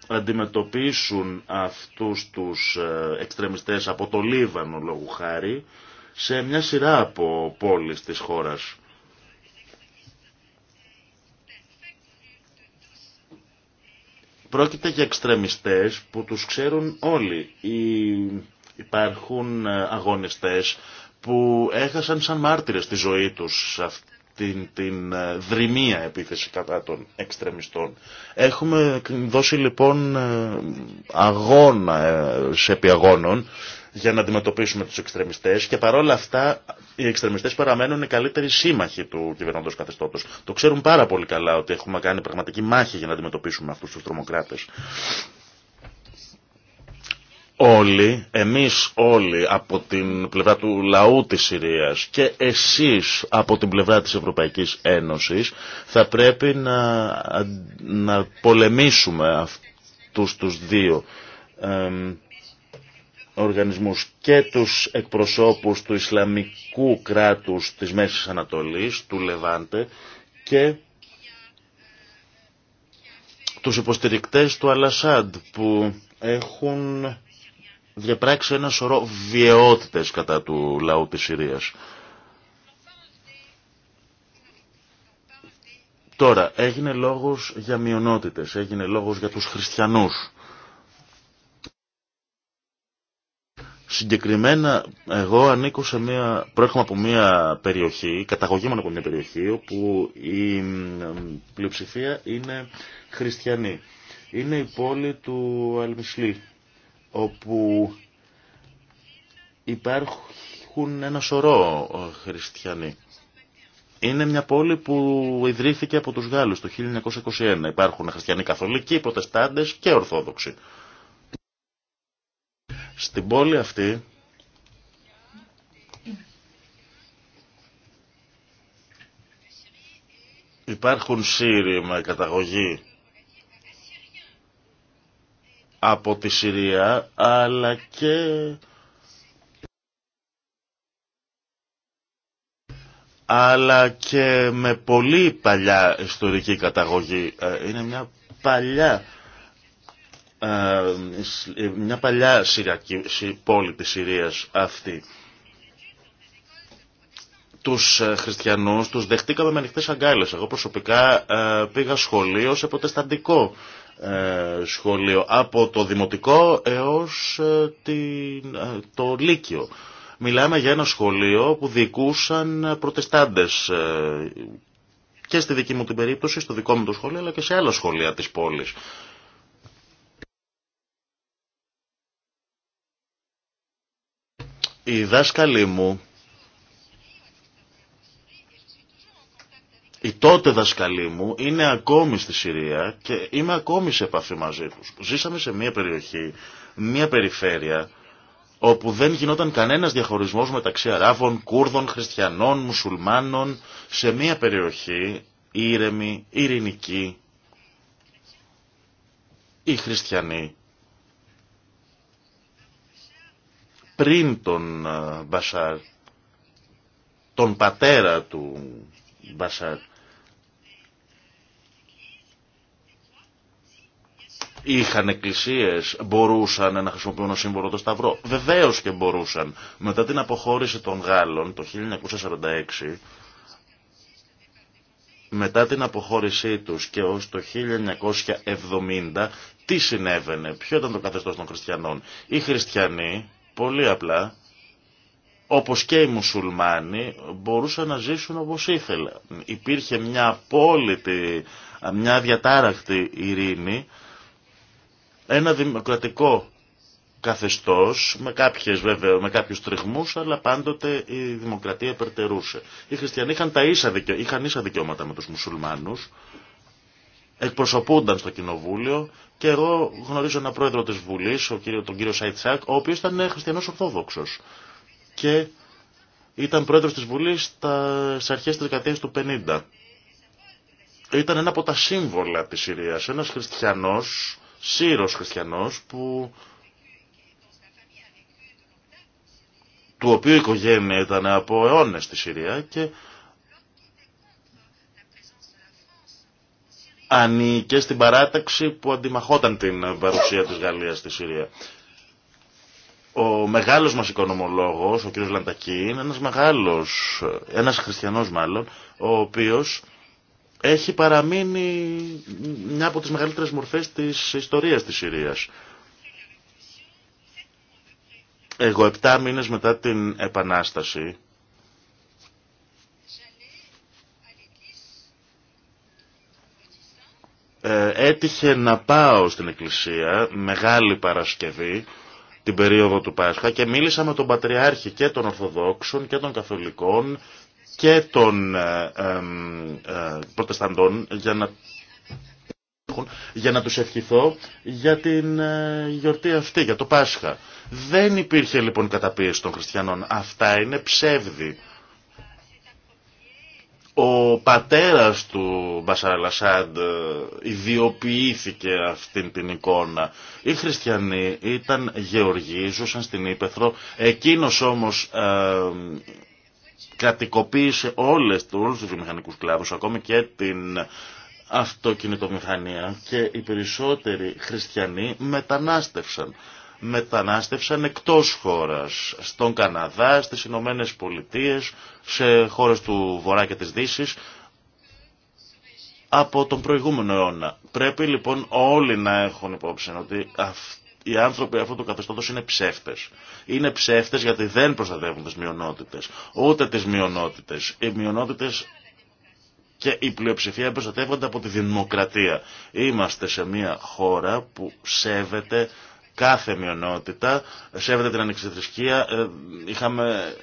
αντιμετωπίσουν αυτούς τους ε, εξτρεμιστές από το Λίβανο λόγου χάρη σε μια σειρά από πόλεις της χώρας. Πρόκειται για εξτρεμιστές που τους ξέρουν όλοι. Υπάρχουν ε, αγωνιστές που έχασαν σαν μάρτυρες τη ζωή τους σε την την ε, δρυμία επίθεση κατά των εξτρεμιστών. Έχουμε δώσει λοιπόν ε, αγώνα ε, σε αγώνων για να αντιμετωπίσουμε τους εξτρεμιστές και παρόλα αυτά οι εξτρεμιστές παραμένουν οι καλύτεροι σύμμαχοι του κυβερνώντος καθεστώτος. Το ξέρουν πάρα πολύ καλά ότι έχουμε κάνει πραγματική μάχη για να αντιμετωπίσουμε αυτούς τους τρομοκράτες όλοι, εμείς όλοι από την πλευρά του λαού της Συρίας και εσείς από την πλευρά της Ευρωπαϊκής Ένωσης θα πρέπει να, να πολεμήσουμε αυτούς τους δύο οργανισμούς και τους εκπροσώπους του Ισλαμικού κράτους της Μέσης Ανατολής, του Λεβάντε και τους υποστηρικτές του Αλασάντ που έχουν διαπράξει ένα σωρό βιαιότητες κατά του λαού της Συρίας. Τώρα, έγινε λόγος για μειονότητες, έγινε λόγος για τους χριστιανούς. Συγκεκριμένα, εγώ ανήκω σε μια, προέρχομαι από μια περιοχή, καταγωγή από μια περιοχή, όπου η πλειοψηφία είναι χριστιανή. Είναι η πόλη του Αλμισλή, όπου υπάρχουν ένα σωρό ε, χριστιανοί. Είναι μια πόλη που ιδρύθηκε από τους Γάλλους το 1921. Υπάρχουν χριστιανοί καθολικοί, προτεστάντες και ορθόδοξοι. Στην πόλη αυτή υπάρχουν Σύριοι με καταγωγή από τη Συρία, αλλά και αλλά και με πολύ παλιά ιστορική καταγωγή. Ε, είναι μια παλιά ε, μια παλιά Συριακή, πόλη της Συρίας αυτή. Τους ε, χριστιανούς τους δεχτήκαμε με ανοιχτές αγκάλες. Εγώ προσωπικά πήγα σχολείο σε ποτεσταντικό ε, σχολείο, από το δημοτικό έως ε, ε, το λύκειο. Μιλάμε για ένα σχολείο που δικούσαν προτεστάντες και στη δική μου την περίπτωση, στο δικό μου το σχολείο, αλλά και σε άλλα σχολεία της πόλης. Οι δάσκαλοι μου Οι τότε δασκαλοί μου είναι ακόμη στη Συρία και είμαι ακόμη σε επαφή μαζί τους. Ζήσαμε σε μια περιοχή, μια περιφέρεια, όπου δεν γινόταν κανένας διαχωρισμός μεταξύ Αράβων, Κούρδων, Χριστιανών, Μουσουλμάνων, σε μια περιοχή ήρεμη, ειρηνική, οι χριστιανή, Πριν τον ε, Μπασάρ, τον πατέρα του Μπασάρ, Είχαν εκκλησίες, μπορούσαν να χρησιμοποιούν ως σύμβολο το Σταυρό. Βεβαίως και μπορούσαν. Μετά την αποχώρηση των Γάλλων το 1946, μετά την αποχώρησή τους και ως το 1970, τι συνέβαινε, ποιο ήταν το καθεστώς των χριστιανών. Οι χριστιανοί, πολύ απλά, όπως και οι μουσουλμάνοι, μπορούσαν να ζήσουν όπως ήθελαν. Υπήρχε μια απόλυτη, μια διατάραχτη ειρήνη, ένα δημοκρατικό καθεστώς, με, κάποιες, βέβαια, με κάποιους αλλά πάντοτε η δημοκρατία περτερούσε. Οι χριστιανοί είχαν, τα ίσα, ίσα δικαιώματα με τους μουσουλμάνους, εκπροσωπούνταν στο κοινοβούλιο και εγώ γνωρίζω έναν πρόεδρο της Βουλής, ο κύριο, τον κύριο Σαϊτσάκ, ο οποίος ήταν χριστιανός ορθόδοξος και ήταν πρόεδρος της Βουλής στα... στις αρχές της του 50. Ήταν ένα από τα σύμβολα της Συρίας, ένας χριστιανός Σύρος χριστιανός που του οποίου η οικογένεια ήταν από αιώνες στη Συρία και ανήκε στην παράταξη που αντιμαχόταν την παρουσία της Γαλλίας στη Συρία. Ο μεγάλος μας οικονομολόγος, ο κ. Λαντακή, είναι ένας μεγάλος, ένας χριστιανός μάλλον, ο οποίος έχει παραμείνει μια από τις μεγαλύτερες μορφές της ιστορίας της Συρίας. Εγώ επτά μήνες μετά την Επανάσταση ε, έτυχε να πάω στην εκκλησία Μεγάλη Παρασκευή την περίοδο του Πάσχα και μίλησα με τον Πατριάρχη και των Ορθοδόξων και των Καθολικών και των ε, ε, προτεσταντών για να για να τους ευχηθώ για την ε, γιορτή αυτή, για το Πάσχα. Δεν υπήρχε λοιπόν καταπίεση των χριστιανών. Αυτά είναι ψεύδι. Ο πατέρας του Μπασαραλασάντ ε, ιδιοποιήθηκε αυτήν την εικόνα. Οι χριστιανοί ήταν γεωργοί, ζούσαν στην Ήπεθρο. Εκείνος όμως κατοικοποίησε όλες του, όλους τους βιομηχανικούς κλάδους, ακόμη και την αυτοκινητομηχανία και οι περισσότεροι χριστιανοί μετανάστευσαν. Μετανάστευσαν εκτός χώρας, στον Καναδά, στις Ηνωμένε Πολιτείες, σε χώρες του Βορρά και της Δύσης, από τον προηγούμενο αιώνα. Πρέπει λοιπόν όλοι να έχουν υπόψη ότι αυτό οι άνθρωποι αυτού του καθεστώτο είναι ψεύτε. Είναι ψεύτε γιατί δεν προστατεύουν τι μειονότητε. Ούτε τι μειονότητε. Οι μειονότητε και η πλειοψηφία προστατεύονται από τη δημοκρατία. Είμαστε σε μια χώρα που σέβεται κάθε μειονότητα, σέβεται την ανεξιθρησκεία. Ε, είχαμε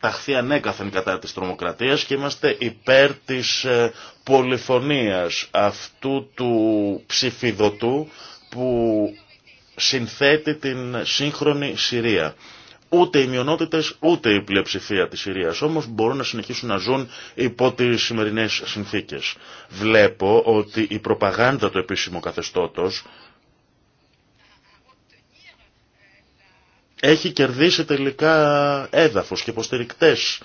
ταχθεί ανέκαθεν κατά της τρομοκρατία και είμαστε υπέρ της ε, πολυφωνία αυτού του ψηφιδωτού που συνθέτει την σύγχρονη Συρία. Ούτε οι μειονότητε ούτε η πλειοψηφία τη Συρίας όμω μπορούν να συνεχίσουν να ζουν υπό τι σημερινέ συνθήκε. Βλέπω ότι η προπαγάνδα του επίσημου καθεστώτο έχει κερδίσει τελικά έδαφος και υποστηρικτές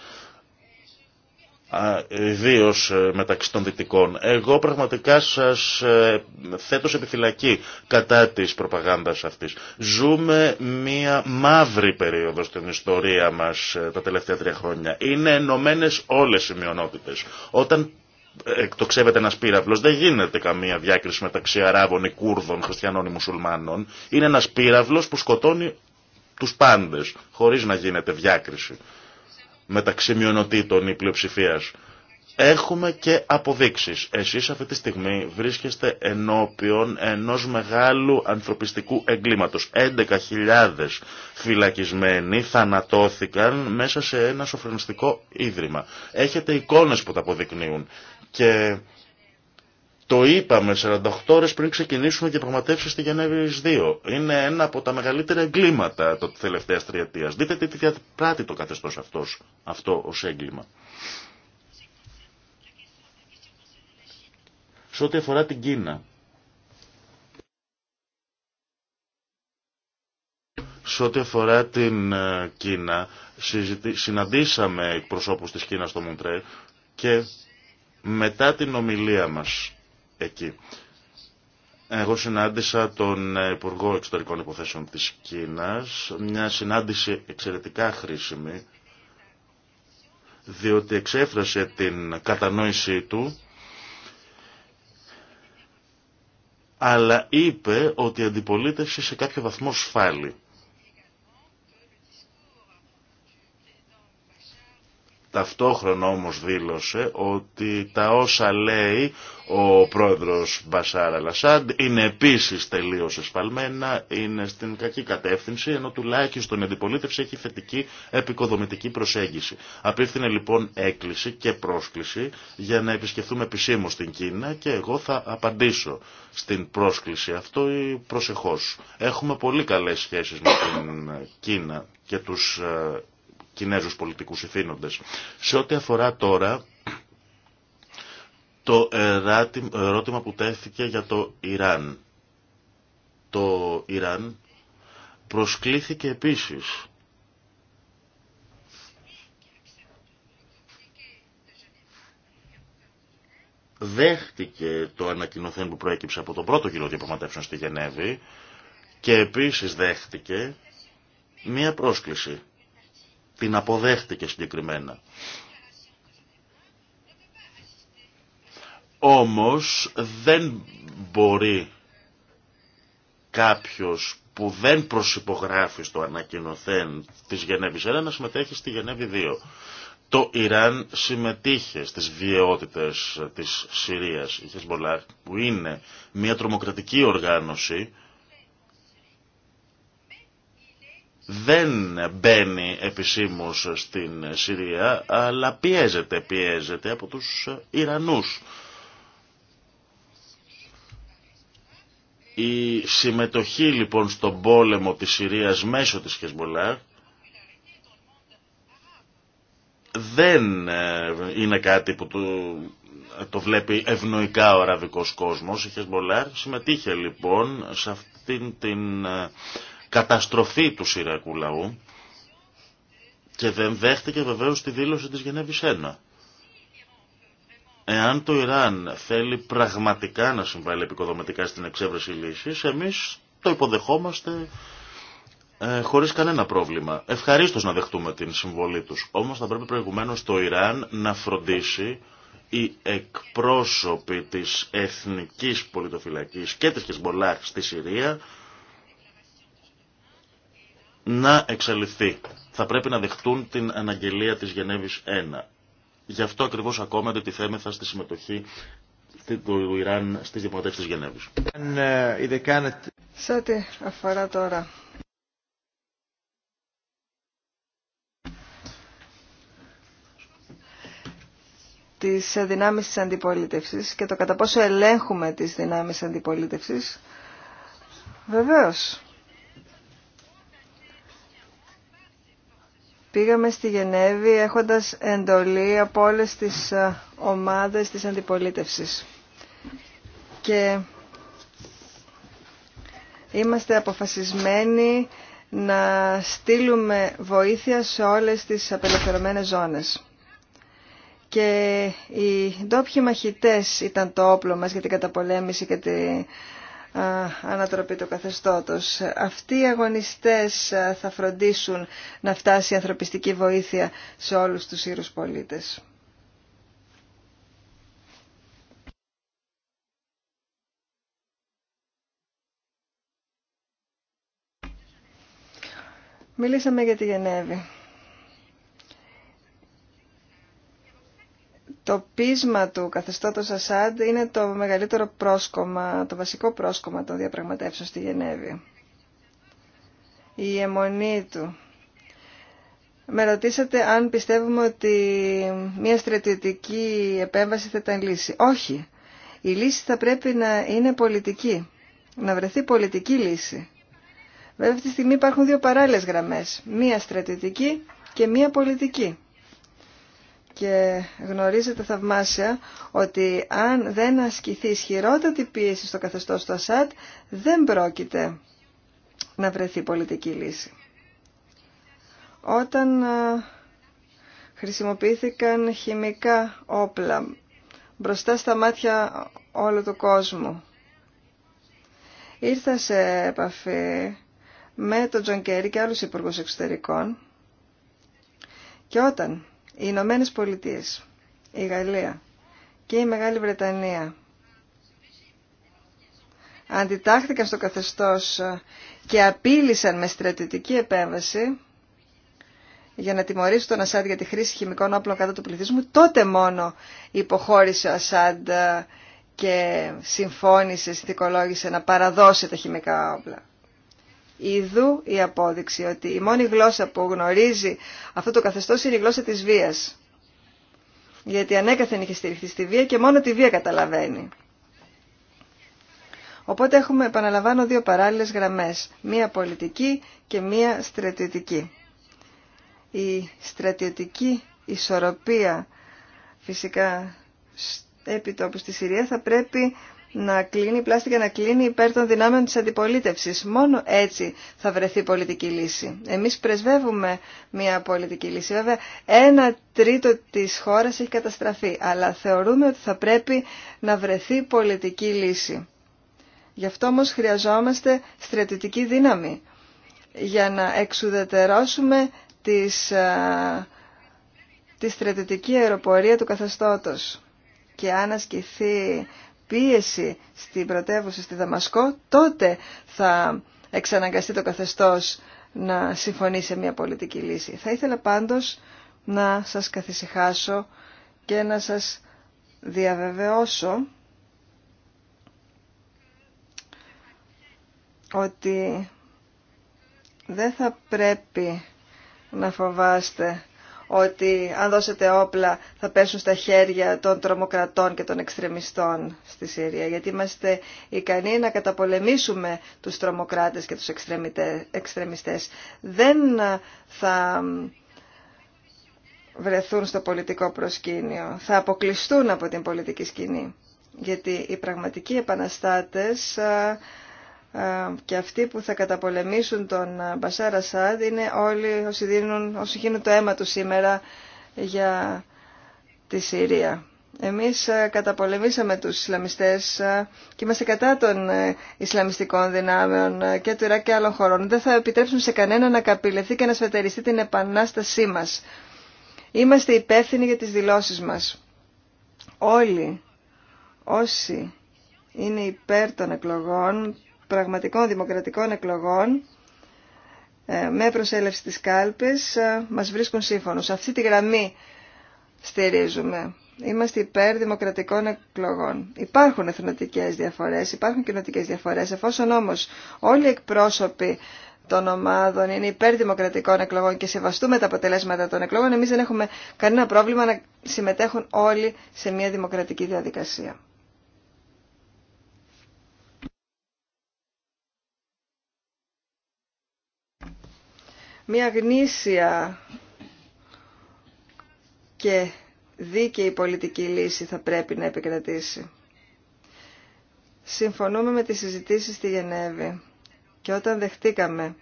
ιδίω ε, μεταξύ των δυτικών. Εγώ πραγματικά σας ε, θέτω σε επιφυλακή κατά της προπαγάνδας αυτής. Ζούμε μία μαύρη περίοδο στην ιστορία μας ε, τα τελευταία τρία χρόνια. Είναι ενωμένε όλες οι μειονότητες. Όταν εκτοξεύεται ένα πύραυλο, δεν γίνεται καμία διάκριση μεταξύ Αράβων ή Κούρδων, Χριστιανών ή Μουσουλμάνων. Είναι ένα πύραυλο που σκοτώνει τους πάντες, χωρίς να γίνεται διάκριση μεταξύ μειονοτήτων ή πλειοψηφία. Έχουμε και αποδείξεις. Εσείς αυτή τη στιγμή βρίσκεστε ενώπιον ενός μεγάλου ανθρωπιστικού εγκλήματος. 11.000 φυλακισμένοι θανατώθηκαν μέσα σε ένα σοφρονιστικό ίδρυμα. Έχετε εικόνες που τα αποδεικνύουν. Και το είπαμε 48 ώρες πριν ξεκινήσουμε και πραγματεύσεις στη Γενέβη 2. Είναι ένα από τα μεγαλύτερα εγκλήματα τη τελευταία τριετία. Δείτε τι διαπράττει το καθεστώ αυτό ω έγκλημα. Σε ό,τι αφορά την Κίνα. Σε ό,τι αφορά την ε, Κίνα, συναντήσαμε εκπροσώπους της Κίνας στο Μοντρέ και μετά την ομιλία μας εκεί. Εγώ συνάντησα τον ε, Υπουργό Εξωτερικών Υποθέσεων της Κίνας, μια συνάντηση εξαιρετικά χρήσιμη, διότι εξέφρασε την κατανόησή του, αλλά είπε ότι η αντιπολίτευση σε κάποιο βαθμό σφάλει. Ταυτόχρονα όμως δήλωσε ότι τα όσα λέει ο πρόεδρος Μπασάρα Λασάντ είναι επίσης τελείως εσφαλμένα, είναι στην κακή κατεύθυνση, ενώ τουλάχιστον η αντιπολίτευση έχει θετική επικοδομητική προσέγγιση. Απίφθινε λοιπόν έκκληση και πρόσκληση για να επισκεφθούμε επισήμως την Κίνα και εγώ θα απαντήσω στην πρόσκληση αυτό προσεχώς. Έχουμε πολύ καλές σχέσεις με την Κίνα και τους ε, Κινέζους πολιτικούς Σε ό,τι αφορά τώρα το ερώτημα που τέθηκε για το Ιράν. Το Ιράν προσκλήθηκε επίσης δέχτηκε το ανακοινωθέν που προέκυψε από τον πρώτο γύρο διαπραγματεύσεων στη Γενέβη και επίσης δέχτηκε μία πρόσκληση την αποδέχτηκε συγκεκριμένα. Όμως δεν μπορεί κάποιος που δεν προσυπογράφει στο ανακοινωθέν της Γενέβης 1 να συμμετέχει στη Γενέβη 2. Το Ιράν συμμετείχε στις βιαιότητες της Συρίας, η Χεσμολάχ, που είναι μια τρομοκρατική οργάνωση δεν μπαίνει επισήμως στην Συρία, αλλά πιέζεται, πιέζεται από τους Ιρανούς. Η συμμετοχή λοιπόν στον πόλεμο της Συρίας μέσω της Χεσμολάρ δεν ε, είναι κάτι που το, βλέπει ευνοϊκά ο αραβικός κόσμος. Η Χεσμολάρ συμμετείχε λοιπόν σε αυτήν την ε, καταστροφή του Συριακού λαού και δεν δέχτηκε βεβαίως τη δήλωση της Γενέβης 1. Εάν το Ιράν θέλει πραγματικά να συμβάλλει επικοδομητικά στην εξέβρεση λύσης, εμείς το υποδεχόμαστε ε, χωρίς κανένα πρόβλημα. Ευχαρίστως να δεχτούμε την συμβολή τους. Όμως θα πρέπει προηγουμένως το Ιράν να φροντίσει οι εκπρόσωποι της εθνικής πολιτοφυλακής και της Χεσμολάχ στη Συρία να εξαλειφθεί. Θα πρέπει να δεχτούν την αναγγελία της Γενέβης 1. Γι' αυτό ακριβώς ακόμα αντιτιθέμεθα στη συμμετοχή του Ιράν στις διαπραγματεύσεις της Γενέβης. Σε ό,τι αφορά τώρα τις δυνάμεις της αντιπολίτευσης και το κατά πόσο ελέγχουμε τις δυνάμεις της αντιπολίτευσης. Βεβαίως, Πήγαμε στη Γενέβη έχοντας εντολή από όλες τις ε, ομάδες της αντιπολίτευσης. Και είμαστε αποφασισμένοι να στείλουμε βοήθεια σε όλες τις απελευθερωμένες ζώνες. Και οι ντόπιοι μαχητές ήταν το όπλο μας για την καταπολέμηση και την ανατροπή το καθεστώτος. Αυτοί οι αγωνιστές θα φροντίσουν να φτάσει η ανθρωπιστική βοήθεια σε όλους τους ήρους πολίτες. Μιλήσαμε για τη Γενέβη. το πείσμα του καθεστώτος Ασάντ είναι το μεγαλύτερο πρόσκομα, το βασικό πρόσκομα των διαπραγματεύσεων στη Γενέβη. Η αιμονή του. Με ρωτήσατε αν πιστεύουμε ότι μια στρατιωτική επέμβαση θα ήταν λύση. Όχι. Η λύση θα πρέπει να είναι πολιτική. Να βρεθεί πολιτική λύση. Βέβαια αυτή τη στιγμή υπάρχουν δύο παράλληλες γραμμές. Μία στρατιωτική και μία πολιτική και γνωρίζετε θαυμάσια ότι αν δεν ασκηθεί ισχυρότατη πίεση στο καθεστώς του Ασάτ δεν πρόκειται να βρεθεί πολιτική λύση. Όταν ε, χρησιμοποιήθηκαν χημικά όπλα μπροστά στα μάτια όλου του κόσμου ήρθα σε επαφή με τον Τζον Κέρι και άλλους υπουργούς εξωτερικών και όταν οι Ηνωμένε Πολιτείε, η Γαλλία και η Μεγάλη Βρετανία αντιτάχθηκαν στο καθεστώς και απείλησαν με στρατιωτική επέμβαση για να τιμωρήσουν τον Ασάντ για τη χρήση χημικών όπλων κατά του πληθυσμού, τότε μόνο υποχώρησε ο Ασάντ και συμφώνησε, συνθηκολόγησε να παραδώσει τα χημικά όπλα. Ιδού η απόδειξη ότι η μόνη γλώσσα που γνωρίζει αυτό το καθεστώς είναι η γλώσσα της βίας. Γιατί ανέκαθεν είχε στηριχθεί στη βία και μόνο τη βία καταλαβαίνει. Οπότε έχουμε, επαναλαμβάνω, δύο παράλληλες γραμμές. Μία πολιτική και μία στρατιωτική. Η στρατιωτική ισορροπία φυσικά επί τόπου στη Συρία θα πρέπει να κλείνει, και να κλείνει υπέρ των δυνάμεων της αντιπολίτευσης. Μόνο έτσι θα βρεθεί πολιτική λύση. Εμείς πρεσβεύουμε μια πολιτική λύση. Βέβαια, ένα τρίτο της χώρας έχει καταστραφεί, αλλά θεωρούμε ότι θα πρέπει να βρεθεί πολιτική λύση. Γι' αυτό όμω χρειαζόμαστε στρατιωτική δύναμη για να εξουδετερώσουμε τις, τη στρατιωτική αεροπορία του καθεστώτος. Και αν ασκηθεί πίεση στην πρωτεύουσα, στη Δαμασκό, τότε θα εξαναγκαστεί το καθεστώς να συμφωνεί σε μια πολιτική λύση. Θα ήθελα πάντως να σας καθησυχάσω και να σας διαβεβαιώσω ότι δεν θα πρέπει να φοβάστε ότι αν δώσετε όπλα θα πέσουν στα χέρια των τρομοκρατών και των εξτρεμιστών στη Συρία. Γιατί είμαστε ικανοί να καταπολεμήσουμε τους τρομοκράτες και τους εξτρεμιστές. Δεν θα βρεθούν στο πολιτικό προσκήνιο, θα αποκλειστούν από την πολιτική σκηνή. Γιατί οι πραγματικοί επαναστάτες ε, και αυτοί που θα καταπολεμήσουν τον Μπασάρα Σάντ είναι όλοι όσοι δίνουν, όσοι γίνουν το αίμα του σήμερα για τη Συρία. Εμείς ε, καταπολεμήσαμε τους Ισλαμιστές ε, και είμαστε κατά των Ισλαμιστικών δυνάμεων και του Ιράκ και άλλων χωρών. Δεν θα επιτρέψουμε σε κανένα να καπηλεθεί και να σφετεριστεί την επανάστασή μας. Είμαστε υπεύθυνοι για τις δηλώσεις μας. Όλοι όσοι είναι υπέρ των εκλογών, πραγματικών δημοκρατικών εκλογών ε, με προσέλευση της κάλπης ε, μας βρίσκουν Σε Αυτή τη γραμμή στηρίζουμε. Είμαστε υπέρ δημοκρατικών εκλογών. Υπάρχουν εθνοτικές διαφορές, υπάρχουν κοινοτικές διαφορές. Εφόσον όμως όλοι οι εκπρόσωποι των ομάδων είναι υπέρ δημοκρατικών εκλογών και σεβαστούμε τα αποτελέσματα των εκλογών, εμείς δεν έχουμε κανένα πρόβλημα να συμμετέχουν όλοι σε μια δημοκρατική διαδικασία. μια γνήσια και δίκαιη πολιτική λύση θα πρέπει να επικρατήσει. Συμφωνούμε με τις συζητήσεις στη Γενέβη και όταν δεχτήκαμε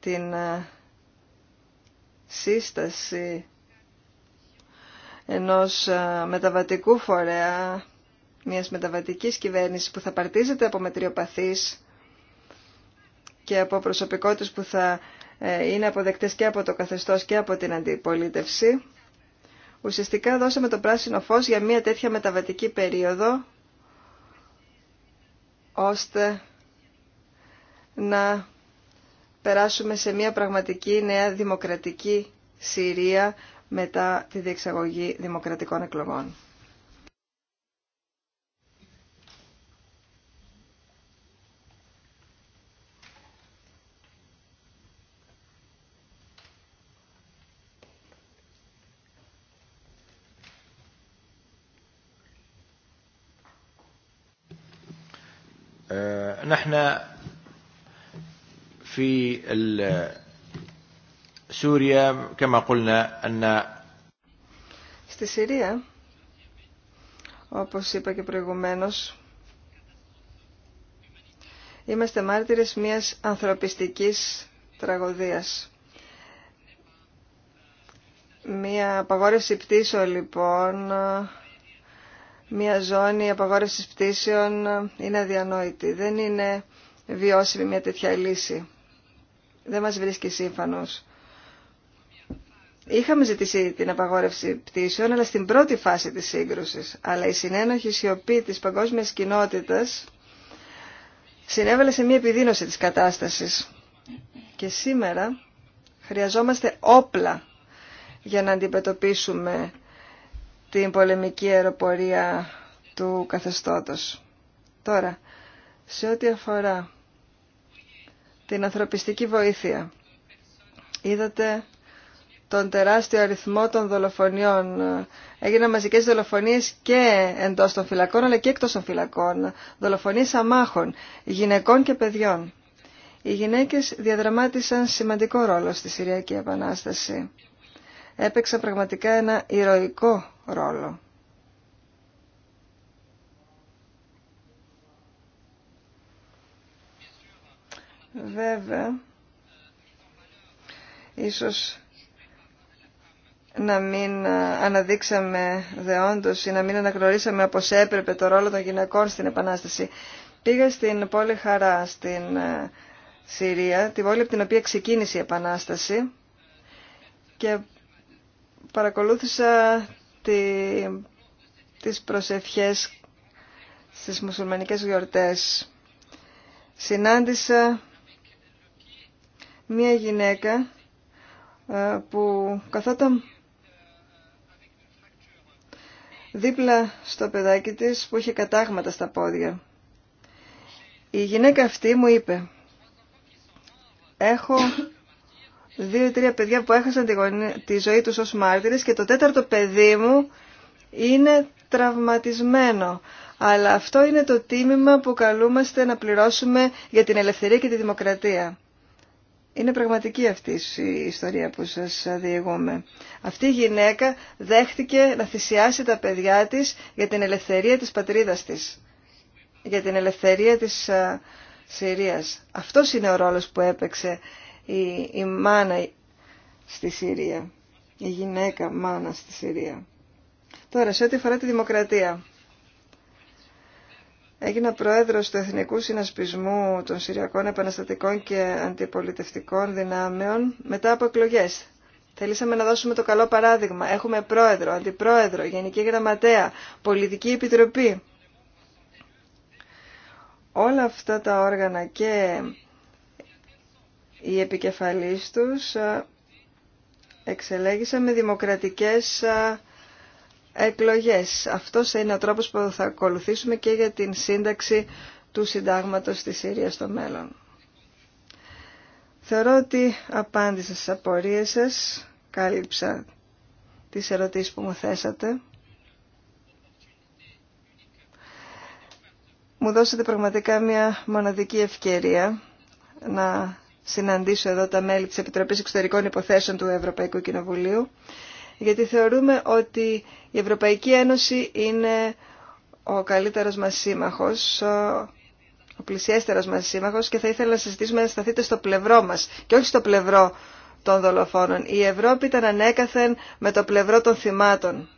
την ε, σύσταση ενός ε, μεταβατικού φορέα, μιας μεταβατικής κυβέρνησης που θα παρτίζεται από μετριοπαθείς και από προσωπικότητες που θα ε, είναι αποδεκτές και από το καθεστώς και από την αντιπολίτευση. Ουσιαστικά δώσαμε το πράσινο φως για μια τέτοια μεταβατική περίοδο ώστε να περάσουμε σε μια πραγματική νέα δημοκρατική Συρία μετά τη διεξαγωγή δημοκρατικών εκλογών. Στη Συρία, όπως είπα και προηγουμένως, είμαστε μάρτυρες μιας ανθρωπιστικής τραγωδίας. Μια απαγόρευση πτήσεων λοιπόν μια ζώνη απαγόρευσης πτήσεων είναι αδιανόητη. Δεν είναι βιώσιμη μια τέτοια λύση. Δεν μας βρίσκει σύμφωνος. Είχαμε ζητήσει την απαγόρευση πτήσεων, αλλά στην πρώτη φάση της σύγκρουσης. Αλλά η συνένοχη σιωπή της παγκόσμιας κοινότητας συνέβαλε σε μια επιδείνωση της κατάστασης. Και σήμερα χρειαζόμαστε όπλα για να αντιμετωπίσουμε την πολεμική αεροπορία του καθεστώτος. Τώρα, σε ό,τι αφορά την ανθρωπιστική βοήθεια, είδατε τον τεράστιο αριθμό των δολοφονιών. Έγιναν μαζικές δολοφονίες και εντός των φυλακών, αλλά και εκτός των φυλακών. Δολοφονίες αμάχων, γυναικών και παιδιών. Οι γυναίκες διαδραμάτισαν σημαντικό ρόλο στη Συριακή Επανάσταση. Έπαιξαν πραγματικά ένα ηρωικό ρόλο. Βέβαια, ίσως να μην αναδείξαμε δεόντως ή να μην αναγνωρίσαμε όπω έπρεπε το ρόλο των γυναικών στην Επανάσταση. Πήγα στην πόλη Χαρά, στην ε, Συρία, την πόλη από την οποία ξεκίνησε η Επανάσταση και παρακολούθησα τις προσευχές στις μουσουλμανικές γιορτές. Συνάντησα μία γυναίκα ε, που καθόταν δίπλα στο παιδάκι της που είχε κατάγματα στα πόδια. Η γυναίκα αυτή μου είπε «Έχω δύο-τρία παιδιά που έχασαν τη, ζωή τους ως μάρτυρες και το τέταρτο παιδί μου είναι τραυματισμένο. Αλλά αυτό είναι το τίμημα που καλούμαστε να πληρώσουμε για την ελευθερία και τη δημοκρατία. Είναι πραγματική αυτή η ιστορία που σας διηγούμε. Αυτή η γυναίκα δέχτηκε να θυσιάσει τα παιδιά της για την ελευθερία της πατρίδας της. Για την ελευθερία της Συρίας. Αυτός είναι ο ρόλος που έπαιξε η, η μάνα στη Συρία, η γυναίκα μάνα στη Συρία. Τώρα, σε ό,τι αφορά τη δημοκρατία. Έγινα πρόεδρος του Εθνικού Συνασπισμού των Συριακών Επαναστατικών και Αντιπολιτευτικών Δυνάμεων μετά από εκλογές. Θέλησαμε να δώσουμε το καλό παράδειγμα. Έχουμε πρόεδρο, αντιπρόεδρο, γενική γραμματέα, πολιτική επιτροπή. Όλα αυτά τα όργανα και οι επικεφαλείς τους ε, εξελέγησαν με δημοκρατικές ε, εκλογές. Αυτό είναι ο τρόπος που θα ακολουθήσουμε και για την σύνταξη του συντάγματος της Συρίας στο μέλλον. Θεωρώ ότι απάντησα στις απορίες σας, κάλυψα τις ερωτήσεις που μου θέσατε. Μου δώσατε πραγματικά μια μοναδική ευκαιρία να συναντήσω εδώ τα μέλη της Επιτροπής Εξωτερικών Υποθέσεων του Ευρωπαϊκού Κοινοβουλίου, γιατί θεωρούμε ότι η Ευρωπαϊκή Ένωση είναι ο καλύτερος μας σύμμαχος, ο πλησιέστερος μας σύμμαχος και θα ήθελα να συζητήσουμε να σταθείτε στο πλευρό μας και όχι στο πλευρό των δολοφόνων. Η Ευρώπη ήταν ανέκαθεν με το πλευρό των θυμάτων.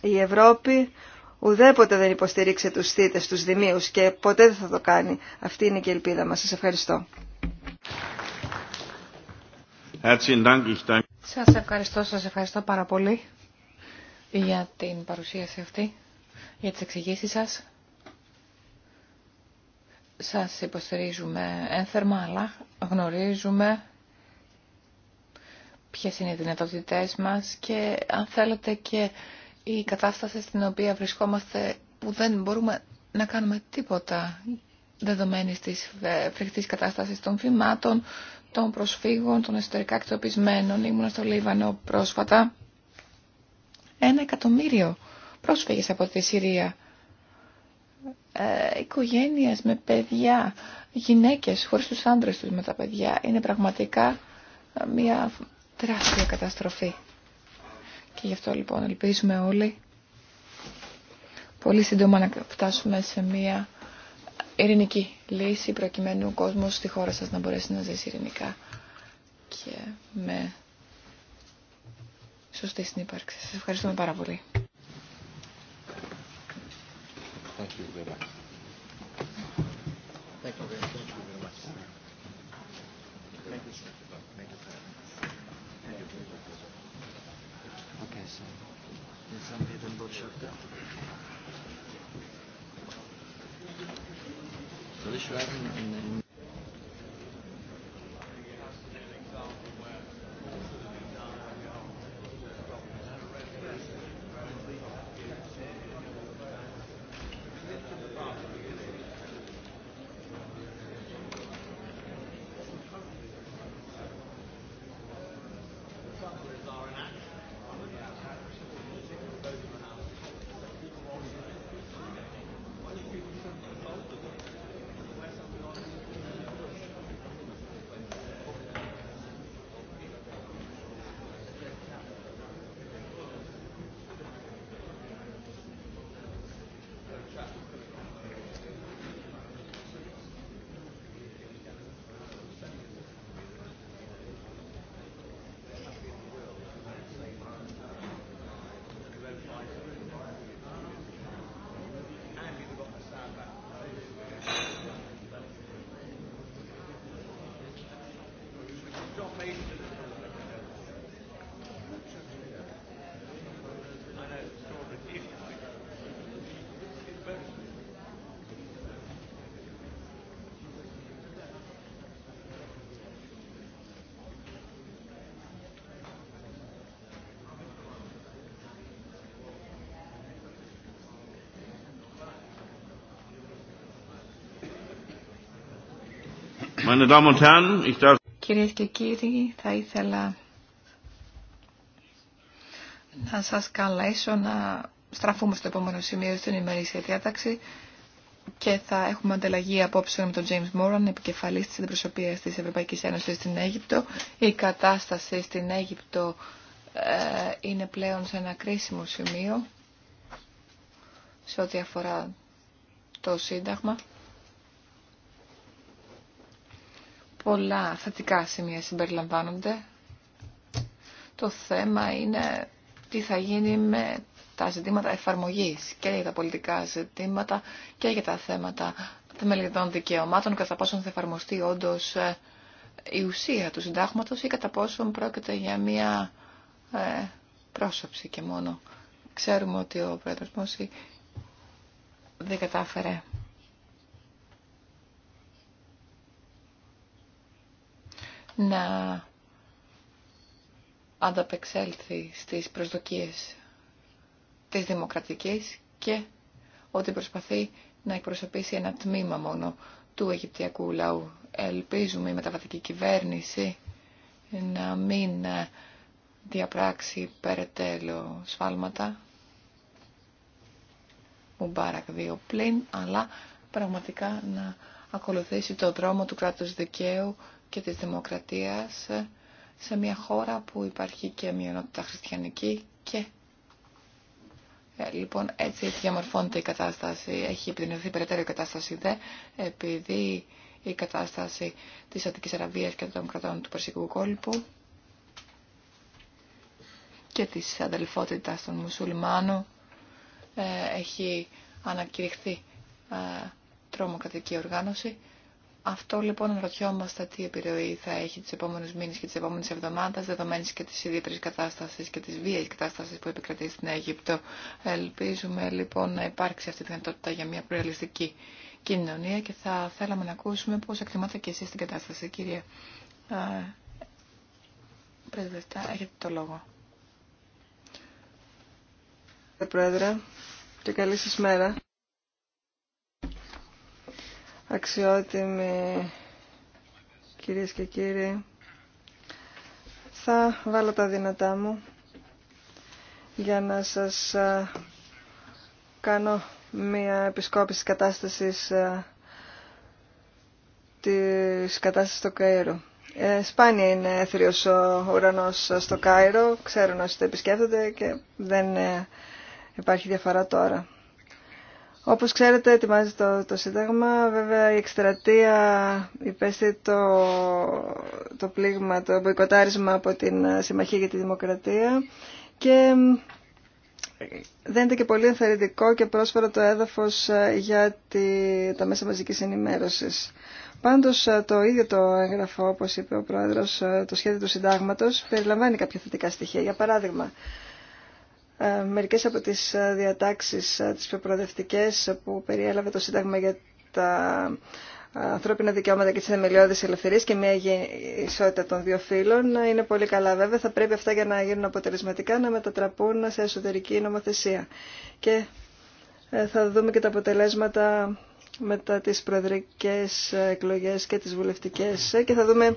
Η Ευρώπη ουδέποτε δεν υποστηρίξε τους θύτες, τους δημίους και ποτέ δεν θα το κάνει. Αυτή είναι και η ελπίδα μας. Σας ευχαριστώ. Σας ευχαριστώ, σας ευχαριστώ πάρα πολύ για την παρουσίαση αυτή, για τις εξηγήσεις σας. Σας υποστηρίζουμε ένθερμα, αλλά γνωρίζουμε ποιες είναι οι δυνατότητές μας και αν θέλετε και η κατάσταση στην οποία βρισκόμαστε που δεν μπορούμε να κάνουμε τίποτα δεδομένης της φρικτής κατάστασης των θυμάτων, των προσφύγων, των εσωτερικά εκτοπισμένων. Ήμουν στο Λίβανο πρόσφατα. Ένα εκατομμύριο πρόσφυγες από τη Συρία. Ε, οικογένειες με παιδιά, γυναίκες χωρίς τους άντρες τους με τα παιδιά. Είναι πραγματικά ε, μια τεράστια καταστροφή. Και γι' αυτό λοιπόν ελπίζουμε όλοι πολύ σύντομα να φτάσουμε σε μια ειρηνική λύση προκειμένου ο κόσμος στη χώρα σας να μπορέσει να ζήσει ειρηνικά και με σωστή συνύπαρξη. Σας ευχαριστούμε πάρα πολύ. Thank you very much. Thank you very much. Thank you very much. Thank you. Thank you. Thank you. Okay, so, Soll Κυρίες και κύριοι, θα ήθελα να σας καλέσω να στραφούμε στο επόμενο σημείο στην ημερήσια διάταξη και θα έχουμε ανταλλαγή απόψε με τον James Moran, επικεφαλής της αντιπροσωπείας της Ευρωπαϊκής Ένωσης στην Αίγυπτο. Η κατάσταση στην Αίγυπτο ε, είναι πλέον σε ένα κρίσιμο σημείο σε ό,τι αφορά το Σύνταγμα. πολλά θετικά σημεία συμπεριλαμβάνονται. Το θέμα είναι τι θα γίνει με τα ζητήματα εφαρμογής και για τα πολιτικά ζητήματα και για τα θέματα θεμελιωδών δικαιωμάτων, κατά πόσον θα εφαρμοστεί όντως ε, η ουσία του συντάγματος ή κατά πόσον πρόκειται για μία ε, πρόσωψη και μόνο. Ξέρουμε ότι ο πρόεδρος Μόση δεν κατάφερε να ανταπεξέλθει στις προσδοκίες της δημοκρατικής και ότι προσπαθεί να εκπροσωπήσει ένα τμήμα μόνο του Αιγυπτιακού λαού. Ελπίζουμε η μεταβατική κυβέρνηση να μην διαπράξει περαιτέλω σφάλματα Μουμπάρακ δύο πλήν, αλλά πραγματικά να ακολουθήσει το δρόμο του κράτους δικαίου και της δημοκρατίας σε μια χώρα που υπάρχει και μειονότητα χριστιανική και ε, λοιπόν έτσι διαμορφώνεται η κατάσταση, έχει επιδεινωθεί περαιτέρω η κατάσταση δε επειδή η κατάσταση της Αττικής Αραβίας και των κρατών του Περσικού κόλπου και της αδελφότητας των μουσουλμάνων ε, έχει ανακηρυχθεί ε, τρομοκρατική οργάνωση αυτό λοιπόν ερωτιόμαστε τι επιρροή θα έχει τις επόμενου μήνες και τις επόμενες εβδομάδες δεδομένη και τη ιδιαίτερη κατάσταση και τη βίαιη κατάσταση που επικρατεί στην Αίγυπτο. Ελπίζουμε λοιπόν να υπάρξει αυτή η δυνατότητα για μια προελιστική κοινωνία και θα θέλαμε να ακούσουμε πώς εκτιμάτε και εσεί την κατάσταση. Κύριε Πρεσβευτά, έχετε το λόγο. Κύριε Πρόεδρε, και καλή σας μέρα αξιότιμοι κυρίες και κύριοι. Θα βάλω τα δυνατά μου για να σας κάνω μία επισκόπηση κατάστασης της κατάστασης στο Καΐρο. Ε, σπάνια είναι έθριος ο ουρανός στο Κάιρο, ξέρουν όσοι το επισκέφτονται και δεν ε, υπάρχει διαφορά τώρα. Όπως ξέρετε, ετοιμάζεται το, το Σύνταγμα. Βέβαια, η εκστρατεία υπέστη το, το πλήγμα, το μποϊκοτάρισμα από την Συμμαχία για τη Δημοκρατία και δεν ήταν και πολύ ενθαρρυντικό και πρόσφερο το έδαφος ε, για τη, τα μέσα μαζικής ενημέρωσης. Πάντως, ε, το ίδιο το έγγραφο, όπως είπε ο Πρόεδρος, ε, το σχέδιο του Συντάγματος περιλαμβάνει κάποια θετικά στοιχεία. Για παράδειγμα, ε, μερικές από τις ε, διατάξεις, ε, τις πιο προοδευτικές που περιέλαβε το Σύνταγμα για τα ανθρώπινα δικαιώματα και τις θεμελιώδεις ελευθερίες και μια ισότητα των δύο φύλων είναι πολύ καλά. Βέβαια θα πρέπει αυτά για να γίνουν αποτελεσματικά να μετατραπούν σε εσωτερική νομοθεσία. Και θα δούμε και τα αποτελέσματα μετά τις προεδρικές εκλογές και τις βουλευτικές και θα δούμε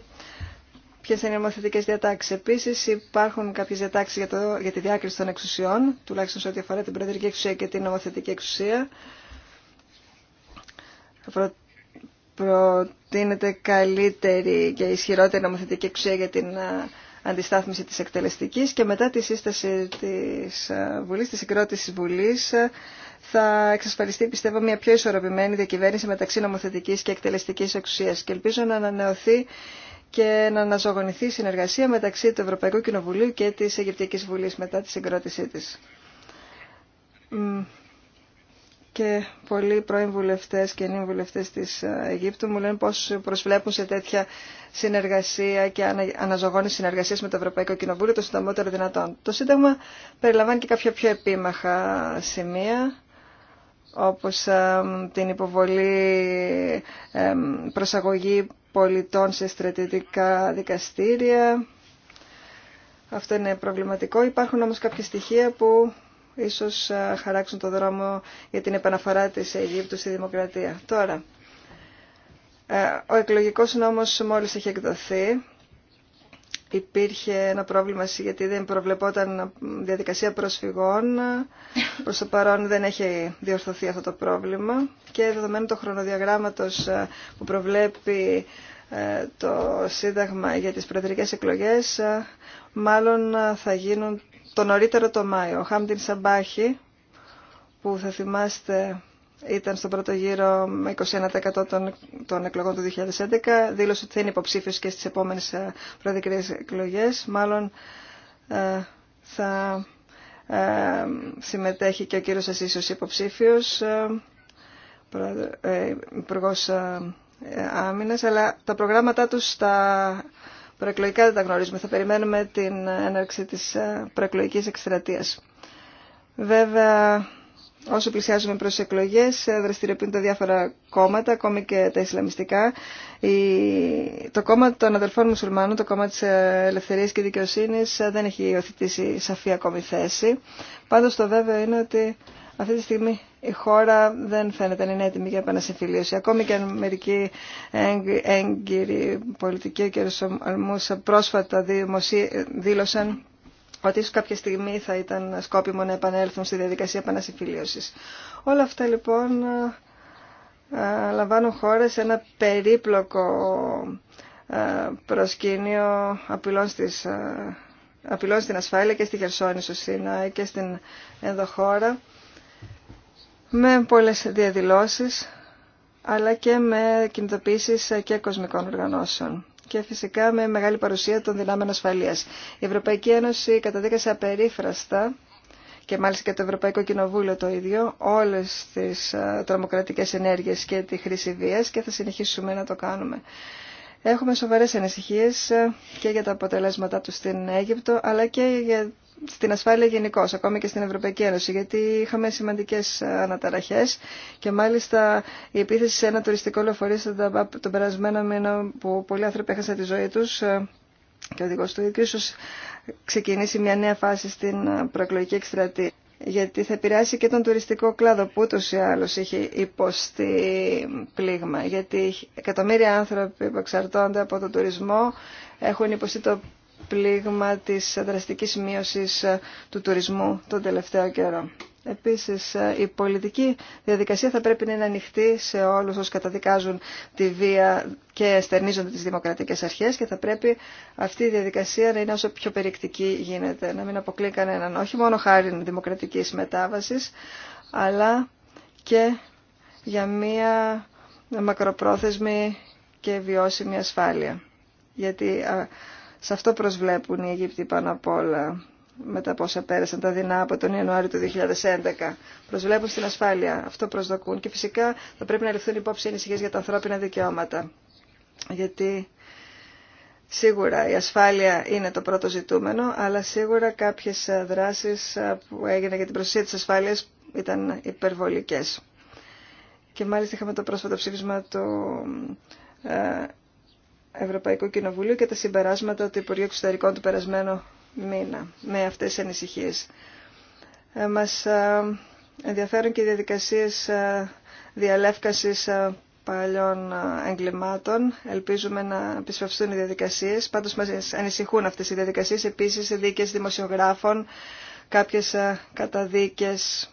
Ποιε είναι οι νομοθετικέ διατάξει επίση υπάρχουν κάποιε διατάξει για, για τη διάκριση των εξουσιών, τουλάχιστον σε ό,τι αφορά την προεδρική εξουσία και την νομοθετική εξουσία. Προ, προτείνεται καλύτερη και ισχυρότερη νομοθετική εξουσία για την αντιστάθμιση της εκτελεστικής και μετά τη σύσταση της Βουλής, τη συγκρότηση της Βουλής, θα εξασφαλιστεί, πιστεύω, μια πιο ισορροπημένη διακυβέρνηση μεταξύ νομοθετικής και εκτελεστική εξουσία. και ελπίζω να ανανεωθεί και να αναζωογονηθεί η συνεργασία μεταξύ του Ευρωπαϊκού Κοινοβουλίου και της Αιγυπτιακής Βουλής μετά τη συγκρότησή της. Και πολλοί πρώην και νυν βουλευτές της Αιγύπτου μου λένε πώς προσβλέπουν σε τέτοια συνεργασία και αναζωογόνηση συνεργασίες με το Ευρωπαϊκό Κοινοβούλιο το συντομότερο δυνατόν. Το Σύνταγμα περιλαμβάνει και κάποια πιο επίμαχα σημεία όπως την υποβολή προσαγωγή πολιτών σε στρατιωτικά δικαστήρια. Αυτό είναι προβληματικό. Υπάρχουν όμως κάποια στοιχεία που ίσως χαράξουν το δρόμο για την επαναφορά της Αιγύπτου στη δημοκρατία. Τώρα, ε, ο εκλογικός νόμος μόλις έχει εκδοθεί υπήρχε ένα πρόβλημα γιατί δεν προβλεπόταν διαδικασία προσφυγών. Προς το παρόν δεν έχει διορθωθεί αυτό το πρόβλημα και δεδομένου το χρονοδιαγράμματος ε, που προβλέπει ε, το Σύνταγμα για τις προεδρικές εκλογές ε, μάλλον θα γίνουν το νωρίτερο το Μάιο. Ο Χάμπτιν Σαμπάχη που θα θυμάστε ήταν στον πρώτο γύρο με 21% των, των εκλογών του 2011. Δήλωσε ότι θα είναι υποψήφιο και στις επόμενες ε, προεδρικές εκλογές. Μάλλον ε, θα ε, συμμετέχει και ο κύριος Ασίσιος υποψήφιος, ε, υπουργός άμυνας, αλλά τα προγράμματά τους στα προεκλογικά δεν τα γνωρίζουμε. Θα περιμένουμε την έναρξη της προεκλογικής εκστρατείας. Βέβαια, όσο πλησιάζουμε προς εκλογές ε, δραστηριοποιούνται διάφορα κόμματα, ακόμη και τα Ισλαμιστικά. Το κόμμα των αδελφών μουσουλμάνων, το κόμμα της ε, Ελευθερίας και Δικαιοσύνης ε, δεν έχει υιοθετήσει σαφή ακόμη θέση. Πάντως το βέβαιο είναι ότι αυτή τη στιγμή η χώρα δεν φαίνεται να είναι έτοιμη για επανασυμφιλίωση. Ακόμη και αν μερικοί έγκυροι πολιτικοί και Αλμούσα πρόσφατα δήλωσαν ότι ίσως κάποια στιγμή θα ήταν σκόπιμο να επανέλθουν στη διαδικασία επανασυμφιλίωσης. Όλα αυτά λοιπόν ε, λαμβάνουν χώρες σε ένα περίπλοκο ε, προσκήνιο ε, απειλών, στην ασφάλεια και στη Χερσόνησο Σίνα και στην ενδοχώρα με πολλές διαδηλώσεις αλλά και με κινητοποίησεις και κοσμικών οργανώσεων και φυσικά με μεγάλη παρουσία των δυνάμεων ασφαλείας. Η Ευρωπαϊκή Ένωση καταδίκασε απερίφραστα και μάλιστα και το Ευρωπαϊκό Κοινοβούλιο το ίδιο, όλες τις ε, τρομοκρατικές ενέργειες και τη χρήση βίας και θα συνεχίσουμε να το κάνουμε. Έχουμε σοβαρές ανησυχίες ε, και για τα αποτελέσματά του στην Αίγυπτο, αλλά και για στην ασφάλεια γενικώ, ακόμη και στην Ευρωπαϊκή Ένωση, γιατί είχαμε σημαντικέ ε, αναταραχέ και μάλιστα η επίθεση σε ένα τουριστικό λεωφορείο στον Ταμπάπ τον περασμένο μήνα που πολλοί άνθρωποι έχασαν τη ζωή του ε, και ο οδηγό του ίδιου, ίσω ξεκινήσει μια νέα φάση στην ε, προεκλογική εκστρατεία. Γιατί θα επηρεάσει και τον τουριστικό κλάδο που ούτω ή άλλω έχει υποστεί πλήγμα. Γιατί εκατομμύρια άνθρωποι που εξαρτώνται από τον τουρισμό έχουν υποστεί το πλήγμα της δραστικής μείωσης ε, του τουρισμού τον τελευταίο καιρό. Επίσης, ε, η πολιτική διαδικασία θα πρέπει να είναι ανοιχτή σε όλους όσους καταδικάζουν τη βία και στερνίζονται τις δημοκρατικές αρχές και θα πρέπει αυτή η διαδικασία να είναι όσο πιο περιεκτική γίνεται, να μην αποκλεί κανέναν, όχι μόνο χάρη δημοκρατικής μετάβασης, αλλά και για μία μακροπρόθεσμη και βιώσιμη ασφάλεια. Γιατί σε αυτό προσβλέπουν οι Αιγύπτιοι πάνω απ' όλα μετά από όσα πέρασαν τα δεινά από τον Ιανουάριο του 2011. Προσβλέπουν στην ασφάλεια. Αυτό προσδοκούν. Και φυσικά θα πρέπει να ληφθούν υπόψη ανησυχίε για τα ανθρώπινα δικαιώματα. Γιατί σίγουρα η ασφάλεια είναι το πρώτο ζητούμενο, αλλά σίγουρα κάποιε δράσει που έγιναν για την προστασία τη ασφάλεια ήταν υπερβολικέ. Και μάλιστα είχαμε το πρόσφατο ψήφισμα του ε, Ευρωπαϊκού Κοινοβουλίου και τα συμπεράσματα του Υπουργείου Εξωτερικών του περασμένου μήνα με αυτές τις ανησυχίες. Ε, μας ε, ενδιαφέρουν και οι διαδικασίες ε, διαλεύκασης παλιών εγκλημάτων. Ελπίζουμε να επισφευστούν οι διαδικασίες. Πάντως μας ανησυχούν αυτές οι διαδικασίες. Επίσης, δίκες δημοσιογράφων, κάποιες καταδίκες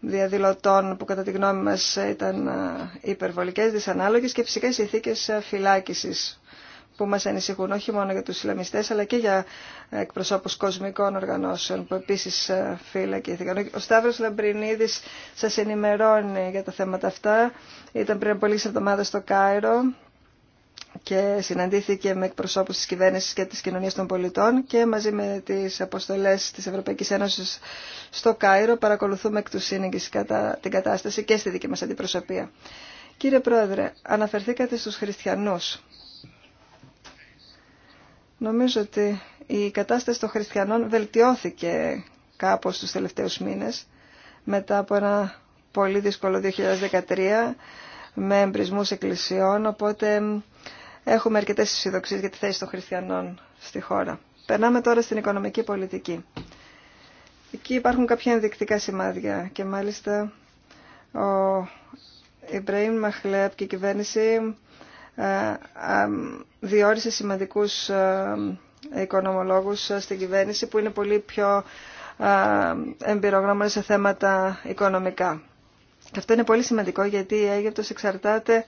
διαδηλωτών που κατά τη γνώμη μας ήταν υπερβολικές, δυσανάλογες και φυσικά οι συνθήκες που μας ανησυχούν όχι μόνο για τους Ισλαμιστές αλλά και για εκπροσώπους κοσμικών οργανώσεων που επίσης φυλακήθηκαν. Ο Σταύρος Λαμπρινίδης σας ενημερώνει για τα θέματα αυτά. Ήταν πριν από λίγες εβδομάδες στο Κάιρο και συναντήθηκε με εκπροσώπους τη κυβέρνηση και της κοινωνίας των πολιτών και μαζί με τις αποστολές της Ευρωπαϊκής Ένωσης στο Κάιρο παρακολουθούμε εκ του κατά την κατάσταση και στη δική μας αντιπροσωπεία. Κύριε Πρόεδρε, αναφερθήκατε στους χριστιανούς. Νομίζω ότι η κατάσταση των χριστιανών βελτιώθηκε κάπω τους τελευταίου μήνε, μετά από ένα πολύ δύσκολο 2013 με εμπρισμούς εκκλησιών, οπότε έχουμε αρκετέ ισοδοξίε για τη θέση των χριστιανών στη χώρα. Περνάμε τώρα στην οικονομική πολιτική. Εκεί υπάρχουν κάποια ενδεικτικά σημάδια και μάλιστα ο Ιμπραήμ Μαχλέπ και η κυβέρνηση ε, ε, διόρισε σημαντικούς ε, οικονομολόγους στην κυβέρνηση που είναι πολύ πιο εμπειρογνώμονες σε θέματα οικονομικά. Και αυτό είναι πολύ σημαντικό γιατί η Αίγυπτος εξαρτάται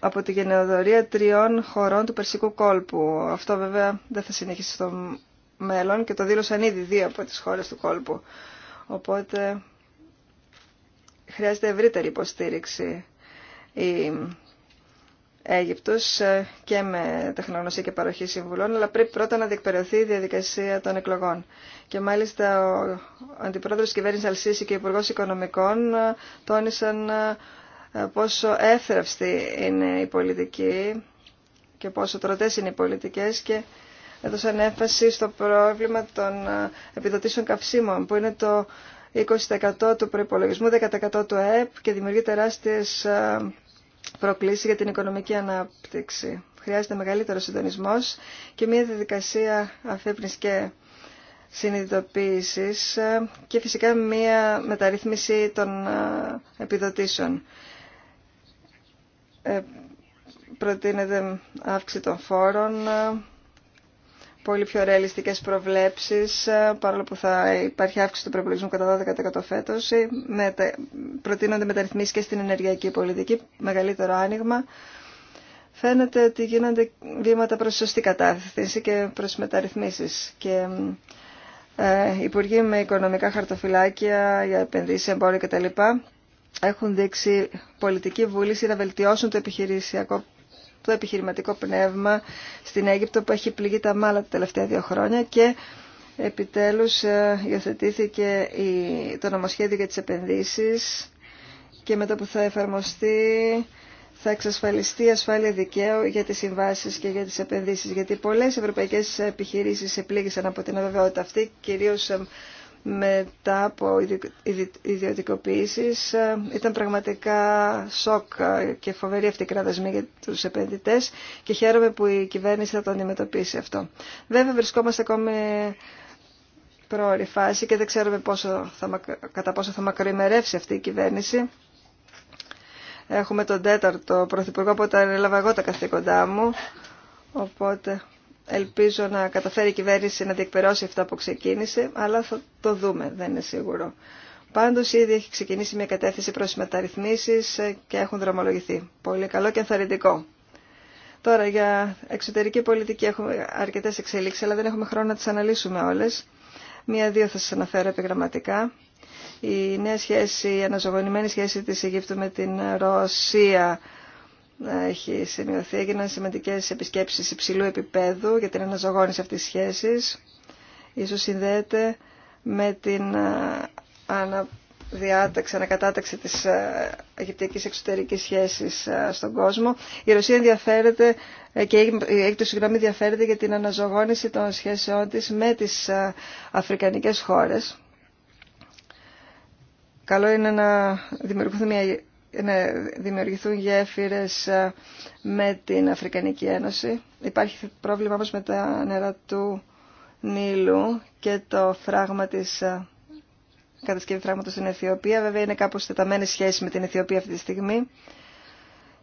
από τη γενεοδορία τριών χωρών του Περσικού κόλπου. Αυτό βέβαια δεν θα συνεχίσει στο μέλλον και το δήλωσαν ήδη δύο από τις χώρες του κόλπου. Οπότε χρειάζεται ευρύτερη υποστήριξη η Αίγυπτος ε, και με τεχνογνωσία και παροχή συμβουλών, αλλά πρέπει πρώτα να διεκπαιρεωθεί η διαδικασία των εκλογών. Και μάλιστα ο Αντιπρόεδρος της κυβέρνησης Αλσίση και ο Υπουργός Οικονομικών ε, τόνισαν ε, ε, πόσο έθρευστη είναι η πολιτική και πόσο τροτές είναι οι πολιτικές και έδωσαν έμφαση στο πρόβλημα των ε, επιδοτήσεων καυσίμων που είναι το 20% του προϋπολογισμού, 10% του ΕΕΠ και δημιουργεί τεράστιες ε, προκλήσεις για την οικονομική ανάπτυξη. Χρειάζεται μεγαλύτερο συντονισμός και μια διαδικασία αφύπνης και συνειδητοποίησης και φυσικά μια μεταρρύθμιση των επιδοτήσεων. Ε, προτείνεται αύξηση των φόρων, ε, πολύ πιο ρεαλιστικές προβλέψεις, ε, παρόλο που θα υπάρχει αύξηση του προπολογισμού κατά 12% φέτος, προτείνονται μεταρρυθμίσεις και στην ενεργειακή πολιτική, μεγαλύτερο άνοιγμα. Φαίνεται ότι γίνονται βήματα προς σωστή κατάθεση και προς μεταρρυθμίσεις. Και ε, υπουργοί με οικονομικά χαρτοφυλάκια για επενδύσεις, εμπόρια κτλ έχουν δείξει πολιτική βούληση να βελτιώσουν το επιχειρησιακό το επιχειρηματικό πνεύμα στην Αίγυπτο που έχει πληγεί τα μάλα τα τελευταία δύο χρόνια και επιτέλους ε, υιοθετήθηκε το νομοσχέδιο για τις επενδύσεις και μετά που θα εφαρμοστεί θα εξασφαλιστεί η ασφάλεια δικαίου για τις συμβάσεις και για τις επενδύσεις γιατί πολλές ευρωπαϊκές επιχειρήσεις επλήγησαν από την αβεβαιότητα αυτή κυρίως ε, μετά από ιδιωτικοποίησεις ε, ήταν πραγματικά σοκ ε, και φοβερή αυτή η κραδασμή για τους επενδυτές και χαίρομαι που η κυβέρνηση θα το αντιμετωπίσει αυτό. Βέβαια βρισκόμαστε ακόμη πρόωρη φάση και δεν ξέρουμε πόσο θα, κατά πόσο θα μακροημερεύσει αυτή η κυβέρνηση. Έχουμε τον τέταρτο πρωθυπουργό που τα έλαβα εγώ τα καθήκοντά μου, οπότε Ελπίζω να καταφέρει η κυβέρνηση να διεκπαιρώσει αυτά που ξεκίνησε, αλλά θα το δούμε, δεν είναι σίγουρο. Πάντω ήδη έχει ξεκινήσει μια κατεύθυνση προ μεταρρυθμίσει ε, και έχουν δρομολογηθεί. Πολύ καλό και ενθαρρυντικό. Τώρα για εξωτερική πολιτική έχουμε αρκετέ εξελίξει, αλλά δεν έχουμε χρόνο να τι αναλυσουμε ολε όλες. Μία-δύο θα σα αναφέρω επιγραμματικά. Η νέα σχέση, η αναζωογονημένη σχέση τη Αιγύπτου με την Ρωσία έχει σημειωθεί. Έγιναν σημαντικές επισκέψεις υψηλού επίπεδου για την αναζωγόνηση αυτής της σχέσης. Ίσως συνδέεται με την ε, αναδιάταξη, ανακατάταξη της ε, αιγυπτιακής εξωτερικής σχέσης ε, στον κόσμο. Η Ρωσία ενδιαφέρεται και η το συγγνώμη ενδιαφέρεται για την αναζωγόνηση των σχέσεών της με τις αφρικανικές χώρες. Καλό είναι να δημιουργηθεί μια να δημιουργηθούν γέφυρες ε, με την Αφρικανική Ένωση. Υπάρχει πρόβλημα όμως με τα νερά του Νείλου και το φράγμα της ε, κατασκευή φράγματος στην Αιθιοπία. Βέβαια είναι κάπως θεταμένη σχέση με την Αιθιοπία αυτή τη στιγμή.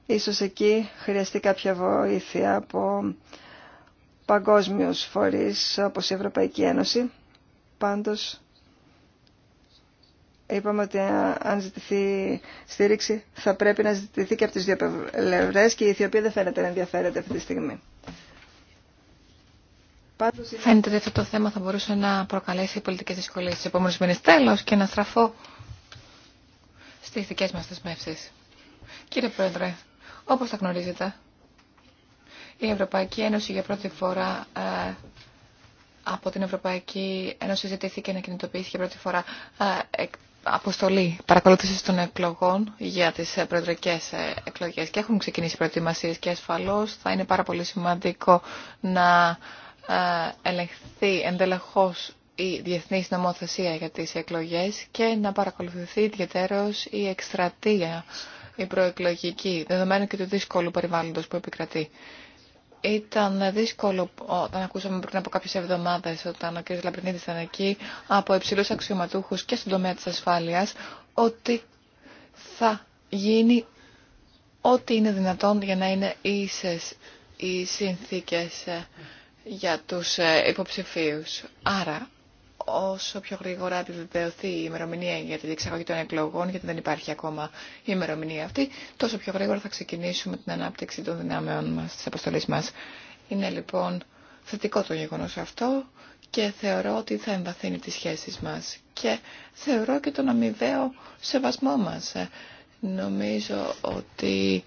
Ίσως εκεί χρειαστεί κάποια βοήθεια από παγκόσμιους φορείς όπως η Ευρωπαϊκή Ένωση. Πάντως Είπαμε ότι αν ζητηθεί στήριξη θα πρέπει να ζητηθεί και από τις δύο πλευρές και η Αιθιοπία δεν φαίνεται να ενδιαφέρεται αυτή τη στιγμή. Φαίνεται ότι αυτό το θέμα θα μπορούσε να προκαλέσει πολιτικές δυσκολίες στις επόμενες μήνες τέλος και να στραφώ στις δικές μας δεσμεύσει. Κύριε Πρόεδρε, όπως τα γνωρίζετε, η Ευρωπαϊκή Ένωση για πρώτη φορά ε, από την Ευρωπαϊκή Ένωση ζητήθηκε να κινητοποιήσει για πρώτη φορά ε, αποστολή παρακολούθησης των εκλογών για τις ε, προεδρικέ ε, εκλογέ και έχουν ξεκινήσει προετοιμασίε και ασφαλώ. θα είναι πάρα πολύ σημαντικό να ε, ελεγχθεί εντελεχώ η διεθνής νομοθεσία για τις εκλογές και να παρακολουθηθεί ιδιαίτερω η εκστρατεία, η προεκλογική, δεδομένου και του δύσκολου περιβάλλοντος που επικρατεί ήταν δύσκολο ε, όταν ακούσαμε πριν από κάποιες εβδομάδες όταν ο κ. Λαπρινίδης ήταν εκεί από υψηλούς αξιωματούχους και στον τομέα της ασφάλειας ότι θα γίνει ό,τι είναι δυνατόν για να είναι ίσες οι συνθήκες ε, για τους ε, υποψηφίους. Άρα όσο πιο γρήγορα επιβεβαιωθεί η ημερομηνία για τη διεξαγωγή των εκλογών, γιατί δεν υπάρχει ακόμα η ημερομηνία αυτή, τόσο πιο γρήγορα θα ξεκινήσουμε την ανάπτυξη των δυνάμεων μας, της αποστολής μας. Είναι λοιπόν θετικό το γεγονός αυτό και θεωρώ ότι θα εμβαθύνει τις σχέσεις μας και θεωρώ και τον αμοιβαίο σεβασμό μας. Νομίζω ότι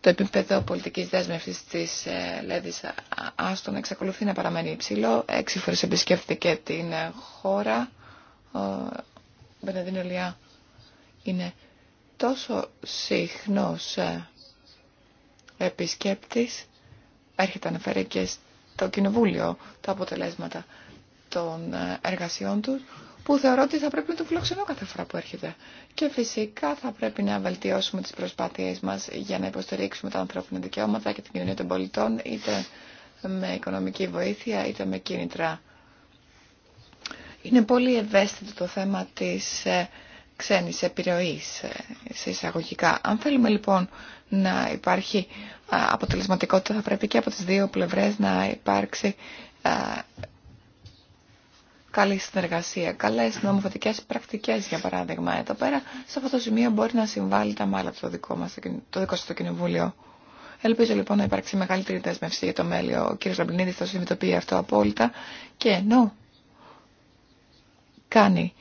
το επίπεδο πολιτικής δέσμευσης της ε, Λέδης Άστον εξακολουθεί να παραμένει υψηλό. Έξι φορές επισκέφθηκε την ε, χώρα. Ο Μπενεδίνο Λιά είναι τόσο συχνός ε, επισκέπτης. Έρχεται να φέρει και στο Κοινοβούλιο τα αποτελέσματα των εργασιών του που θεωρώ ότι θα πρέπει να το φιλοξενώ κάθε φορά που έρχεται. Και φυσικά θα πρέπει να βελτιώσουμε τις προσπάθειές μας για να υποστηρίξουμε τα ανθρώπινα δικαιώματα και την κοινωνία των πολιτών, είτε με οικονομική βοήθεια, είτε με κίνητρα. Είναι πολύ ευαίσθητο το θέμα της ε, ξένης επιρροής ε, σε εισαγωγικά. Αν θέλουμε λοιπόν να υπάρχει ε, αποτελεσματικότητα θα πρέπει και από τις δύο πλευρές να υπάρξει καλή συνεργασία, καλέ νομοθετικέ πρακτικέ, για παράδειγμα. Εδώ πέρα σε αυτό το σημείο μπορεί να συμβάλλει τα μάλλα το δικό, μα το δικό σα το κοινοβούλιο. Ελπίζω λοιπόν να υπάρξει μεγαλύτερη δέσμευση για το μέλιο. Ο κ. Λαμπλινίδης θα συνειδητοποιεί αυτό απόλυτα και ενώ κάνει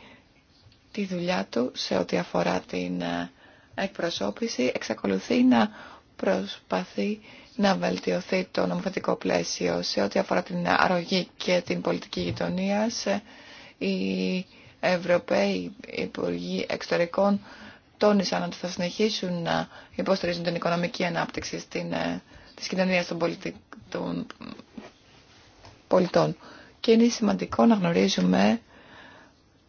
τη δουλειά του σε ό,τι αφορά την ε, εκπροσώπηση, εξακολουθεί να προσπαθεί να βελτιωθεί το νομοθετικό πλαίσιο σε ό,τι αφορά την αρρωγή και την πολιτική γειτονία. Οι Ευρωπαίοι Υπουργοί Εξωτερικών τόνισαν ότι θα συνεχίσουν να υποστηρίζουν την οικονομική ανάπτυξη στην, ε, της κοινωνίας των, πολιτών. Και είναι σημαντικό να γνωρίζουμε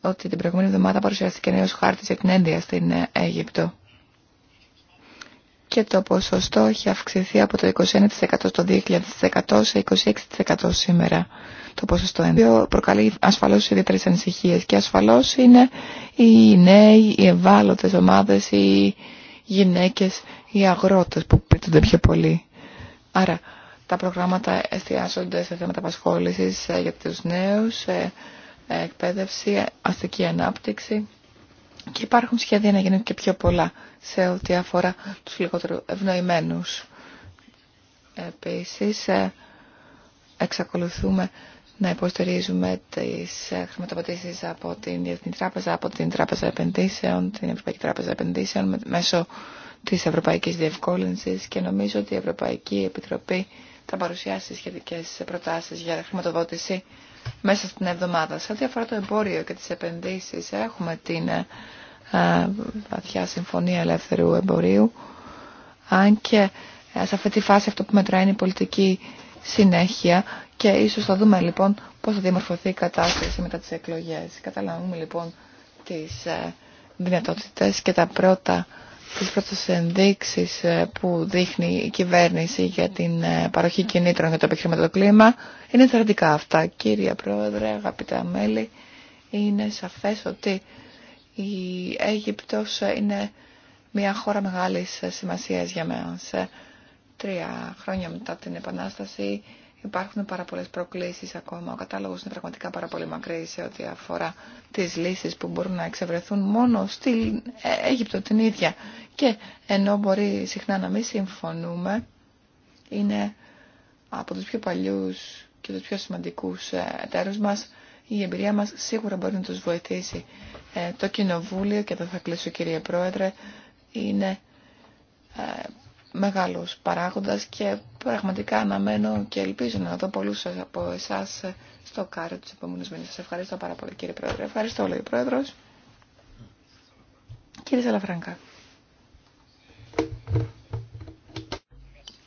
ότι την προηγούμενη εβδομάδα παρουσιάστηκε νέος χάρτης για την ένδυα στην Αίγυπτο και το ποσοστό έχει αυξηθεί από το 21% το 2010 σε 26% σήμερα το ποσοστό ένδυο προκαλεί ασφαλώς ιδιαίτερες ανησυχίες και ασφαλώς είναι οι νέοι, οι ευάλωτες ομάδες, οι γυναίκες, οι αγρότες που πλήττονται πιο πολύ. Άρα τα προγράμματα εστιάζονται σε θέματα απασχόλησης ε, για τους νέους, ε, εκπαίδευση, αστική ανάπτυξη και υπάρχουν σχέδια να γίνουν και πιο πολλά σε ό,τι αφορά τους λιγότερο ευνοημένους. Επίσης, ε, εξακολουθούμε να υποστηρίζουμε τις ε, χρηματοδοτήσεις από την Διεθνή Τράπεζα, από την Τράπεζα Επενδύσεων, την Ευρωπαϊκή Τράπεζα Επενδύσεων, μέσω της Ευρωπαϊκής Διευκόλυνσης και νομίζω ότι η Ευρωπαϊκή Επιτροπή θα παρουσιάσει σχετικές προτάσεις για χρηματοδότηση μέσα στην εβδομάδα. Σε ό,τι αφορά το εμπόριο και τι επενδύσει, έχουμε την ε, ε, βαθιά συμφωνία ελεύθερου εμπορίου, αν και ε, σε αυτή τη φάση αυτό που μετράει είναι η πολιτική συνέχεια και ίσως θα δούμε λοιπόν πώς θα διαμορφωθεί η κατάσταση μετά τις εκλογές. Καταλαβαίνουμε λοιπόν τις ε, δυνατότητες και τα πρώτα, τις πρώτες ενδείξεις που δείχνει η κυβέρνηση για την παροχή κινήτρων για το επιχειρηματικό Είναι θεραντικά αυτά. Κύριε Πρόεδρε, αγαπητά μέλη, είναι σαφές ότι η Αίγυπτος είναι μια χώρα μεγάλης σημασίας για μένα. Σε Τρία χρόνια μετά την Επανάσταση υπάρχουν πάρα πολλές προκλήσεις ακόμα. Ο κατάλογος είναι πραγματικά πάρα πολύ μακρύ σε ό,τι αφορά τις λύσεις που μπορούν να εξευρεθούν μόνο στην Αίγυπτο την ίδια. Και ενώ μπορεί συχνά να μην συμφωνούμε, είναι από τους πιο παλιούς και τους πιο σημαντικούς εταίρους μας η εμπειρία μας σίγουρα μπορεί να τους βοηθήσει. Ε, το Κοινοβούλιο, και εδώ θα κλείσω κύριε Πρόεδρε, είναι ε, μεγάλος παράγοντας και πραγματικά αναμένω και ελπίζω να δω πολλούς από εσάς στο κάρο τους επόμενους μήνες. Σας ευχαριστώ πάρα πολύ κύριε Πρόεδρε. Ευχαριστώ όλοι ο Πρόεδρος. Κύριε Σαλαφρανκά.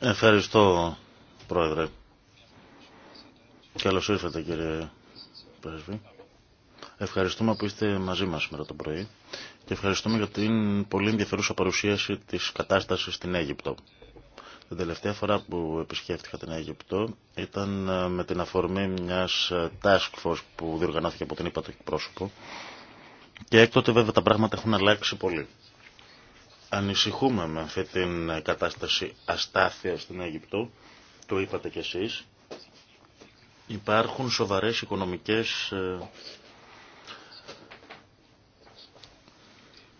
Ευχαριστώ Πρόεδρε. Καλώς ήρθατε κύριε Ευχαριστούμε που είστε μαζί μας σήμερα το πρωί και ευχαριστούμε για την πολύ ενδιαφέρουσα παρουσίαση της κατάστασης στην Αίγυπτο. Την τελευταία φορά που επισκέφτηκα την Αίγυπτο ήταν ε, με την αφορμή μιας ε, task που διοργανώθηκε από την το πρόσωπο και έκτοτε βέβαια τα πράγματα έχουν αλλάξει πολύ. Ανησυχούμε με αυτή την κατάσταση αστάθεια στην Αίγυπτο, το είπατε κι εσείς, Υπάρχουν σοβαρές οικονομικές ε,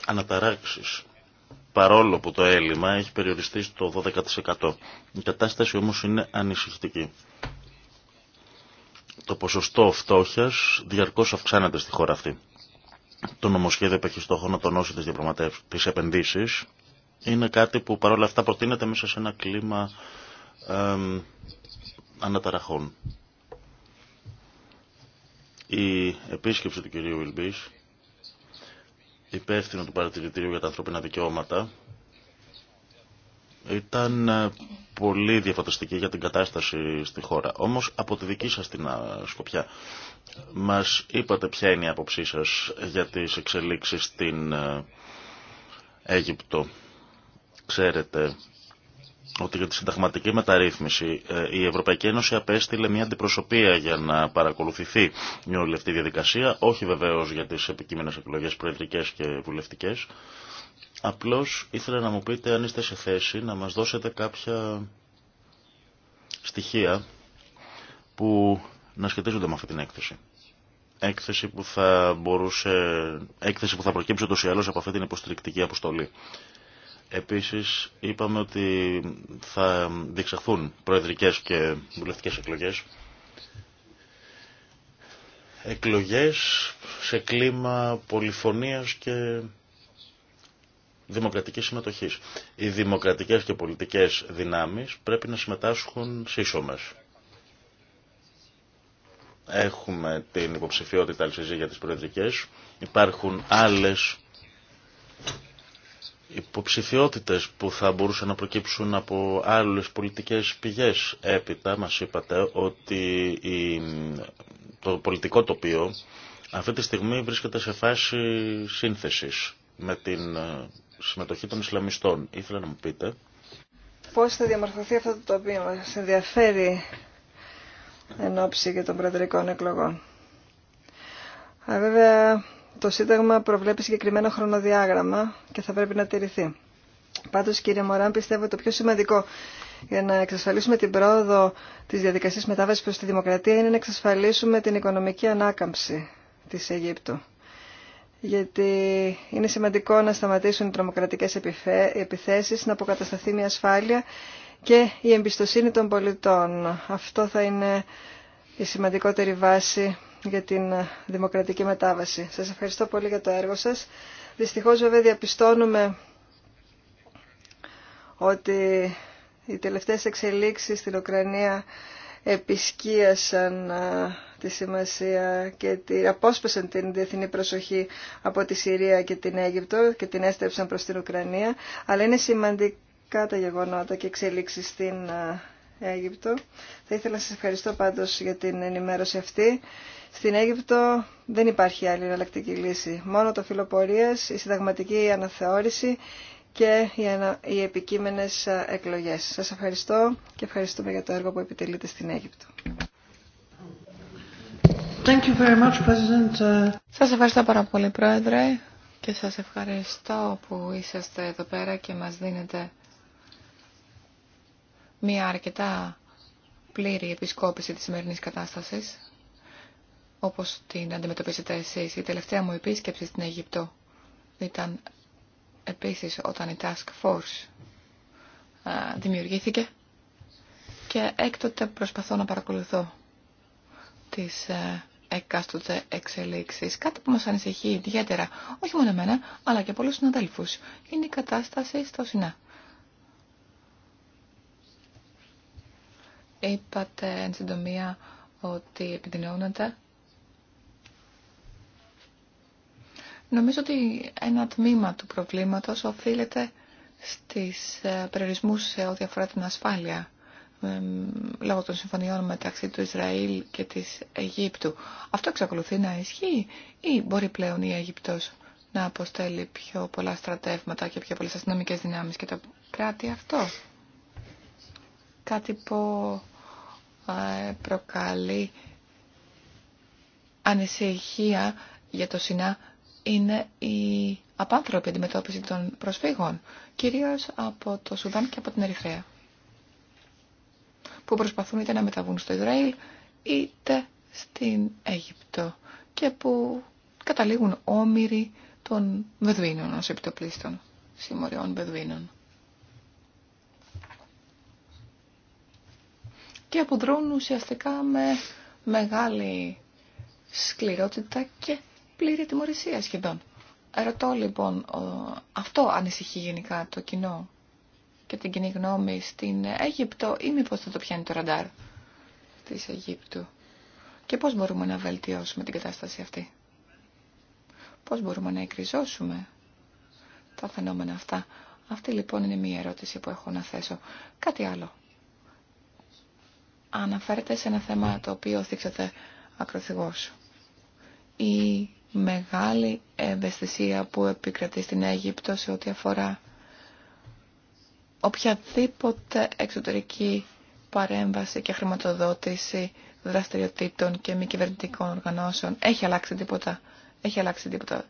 αναταράξεις παρόλο που το έλλειμμα έχει περιοριστεί στο 12%. Η κατάσταση όμως είναι ανησυχητική. Το ποσοστό φτώχειας διαρκώς αυξάνεται στη χώρα αυτή. Το νομοσχέδιο που έχει στόχο να τονώσει τις, τις επενδύσεις είναι κάτι που παρόλα αυτά προτείνεται μέσα σε ένα κλίμα αναταραχών. Η επίσκεψη του κυρίου Ιλμπής, υπεύθυνο του παρατηρητηρίου για τα ανθρώπινα δικαιώματα, ήταν ε, πολύ διαφανταστική για την κατάσταση στη χώρα. Όμως από τη δική σας την σκοπιά μας είπατε ποια είναι η άποψή σας για τις εξελίξεις στην ε, Αίγυπτο. Ξέρετε ότι για τη συνταγματική μεταρρύθμιση ε, η Ευρωπαϊκή Ένωση απέστειλε μια αντιπροσωπεία για να παρακολουθηθεί μια όλη αυτή διαδικασία, όχι βεβαίως για τις επικείμενες εκλογές προεδρικές και βουλευτικές. Απλώς ήθελα να μου πείτε αν είστε σε θέση να μας δώσετε κάποια στοιχεία που να σχετίζονται με αυτή την έκθεση. Έκθεση που θα, μπορούσε, έκθεση που θα προκύψει ούτως ή άλλως από αυτή την υποστηρικτική αποστολή. Επίσης είπαμε ότι θα διεξαχθούν προεδρικές και βουλευτικές εκλογές. Εκλογές σε κλίμα πολυφωνίας και δημοκρατικής συμμετοχής. Οι δημοκρατικές και πολιτικές δυνάμεις πρέπει να συμμετάσχουν σύσσωμες. Έχουμε την υποψηφιότητα Αλσιζή για τις προεδρικές. Υπάρχουν άλλες υποψηφιότητες που θα μπορούσαν να προκύψουν από άλλες πολιτικές πηγές. Έπειτα μας είπατε ότι το πολιτικό τοπίο αυτή τη στιγμή βρίσκεται σε φάση σύνθεσης με την ε, συμμετοχή των Ισλαμιστών. Ήθελα να μου πείτε. Πώς θα διαμορφωθεί αυτό το τοπίο μας ενδιαφέρει εν ώψη και των προεδρικών εκλογών. βέβαια το Σύνταγμα προβλέπει συγκεκριμένο χρονοδιάγραμμα και θα πρέπει να τηρηθεί. Πάντως, κύριε Μωράν, πιστεύω το πιο σημαντικό για να εξασφαλίσουμε την πρόοδο της διαδικασίας μετάβασης προς τη δημοκρατία είναι να εξασφαλίσουμε την οικονομική ανάκαμψη της Αιγύπτου. Γιατί είναι σημαντικό να σταματήσουν οι τρομοκρατικέ επιθέσει, να αποκατασταθεί μια ασφάλεια και η εμπιστοσύνη των πολιτών. Αυτό θα είναι η σημαντικότερη βάση για την ε, δημοκρατική μετάβαση. Σας ευχαριστώ πολύ για το έργο σας. Δυστυχώς βέβαια διαπιστώνουμε ότι οι τελευταίες εξελίξεις στην Ουκρανία επισκίασαν ε, τη σημασία και τη, απόσπασαν την διεθνή προσοχή από τη Συρία και την Αίγυπτο και την έστρεψαν προς την Ουκρανία. Αλλά είναι σημαντικά τα γεγονότα και εξελίξεις στην ε, Αίγυπτο. Θα ήθελα να σας ευχαριστώ πάντως για την ενημέρωση αυτή στην Αίγυπτο δεν υπάρχει άλλη εναλλακτική λύση. Μόνο το φιλοπορίας, η συνταγματική αναθεώρηση και οι επικείμενες ε, εκλογές. Σας ευχαριστώ και ευχαριστούμε για το έργο που επιτελείτε στην Αίγυπτο. Thank Σας ευχαριστώ πάρα πολύ, Πρόεδρε, και σας ευχαριστώ που είσαστε εδώ πέρα και μας δίνετε μια αρκετά πλήρη επισκόπηση της σημερινής κατάστασης όπως την αντιμετωπίσετε εσείς. Η τελευταία μου επίσκεψη στην Αιγυπτό ήταν επίσης όταν η Task Force δημιουργήθηκε και έκτοτε προσπαθώ να παρακολουθώ τις ε, εκάστοτε εξελίξεις. Κάτι που μας ανησυχεί ιδιαίτερα, όχι μόνο εμένα, αλλά και πολλούς συναδέλφους, είναι η κατάσταση στο ΣΥΝΑ. Είπατε εν συντομία ότι επιδεινώνεται Νομίζω ότι ένα τμήμα του προβλήματος οφείλεται στις ε, περιορισμούς σε ό,τι αφορά την ασφάλεια λόγω των συμφωνιών μεταξύ του Ισραήλ και της Αιγύπτου. Αυτό εξακολουθεί να ισχύει ή μπορεί πλέον η Αιγυπτός να αποστέλει πιο πολλά στρατεύματα και πιο πολλές αστυνομικές δυνάμεις και το κράτη αυτό. Κάτι που ε, προκαλεί ανησυχία για το ΣΥΝΑ είναι η απάνθρωπη αντιμετώπιση των προσφύγων, κυρίως από το Σουδάν και από την Ερυθρέα, που προσπαθούν είτε να μεταβούν στο Ισραήλ είτε στην Αίγυπτο και που καταλήγουν όμοιροι των Βεδουίνων ως επιτοπλίστων, συμμοριών Βεδουίνων. Και αποδρούν ουσιαστικά με μεγάλη σκληρότητα και πλήρη τιμωρησία σχεδόν. Ρωτώ λοιπόν, αυτό ανησυχεί γενικά το κοινό και την κοινή γνώμη στην Αίγυπτο ή μήπως θα το πιάνει το ραντάρ της Αιγύπτου. Και πώς μπορούμε να βελτιώσουμε την κατάσταση αυτή. Πώς μπορούμε να εκριζώσουμε τα φαινόμενα αυτά. Αυτή λοιπόν είναι μία ερώτηση που έχω να θέσω. Κάτι άλλο. Αναφέρεται σε ένα θέμα το οποίο θίξατε ακροθυγός. Η μεγάλη ευαισθησία που επικρατεί στην Αίγυπτο σε ό,τι αφορά οποιαδήποτε εξωτερική παρέμβαση και χρηματοδότηση δραστηριοτήτων και μη κυβερνητικών οργανώσεων. Έχει αλλάξει τίποτα. Έχει αλλάξει τίποτα.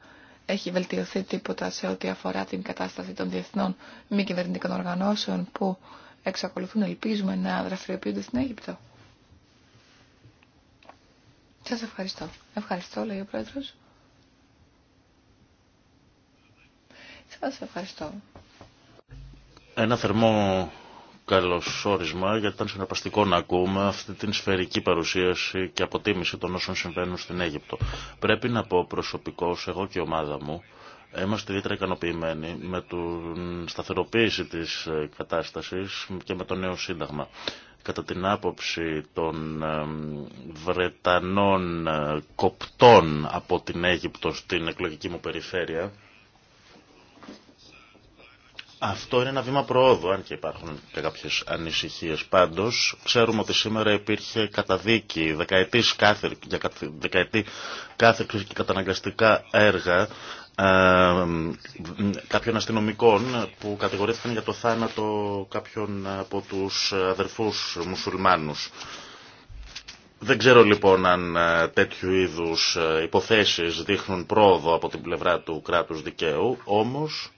Έχει βελτιωθεί τίποτα σε ό,τι αφορά την κατάσταση των διεθνών μη κυβερνητικών οργανώσεων που εξακολουθούν, ελπίζουμε, να δραστηριοποιούνται στην Αίγυπτο. Σας ευχαριστώ. Ευχαριστώ, λέει ο Πρόεδρος. Σας ευχαριστώ. Ένα θερμό καλωσόρισμα, γιατί ήταν συναρπαστικό να ακούμε αυτή την σφαιρική παρουσίαση και αποτίμηση των όσων συμβαίνουν στην Αίγυπτο. Πρέπει να πω προσωπικώς, εγώ και η ομάδα μου, Είμαστε ιδιαίτερα ικανοποιημένοι με την σταθεροποίηση της ε, κατάστασης και με το νέο σύνταγμα. Κατά την άποψη των ε, Βρετανών ε, κοπτών από την Αίγυπτο στην εκλογική μου περιφέρεια, αυτό είναι ένα βήμα προόδου, αν και υπάρχουν και κάποιες ανησυχίες. Πάντως, ξέρουμε ότι σήμερα υπήρχε καταδίκη, δεκαετής κάθε, για δεκαετή κάθεξη και καταναγκαστικά έργα ε, κάποιων αστυνομικών που κατηγορήθηκαν για το θάνατο κάποιων από τους αδερφούς μουσουλμάνους. Δεν ξέρω λοιπόν αν ε, τέτοιου είδους ε, υποθέσεις δείχνουν πρόοδο από την πλευρά του κράτους δικαίου, όμως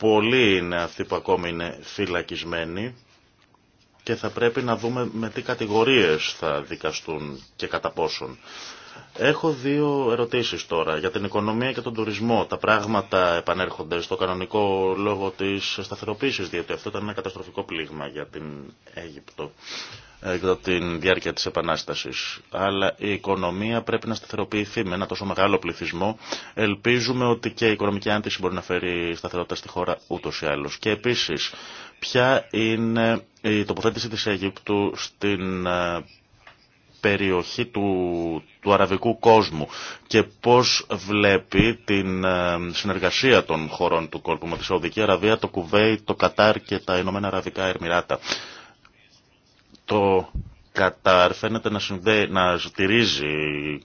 Πολλοί είναι αυτοί που ακόμη είναι φυλακισμένοι και θα πρέπει να δούμε με τι κατηγορίες θα δικαστούν και κατά πόσον. Έχω δύο ερωτήσεις τώρα για την οικονομία και τον τουρισμό. Τα πράγματα επανέρχονται στο κανονικό λόγο της σταθεροποίησης, διότι αυτό ήταν ένα καταστροφικό πλήγμα για την Αίγυπτο εδώ την διάρκεια της Επανάστασης. Αλλά η οικονομία πρέπει να σταθεροποιηθεί με ένα τόσο μεγάλο πληθυσμό. Ελπίζουμε ότι και η οικονομική άντιση μπορεί να φέρει σταθερότητα στη χώρα ούτως ή άλλως. Και επίσης, ποια είναι η τοποθέτηση της Αιγύπτου στην ε, περιοχή του, του αραβικού κόσμου και πώς βλέπει την ε, συνεργασία των χωρών του κόλπου με τη Σαουδική Αραβία, το Κουβέι, το Κατάρ και τα Ηνωμένα Αραβικά Ερμυράτα το Κατάρ φαίνεται να, συνδέ, να στηρίζει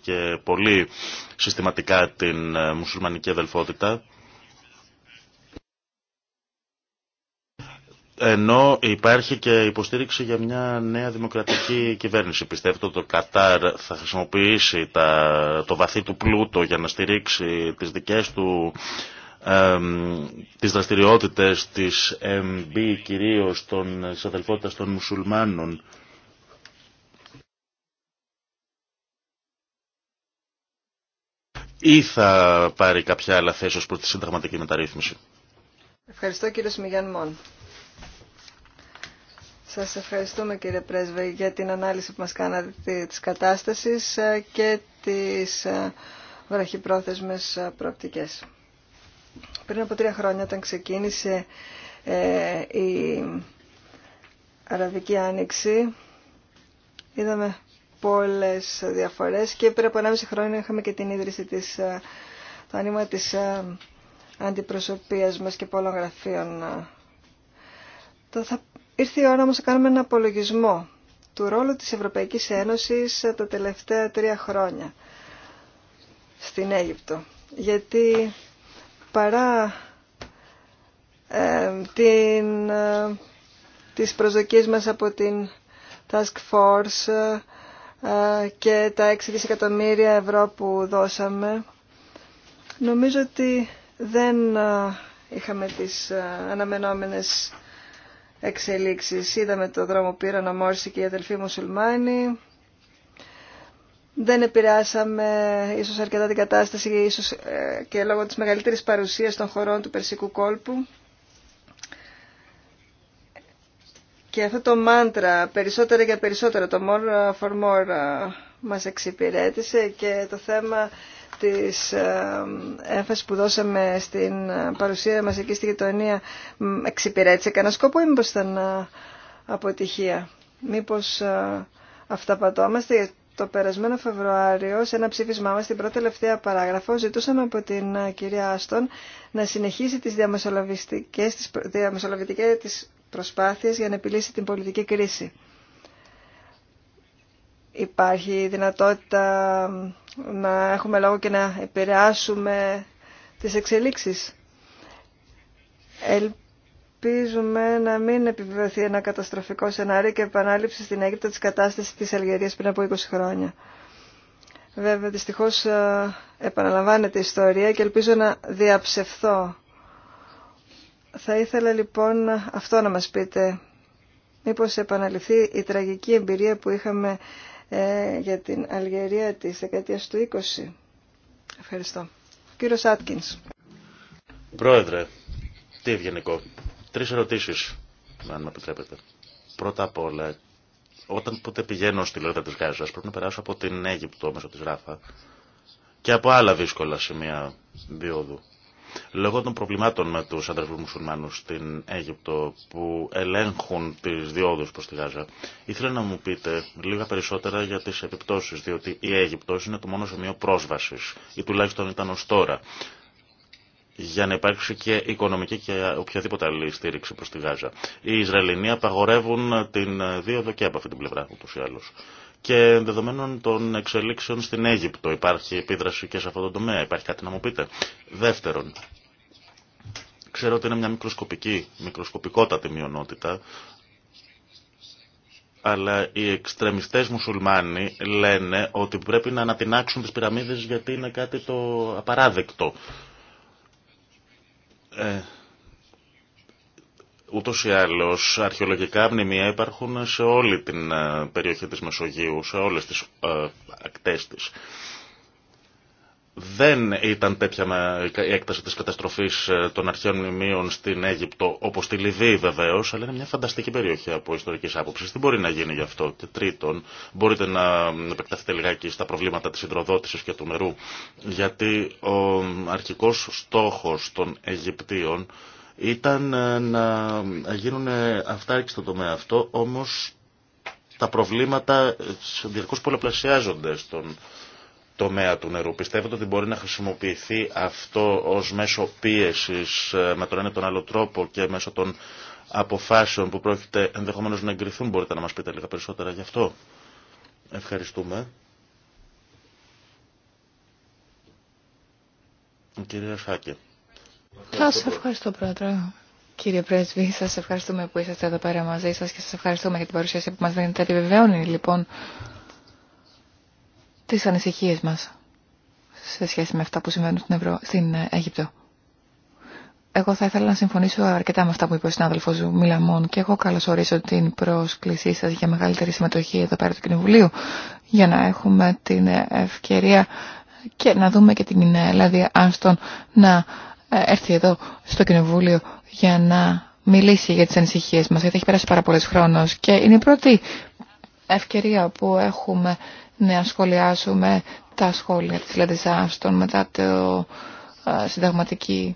και πολύ συστηματικά την ε, μουσουλμανική αδελφότητα. Ενώ υπάρχει και υποστήριξη για μια νέα δημοκρατική κυβέρνηση. Πιστεύετε ότι το Κατάρ θα χρησιμοποιήσει τα, το βαθύ του πλούτο για να στηρίξει τις δικές του τις δραστηριότητες της MB κυρίως των, της των μουσουλμάνων ή θα πάρει κάποια άλλα θέση ως προς τη συνταγματική μεταρρύθμιση. Ευχαριστώ κύριε Σμιγιάν Μόν. Σας ευχαριστούμε κύριε Πρέσβε για την ανάλυση που μας κάνατε της κατάστασης ε, και τις ε, βραχυπρόθεσμες ε, προοπτικές. Πριν από τρία χρόνια όταν ξεκίνησε ε, η Αραβική Άνοιξη είδαμε πολλές διαφορές και πριν από 1,5 χρόνια είχαμε και την ίδρυση της, ε, το άνοιγμα της ε, αντιπροσωπείας μας και πολλών γραφείων. Θα ήρθε η ώρα όμως να κάνουμε ένα απολογισμό του ρόλου της Ευρωπαϊκής Ένωσης τα τελευταία τρία χρόνια στην Αίγυπτο. Γιατί παρά ε, την, ε, τις προσδοκίες μας από την Task Force ε, και τα 6 δισεκατομμύρια ευρώ που δώσαμε, νομίζω ότι δεν ε, είχαμε τις ε, αναμενόμενες εξελίξεις. Είδαμε το δρόμο που πήραν ο Μόρση και οι αδελφοί μουσουλμάνοι, δεν επηρεάσαμε ίσως αρκετά την κατάσταση ίσως ε, και λόγω της μεγαλύτερης παρουσίας των χωρών του Περσικού κόλπου. Και αυτό το μάντρα περισσότερο για περισσότερο, το more for more ε, μας εξυπηρέτησε και το θέμα της ε, έμφαση που δώσαμε στην παρουσία μας εκεί στη γειτονία εξυπηρέτησε κανένα σκόπο ή μήπως ήταν αποτυχία. Μήπως αυταπατώμαστε το περασμένο Φεβρουάριο, σε ένα ψήφισμά μας, στην πρώτη τελευταία παράγραφο, ζητούσαμε από την ε, κυρία Άστον να συνεχίσει τις διαμεσολαβητικές, τις διαμεσολαβητικές τις προσπάθειες για να επιλύσει την πολιτική κρίση. Υπάρχει δυνατότητα να έχουμε λόγο και να επηρεάσουμε τις εξελίξεις ελπίζουμε να μην επιβεβαιωθεί ένα καταστροφικό σενάριο και επανάληψη στην Αίγυπτο της κατάστασης της Αλγερίας πριν από 20 χρόνια. Βέβαια, δυστυχώ ε, επαναλαμβάνεται η ιστορία και ελπίζω να διαψευθώ. Θα ήθελα λοιπόν αυτό να μας πείτε. Μήπως επαναληφθεί η τραγική εμπειρία που είχαμε ε, για την Αλγερία τη δεκαετίας του 20. Ευχαριστώ. Κύριο κύριος Πρόεδρε, τι ευγενικό. Τρεις ερωτήσεις, αν με επιτρέπετε. Πρώτα απ' όλα, όταν ποτέ πηγαίνω στη λόγια της Γάζας, πρέπει να περάσω από την Αίγυπτο μέσω της Ράφα και από άλλα δύσκολα σημεία διόδου. Λόγω των προβλημάτων με τους αδερφούς μουσουλμάνους στην Αίγυπτο που ελέγχουν τις διόδους προς τη Γάζα, ήθελα να μου πείτε λίγα περισσότερα για τις επιπτώσεις, διότι η Αίγυπτος είναι το μόνο σημείο πρόσβασης, ή τουλάχιστον ήταν ως τώρα για να υπάρξει και οικονομική και οποιαδήποτε άλλη στήριξη προς τη Γάζα. Οι Ισραηλινοί απαγορεύουν την δίωδο και από αυτή την πλευρά, όπως ή άλλως. Και δεδομένων των εξελίξεων στην Αίγυπτο υπάρχει επίδραση και σε αυτό το τομέα. Υπάρχει κάτι να μου πείτε. Δεύτερον, ξέρω ότι είναι μια μικροσκοπική, μικροσκοπικότατη μειονότητα, αλλά οι εξτρεμιστές μουσουλμάνοι λένε ότι πρέπει να ανατινάξουν τις πυραμίδες γιατί είναι κάτι το απαράδεκτο. Ε, ούτως ή άλλως αρχαιολογικά μνημεία υπάρχουν σε όλη την ε, περιοχή της Μεσογείου, σε όλες τις ε, ακτές της δεν ήταν τέτοια η έκταση της καταστροφής ε, των αρχαίων μνημείων στην Αίγυπτο, όπως στη Λιβύη βεβαίως, αλλά είναι μια φανταστική περιοχή από ιστορικής άποψης. Τι μπορεί να γίνει γι' αυτό. Και τρίτον, μπορείτε να επεκταθείτε λιγάκι στα προβλήματα της υδροδότησης και του νερού, γιατί ο αρχικός στόχος των Αιγυπτίων ήταν ε, να γίνουν αυτάρκη στον τομέα αυτό, όμως τα προβλήματα ε, διαρκώς πολλαπλασιάζονται στον τομέα του νερού. Πιστεύετε ότι μπορεί να χρησιμοποιηθεί αυτό ως μέσο πίεσης ε, με τον ένα τον άλλο τρόπο και μέσω των αποφάσεων που πρόκειται ενδεχομένως να εγκριθούν. Μπορείτε να μας πείτε λίγα περισσότερα γι' αυτό. Ευχαριστούμε. Κυρία Σάκη. Σας ευχαριστώ πρόεδρε. Κύριε Πρέσβη, σας ευχαριστούμε που είσαστε εδώ πέρα μαζί σας και σας ευχαριστούμε για την παρουσίαση που μας δίνετε. Επιβεβαιώνει λοιπόν τις ανησυχίες μας σε σχέση με αυτά που συμβαίνουν στην, Ευρω... στην ε, Αίγυπτο. Εγώ θα ήθελα να συμφωνήσω αρκετά με αυτά που είπε ο συνάδελφο Μιλαμόν και εγώ καλωσορίζω την πρόσκλησή σα για μεγαλύτερη συμμετοχή εδώ πέρα του Κοινοβουλίου για να έχουμε την ευκαιρία και να δούμε και την Ελλάδα άνστον να ε, έρθει εδώ στο Κοινοβούλιο για να μιλήσει για τις ανησυχίες μας, γιατί έχει περάσει πάρα πολλές χρόνος και είναι η πρώτη ευκαιρία που έχουμε να σχολιάσουμε τα σχόλια της Λαντιζάστον μετά το συνταγματική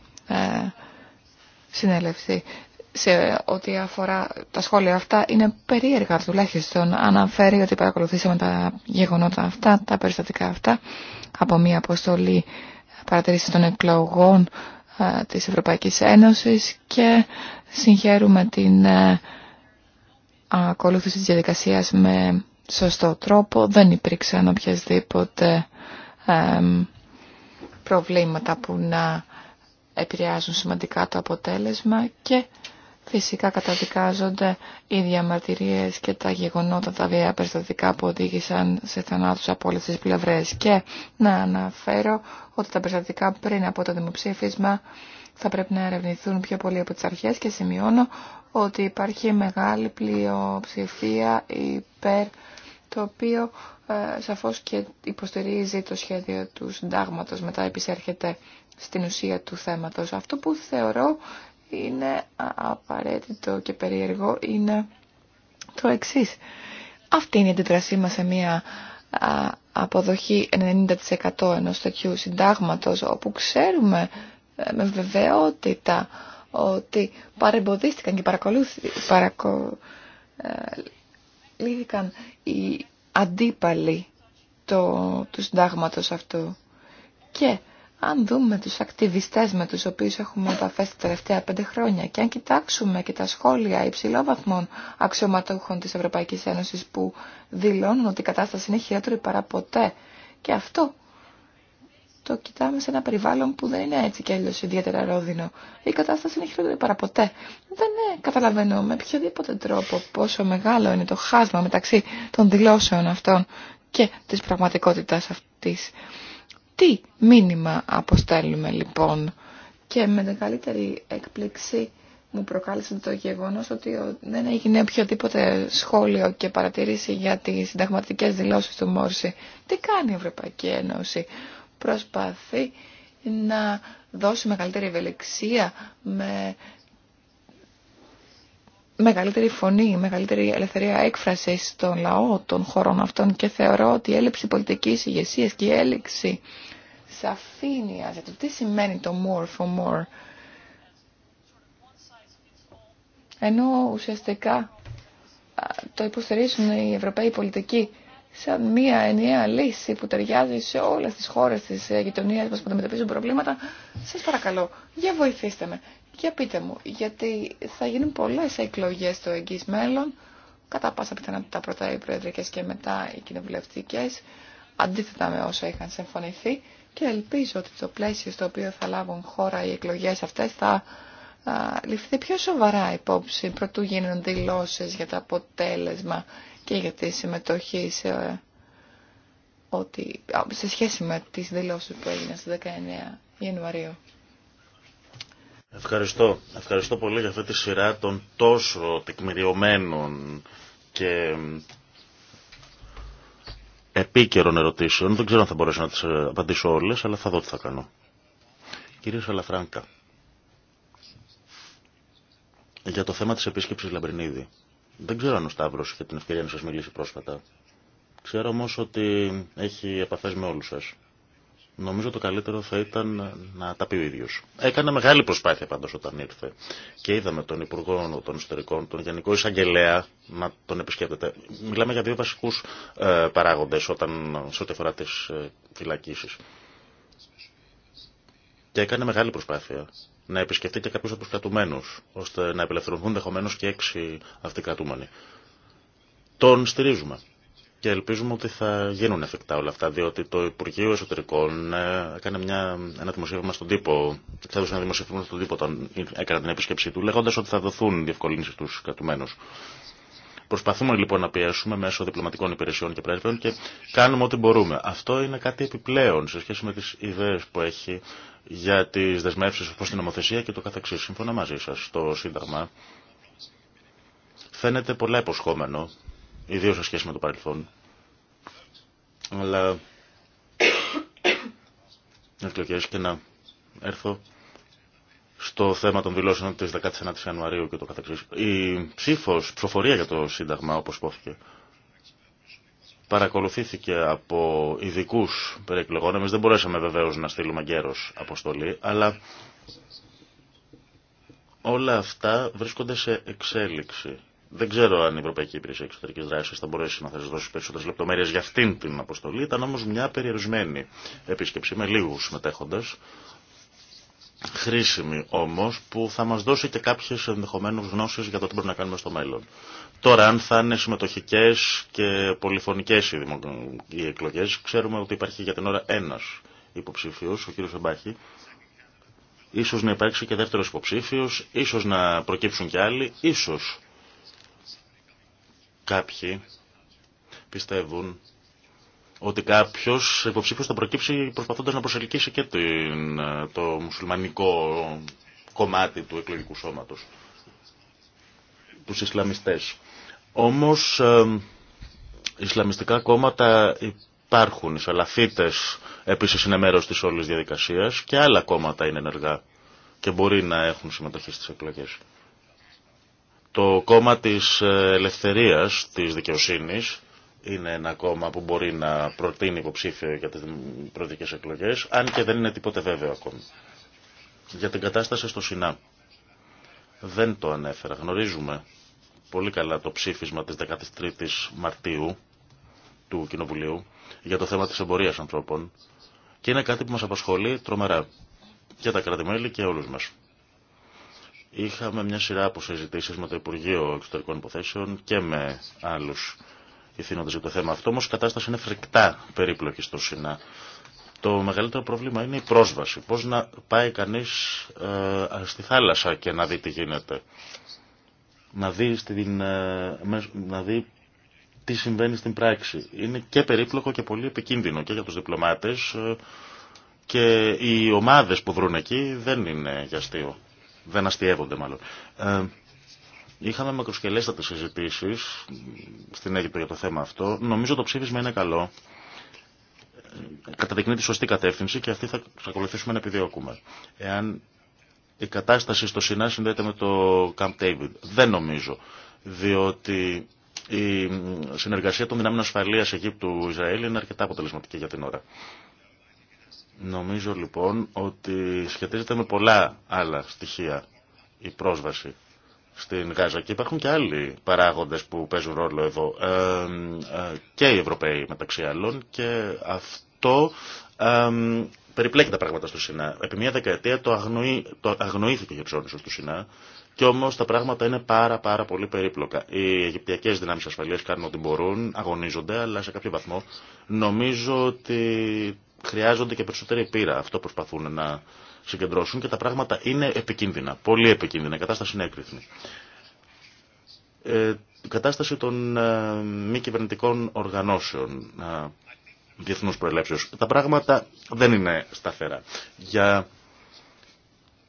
συνέλευση σε ό,τι αφορά τα σχόλια αυτά είναι περίεργα τουλάχιστον αναφέρει ότι παρακολουθήσαμε τα γεγονότα αυτά, τα περιστατικά αυτά από μια αποστολή παρατηρήση των εκλογών της Ευρωπαϊκής Ένωσης και συγχαίρουμε την ακολούθηση της διαδικασίας με σωστό τρόπο, δεν υπήρξαν οποιασδήποτε προβλήματα που να επηρεάζουν σημαντικά το αποτέλεσμα και φυσικά καταδικάζονται οι διαμαρτυρίες και τα γεγονότα τα βία περιστατικά που οδήγησαν σε θανάτους από όλες τις πλευρές. Και να αναφέρω ότι τα περιστατικά πριν από το δημοψήφισμα θα πρέπει να ερευνηθούν πιο πολύ από τις αρχές και σημειώνω ότι υπάρχει μεγάλη πλειοψηφία υπέρ το οποίο ε, σαφώς και υποστηρίζει το σχέδιο του συντάγματος, μετά επισέρχεται στην ουσία του θέματος. Αυτό που θεωρώ είναι απαραίτητο και περίεργο είναι το εξής. Αυτή είναι η αντιδρασή μας σε μια αποδοχή 90% ενός τέτοιου συντάγματος, όπου ξέρουμε ε, με βεβαιότητα ότι παρεμποδίστηκαν και παρακολούθηκαν ε, λύθηκαν οι αντίπαλοι το, του συντάγματος αυτού. Και αν δούμε τους ακτιβιστές με τους οποίους έχουμε επαφές τα τελευταία πέντε χρόνια και αν κοιτάξουμε και τα σχόλια υψηλόβαθμων αξιωματούχων της Ευρωπαϊκής Ένωσης που δηλώνουν ότι η κατάσταση είναι χειρότερη παρά ποτέ και αυτό το κοιτάμε σε ένα περιβάλλον που δεν είναι έτσι κι αλλιώ ιδιαίτερα ρόδινο. Η κατάσταση είναι χειρότερη παραποτέ. Δεν ε, καταλαβαίνω με οποιοδήποτε τρόπο πόσο μεγάλο είναι το χάσμα μεταξύ των δηλώσεων αυτών και τη πραγματικότητα αυτή. Τι μήνυμα αποστέλουμε λοιπόν και με μεγαλύτερη έκπληξη μου προκάλεσε το γεγονός ότι δεν έγινε οποιοδήποτε σχόλιο και παρατηρήσει για τις συνταγματικές δηλώσεις του Μόρση. Τι κάνει η Ευρωπαϊκή Ένωση προσπαθεί να δώσει μεγαλύτερη ευελιξία με μεγαλύτερη φωνή, μεγαλύτερη ελευθερία έκφραση στον λαό των χωρών αυτών και θεωρώ ότι η έλλειψη πολιτικής ηγεσία και η έλλειψη σαφήνεια για το τι σημαίνει το more for more ενώ ουσιαστικά το υποστηρίζουν οι Ευρωπαίοι πολιτικοί σαν μια ενιαία λύση που ταιριάζει σε όλες τις χώρες της ε, γειτονία μας που αντιμετωπίζουν προβλήματα, σας παρακαλώ, για βοηθήστε με. Για πείτε μου, γιατί θα γίνουν πολλές εκλογές στο εγγύς μέλλον, κατά πάσα πιθανότητα πρώτα οι προεδρικές και μετά οι κοινοβουλευτικές, αντίθετα με όσα είχαν συμφωνηθεί και ελπίζω ότι το πλαίσιο στο οποίο θα λάβουν χώρα οι εκλογές αυτές θα ληφθεί πιο σοβαρά υπόψη προτού γίνουν δηλώσεις για το αποτέλεσμα και για τη συμμετοχή σε, ε, ότι, σε σχέση με τις δηλώσεις που έγιναν στις 19 Ιανουαρίου. Ευχαριστώ. Ευχαριστώ πολύ για αυτή τη σειρά των τόσο τεκμηριωμένων και επίκαιρων ερωτήσεων. Δεν ξέρω αν θα μπορέσω να τις ε, απαντήσω όλες, αλλά θα δω τι θα κάνω. Κύριε Σαλαφράνκα, για το θέμα της επίσκεψης Λαμπρινίδη. Δεν ξέρω αν ο Σταύρο είχε την ευκαιρία να σα μιλήσει πρόσφατα. Ξέρω όμω ότι έχει επαφέ με όλου. σας. Νομίζω το καλύτερο θα ήταν να τα πει ο ίδιο. Έκανε μεγάλη προσπάθεια πάντως όταν ήρθε. Και είδαμε τον Υπουργό των Ιστορικών, τον Γενικό Εισαγγελέα να τον επισκέπτεται. Μιλάμε για δύο βασικού ε, παράγοντες όταν, σε ό,τι αφορά τι ε, φυλακίσεις. Και έκανε μεγάλη προσπάθεια να επισκεφτεί και κάποιου από του κρατουμένου, ώστε να απελευθερωθούν ενδεχομένω και έξι αυτοί κρατούμενοι. Τον στηρίζουμε. Και ελπίζουμε ότι θα γίνουν εφικτά όλα αυτά, διότι το Υπουργείο Εσωτερικών ε, έκανε μια, ένα δημοσίευμα στον τύπο, θα έδωσε ένα δημοσίευμα στον τύπο όταν έκανε την επίσκεψή του, λέγοντα ότι θα δοθούν διευκολύνσεις στους κρατουμένου. Προσπαθούμε λοιπόν να πιέσουμε μέσω διπλωματικών υπηρεσιών και πρέσβεων και κάνουμε ό,τι μπορούμε. Αυτό είναι κάτι επιπλέον σε σχέση με τι ιδέε που έχει για τι δεσμεύσει προ την νομοθεσία και το καθεξή. Σύμφωνα μαζί σα, το Σύνταγμα φαίνεται πολλά υποσχόμενο, ιδίω σε σχέση με το παρελθόν. Αλλά εκλογέ και να έρθω στο θέμα των δηλώσεων τη 19 η Ιανουαρίου και το καθεξή. Η ψήφος, ψηφοφορία για το Σύνταγμα, όπω υπόθηκε, παρακολουθήθηκε από ειδικού περιεκλογών. Εμεί δεν μπορέσαμε βεβαίω να στείλουμε γέρο αποστολή, αλλά όλα αυτά βρίσκονται σε εξέλιξη. Δεν ξέρω αν η Ευρωπαϊκή Υπηρεσία Εξωτερική Δράση θα μπορέσει να σα δώσει περισσότερε λεπτομέρειε για αυτήν την αποστολή. Ήταν όμω μια περιορισμένη επίσκεψη με λίγου συμμετέχοντε χρήσιμη όμως που θα μας δώσει και κάποιες ενδεχομένως γνώσεις για το τι μπορούμε να κάνουμε στο μέλλον. Τώρα αν θα είναι συμμετοχικές και πολυφωνικές οι εκλογές ξέρουμε ότι υπάρχει για την ώρα ένας υποψήφιος, ο κύριος Εμπάχη, ίσως να υπάρξει και δεύτερος υποψήφιος, ίσως να προκύψουν και άλλοι, ίσως κάποιοι πιστεύουν ότι κάποιο υποψήφιο θα προκύψει προσπαθώντα να προσελκύσει και ε, το μουσουλμανικό κομμάτι του εκλογικού σώματο. Του Ισλαμιστέ. Όμω, ε, Ισλαμιστικά κόμματα υπάρχουν. Οι Σαλαφίτε επίση είναι μέρο τη όλη διαδικασία και άλλα κόμματα είναι ενεργά και μπορεί να έχουν συμμετοχή στι εκλογέ. Το κόμμα της ε, ελευθερίας, της δικαιοσύνης, είναι ένα κόμμα που μπορεί να προτείνει υποψήφιο για τις προεδρικές εκλογές, αν και δεν είναι τίποτε βέβαιο ακόμη. Για την κατάσταση στο ΣΥΝΑ Δεν το ανέφερα. Γνωρίζουμε πολύ καλά το ψήφισμα της 13ης Μαρτίου του Κοινοβουλίου για το θέμα της εμπορίας ανθρώπων και είναι κάτι που μας απασχολεί τρομερά και τα κρατημέλη και όλους μας. Είχαμε μια σειρά από συζητήσεις με το Υπουργείο Εξωτερικών Υποθέσεων και με άλλους ευθύνοντα για το θέμα αυτό, όμω η κατάσταση είναι φρικτά περίπλοκη στο ΣΥΝΑ. Το μεγαλύτερο πρόβλημα είναι η πρόσβαση. Πώ να πάει κανεί ε, στη θάλασσα και να δει τι γίνεται. Να δει, στην, ε, να δει τι συμβαίνει στην πράξη. Είναι και περίπλοκο και πολύ επικίνδυνο και για του διπλωμάτε, ε, και οι ομάδε που βρουν εκεί δεν είναι για αστείο. Δεν αστείευονται μάλλον. Ε, Είχαμε μακροσκελέστατες συζητήσει στην Αίγυπτο για το θέμα αυτό. Νομίζω το ψήφισμα είναι καλό. Καταδεικνύει τη σωστή κατεύθυνση και αυτή θα ακολουθήσουμε να επιδιώκουμε. Εάν η κατάσταση στο Σινά συνδέεται με το Camp David. Δεν νομίζω. Διότι η συνεργασία των δυνάμεων ασφαλεία Αιγύπτου-Ισραήλ είναι αρκετά αποτελεσματική για την ώρα. Νομίζω λοιπόν ότι σχετίζεται με πολλά άλλα στοιχεία η πρόσβαση στην Γάζα. Και υπάρχουν και άλλοι παράγοντες που παίζουν ρόλο εδώ. Ε, ε, και οι Ευρωπαίοι μεταξύ άλλων. Και αυτό ε, περιπλέκει τα πράγματα στο Σινά. Επί μια δεκαετία το, αγνοή, το αγνοήθηκε η Χερσόνησο του Σινά. Και όμω τα πράγματα είναι πάρα, πάρα πολύ περίπλοκα. Οι Αιγυπτιακέ δυνάμει ασφαλεία κάνουν ό,τι μπορούν, αγωνίζονται, αλλά σε κάποιο βαθμό νομίζω ότι χρειάζονται και περισσότερη πείρα. Αυτό προσπαθούν να συγκεντρώσουν και τα πράγματα είναι επικίνδυνα, πολύ επικίνδυνα, η κατάσταση είναι έκρηθμη. Ε, η κατάσταση των ε, μη κυβερνητικών οργανώσεων ε, διεθνούς Τα πράγματα δεν είναι σταθερά. Για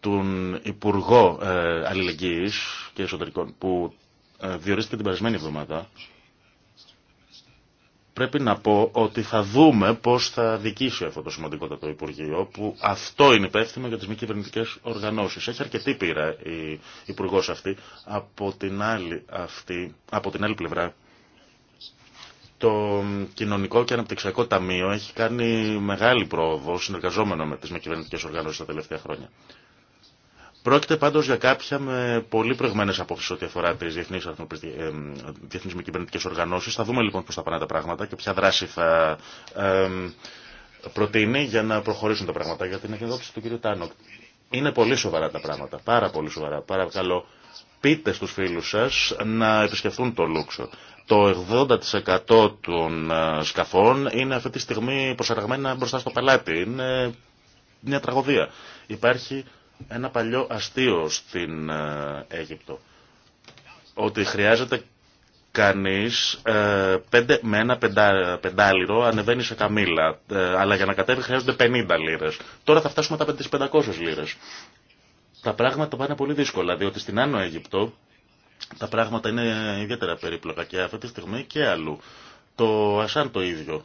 τον Υπουργό ε, Αλληλεγγύης και Εσωτερικών που ε, διορίστηκε την περασμένη εβδομάδα πρέπει να πω ότι θα δούμε πώς θα δικήσει αυτό το σημαντικότατο Υπουργείο, που αυτό είναι υπεύθυνο για τις μη κυβερνητικέ οργανώσεις. Έχει αρκετή πείρα η υπουργό αυτή. Από την, άλλη αυτή. από την άλλη πλευρά, το Κοινωνικό και Αναπτυξιακό Ταμείο έχει κάνει μεγάλη πρόοδο συνεργαζόμενο με τις μη κυβερνητικέ οργανώσεις τα τελευταία χρόνια. Πρόκειται πάντως για κάποια με πολύ προηγμένες απόψεις ό,τι αφορά τις διεθνείς, ε, διεθνείς με κυβερνητικές οργανώσεις. Θα δούμε λοιπόν πώς θα πάνε τα πράγματα και ποια δράση θα προτείνει για να προχωρήσουν τα πράγματα. Για την εκδόξη του κ. Τάνοκ. Είναι πολύ σοβαρά τα πράγματα, πάρα πολύ σοβαρά. Παρακαλώ, πείτε στους φίλους σας να επισκεφθούν το Λούξο. Το 80% των ε, σκαφών είναι αυτή τη στιγμή προσαραγμένα μπροστά στο παλάτι. Είναι μια τραγωδία. Υπάρχει ένα παλιό αστείο στην ε, Αίγυπτο. Ότι χρειάζεται κανείς ε, πέντε, με ένα πεντά, πεντάλιρο ανεβαίνει σε καμήλα. Ε, αλλά για να κατέβει χρειάζονται 50 λίρες. Τώρα θα φτάσουμε τα 500 λίρες. Τα πράγματα πάνε πολύ δύσκολα, διότι στην Άνω Αίγυπτο τα πράγματα είναι ιδιαίτερα περίπλοκα και αυτή τη στιγμή και αλλού. Το Ασάν το ίδιο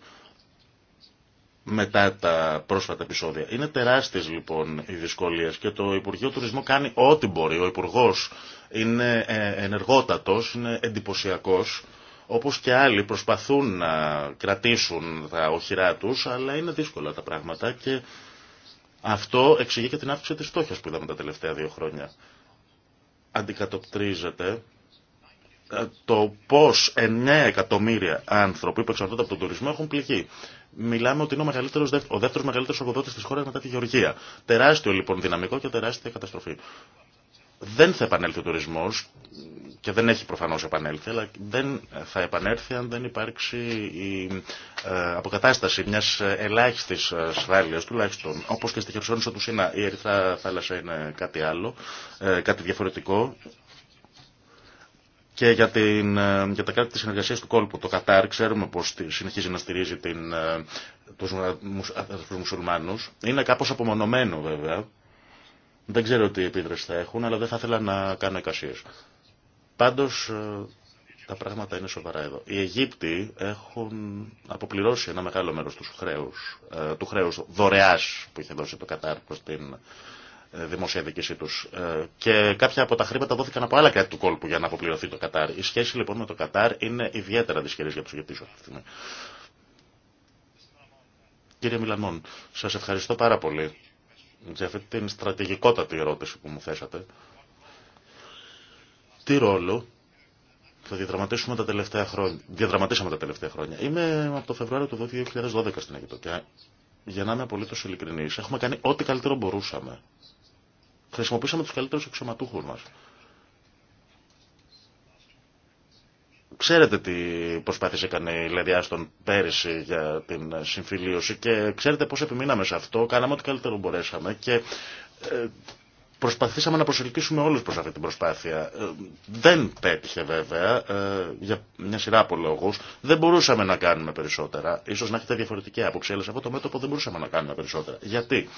μετά τα πρόσφατα επεισόδια. Είναι τεράστιε λοιπόν οι δυσκολίε και το Υπουργείο Τουρισμού κάνει ό,τι μπορεί. Ο υπουργό είναι ε, ενεργότατο, είναι εντυπωσιακό, όπω και άλλοι προσπαθούν να κρατήσουν τα οχυρά του, αλλά είναι δύσκολα τα πράγματα και αυτό εξηγεί και την αύξηση τη φτώχεια που είδαμε τα τελευταία δύο χρόνια. Αντικατοπτρίζεται ε, το πώ 9 εκατομμύρια άνθρωποι που εξαρτώνται από τον τουρισμό έχουν πληγεί μιλάμε ότι είναι ο, μεγαλύτερος, ο δεύτερος μεγαλύτερος εργοδότης της χώρας μετά τη Γεωργία. Τεράστιο λοιπόν δυναμικό και τεράστια καταστροφή. Δεν θα επανέλθει ο τουρισμός και δεν έχει προφανώς επανέλθει, αλλά δεν θα επανέλθει αν δεν υπάρξει η ε, αποκατάσταση μιας ε, ελάχιστης ε, σφάλειας τουλάχιστον. Όπως και στη Χερσόνησο του Σίνα η Ερυθρά Θάλασσα είναι κάτι άλλο, κάτι διαφορετικό. Και για, ε, για τα κράτη της συνεργασίας του κόλπου, το Κατάρ, ξέρουμε πως συνεχίζει να στηρίζει την, ε, τους, τους μουσουλμάνους. Είναι κάπως απομονωμένο βέβαια. Δεν ξέρω τι επίδραση θα έχουν, αλλά δεν θα ήθελα να κάνω εικασίες. Πάντως ε, τα πράγματα είναι σοβαρά εδώ. Οι Αιγύπτιοι έχουν αποπληρώσει ένα μεγάλο μέρος του χρέους, του δωρεάς που είχε δώσει το Κατάρ προς την ε, δημοσιαδικήση του. Ε, και κάποια από τα χρήματα δόθηκαν από άλλα κράτη του κόλπου για να αποπληρωθεί το Κατάρ. Η σχέση λοιπόν με το Κατάρ είναι ιδιαίτερα δυσχερή για του Αιγυπτίου αυτή τη στιγμή. Κύριε Μιλανών, σα ευχαριστώ πάρα πολύ για αυτή την στρατηγικότατη ερώτηση που μου θέσατε. Τι ρόλο θα διαδραματίσουμε τα τελευταία χρόνια. Διαδραματίσαμε τα τελευταία χρόνια. Είμαι από το Φεβρουάριο του 2012 στην Αιγυπτοκιά. Για να είμαι απολύτω ειλικρινή, έχουμε κάνει ό,τι καλύτερο μπορούσαμε Χρησιμοποίησαμε τους καλύτερους αξιωματούχου μας. Ξέρετε τι προσπάθησε έκανε η Λεδιά στον πέρυσι για την συμφιλίωση και ξέρετε πώς επιμείναμε σε αυτό. Κάναμε ό,τι καλύτερο μπορέσαμε και ε, προσπαθήσαμε να προσελκύσουμε όλους προς αυτή την προσπάθεια. Ε, δεν πέτυχε βέβαια ε, για μια σειρά από λόγου. Δεν μπορούσαμε να κάνουμε περισσότερα. Ίσως να έχετε διαφορετική άποψη, αλλά σε αυτό το μέτωπο δεν μπορούσαμε να κάνουμε περισσότερα. Γιατί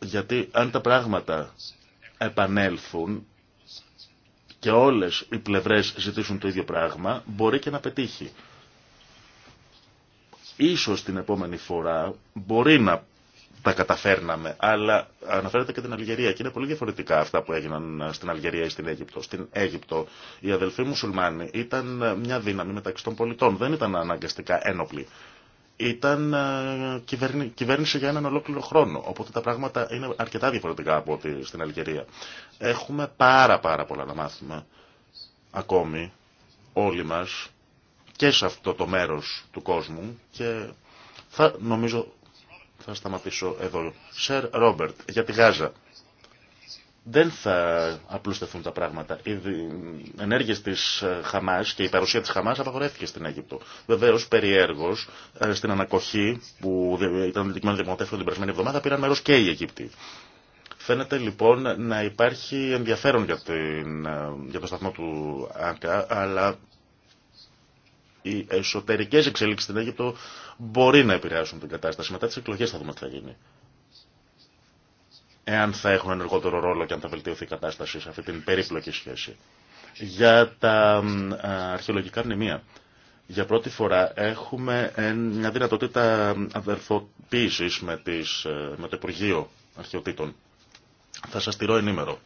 γιατί αν τα πράγματα επανέλθουν και όλες οι πλευρές ζητήσουν το ίδιο πράγμα, μπορεί και να πετύχει. Ίσως την επόμενη φορά μπορεί να τα καταφέρναμε, αλλά αναφέρεται και την Αλγερία και είναι πολύ διαφορετικά αυτά που έγιναν στην Αλγερία ή στην Αίγυπτο. Στην Αίγυπτο οι αδελφοί μουσουλμάνοι ήταν μια δύναμη μεταξύ των πολιτών, δεν ήταν αναγκαστικά ένοπλοι ήταν ε, κυβέρνηση για έναν ολόκληρο χρόνο. Οπότε τα πράγματα είναι αρκετά διαφορετικά από ότι στην Αλγερία. Έχουμε πάρα πάρα πολλά να μάθουμε ακόμη όλοι μας και σε αυτό το μέρος του κόσμου και θα νομίζω θα σταματήσω εδώ. Σερ Ρόμπερτ για τη Γάζα δεν θα απλουστευτούν τα πράγματα. Οι ενέργειε τη ε, Χαμά και η παρουσία τη Χαμά απαγορεύτηκε στην Αίγυπτο. Βεβαίω, περιέργω, ε, στην ανακοχή που ήταν δικημένο διαπραγματεύσεων την περασμένη εβδομάδα πήραν μέρο και οι Αιγύπτιοι. Φαίνεται λοιπόν να υπάρχει ενδιαφέρον για, την, ε, για το σταθμό του ΑΚΑ, αλλά οι εσωτερικέ εξελίξει στην Αίγυπτο μπορεί να επηρεάσουν την κατάσταση. Μετά τι εκλογέ θα δούμε τι θα γίνει εάν θα έχουν ενεργότερο ρόλο και αν θα βελτιωθεί η κατάσταση σε αυτή την περίπλοκη σχέση. Για τα αρχαιολογικά μνημεία. Για πρώτη φορά έχουμε μια δυνατότητα αδερφοποίησης με, ε, με το Υπουργείο Αρχαιοτήτων. Θα σας τηρώ ενήμερο.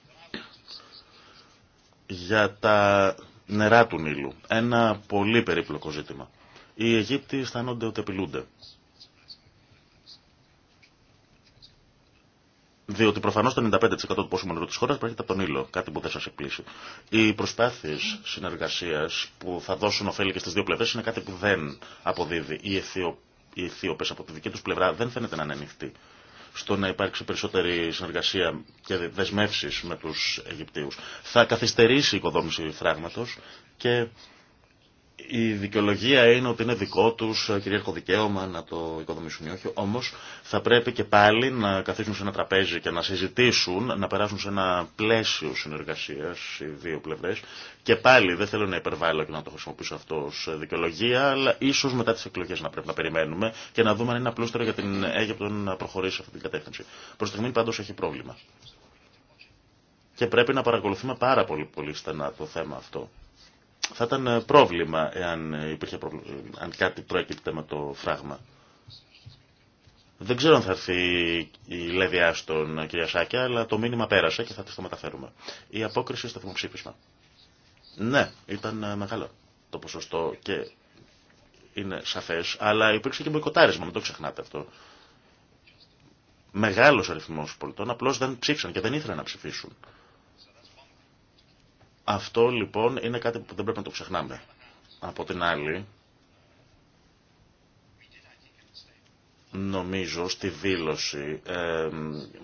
Για τα νερά του Νείλου. Ένα πολύ περίπλοκο ζήτημα. Οι Αιγύπτιοι αισθάνονται ότι απειλούνται Διότι προφανώ το 95% του πόσου νερού τη χώρα προέρχεται από τον ήλιο, κάτι που δεν σα εκπλήσει. Οι προσπάθειε συνεργασία που θα δώσουν ωφέλη και στι δύο πλευρέ είναι κάτι που δεν αποδίδει. Οι, Αιθιο... από τη δική του πλευρά δεν φαίνεται να είναι ανοιχτοί στο να υπάρξει περισσότερη συνεργασία και δεσμεύσει με του Αιγυπτίου. Θα καθυστερήσει η οικοδόμηση φράγματο και η δικαιολογία είναι ότι είναι δικό τους ε, κυρίαρχο δικαίωμα να το οικοδομήσουν ή όχι, όμως θα πρέπει και πάλι να καθίσουν σε ένα τραπέζι και να συζητήσουν, να περάσουν σε ένα πλαίσιο συνεργασίας οι δύο πλευρές και πάλι δεν θέλω να υπερβάλλω και να το χρησιμοποιήσω αυτό ως δικαιολογία, αλλά ίσως μετά τις εκλογές να πρέπει να περιμένουμε και να δούμε αν είναι απλούστερο για την Αίγυπτο να προχωρήσει αυτή την κατεύθυνση. Προς τη στιγμή πάντως έχει πρόβλημα. Και πρέπει να παρακολουθούμε πάρα πολύ, πολύ στενά το θέμα αυτό θα ήταν ε, πρόβλημα εάν, υπήρχε πρόβλημα, αν κάτι προέκυπτε με το φράγμα. Δεν ξέρω αν θα έρθει η Λέδη στον ε, κυρία Σάκια, αλλά το μήνυμα πέρασε και θα τη το μεταφέρουμε. Η απόκριση στο δημοψήφισμα. Ναι, ήταν ε, μεγάλο το ποσοστό και είναι σαφές, αλλά υπήρξε και μοικοτάρισμα, μην το ξεχνάτε αυτό. Μεγάλος αριθμός πολιτών απλώς δεν ψήφισαν και δεν ήθελαν να ψηφίσουν. Αυτό λοιπόν είναι κάτι που δεν πρέπει να το ξεχνάμε. Από την άλλη, νομίζω στη δήλωση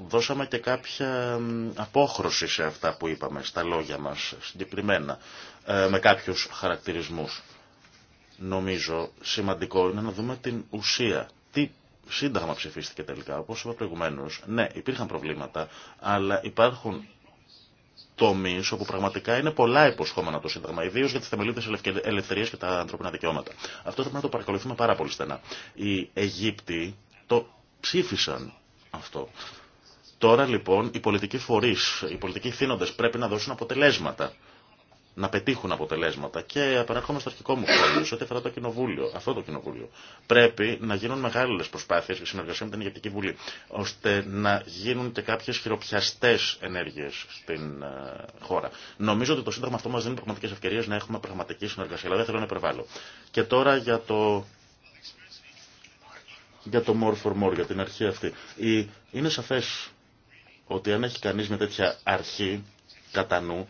δώσαμε και κάποια απόχρωση σε αυτά που είπαμε, στα λόγια μας συγκεκριμένα, ε, με κάποιους χαρακτηρισμούς. Νομίζω σημαντικό είναι να δούμε την ουσία. Τι σύνταγμα ψηφίστηκε τελικά, όπως είπα προηγουμένως. Ναι, υπήρχαν προβλήματα, αλλά υπάρχουν τομεί όπου πραγματικά είναι πολλά υποσχόμενα το Σύνταγμα, ιδίω για τι θεμελίδε ελευθερία και τα ανθρώπινα δικαιώματα. Αυτό πρέπει να το παρακολουθούμε πάρα πολύ στενά. Οι Αιγύπτιοι το ψήφισαν αυτό. Τώρα λοιπόν οι πολιτικοί φορεί, οι πολιτικοί θύνοντε πρέπει να δώσουν αποτελέσματα να πετύχουν αποτελέσματα. Και επανέρχομαι στο αρχικό μου σχόλιο, σε ό,τι αφορά το κοινοβούλιο, αυτό το κοινοβούλιο. Πρέπει να γίνουν μεγάλε προσπάθειε και συνεργασία με την Ηγετική Βουλή, ώστε να γίνουν και κάποιε χειροπιαστέ ενέργειε στην ε, χώρα. Νομίζω ότι το Σύνταγμα αυτό μα δίνει πραγματικέ ευκαιρίε να έχουμε πραγματική συνεργασία, αλλά δεν θέλω να υπερβάλλω. Και τώρα για το για το more for more, για την αρχή αυτή. Είναι σαφές ότι αν έχει κανεί μια τέτοια αρχή κατά νου,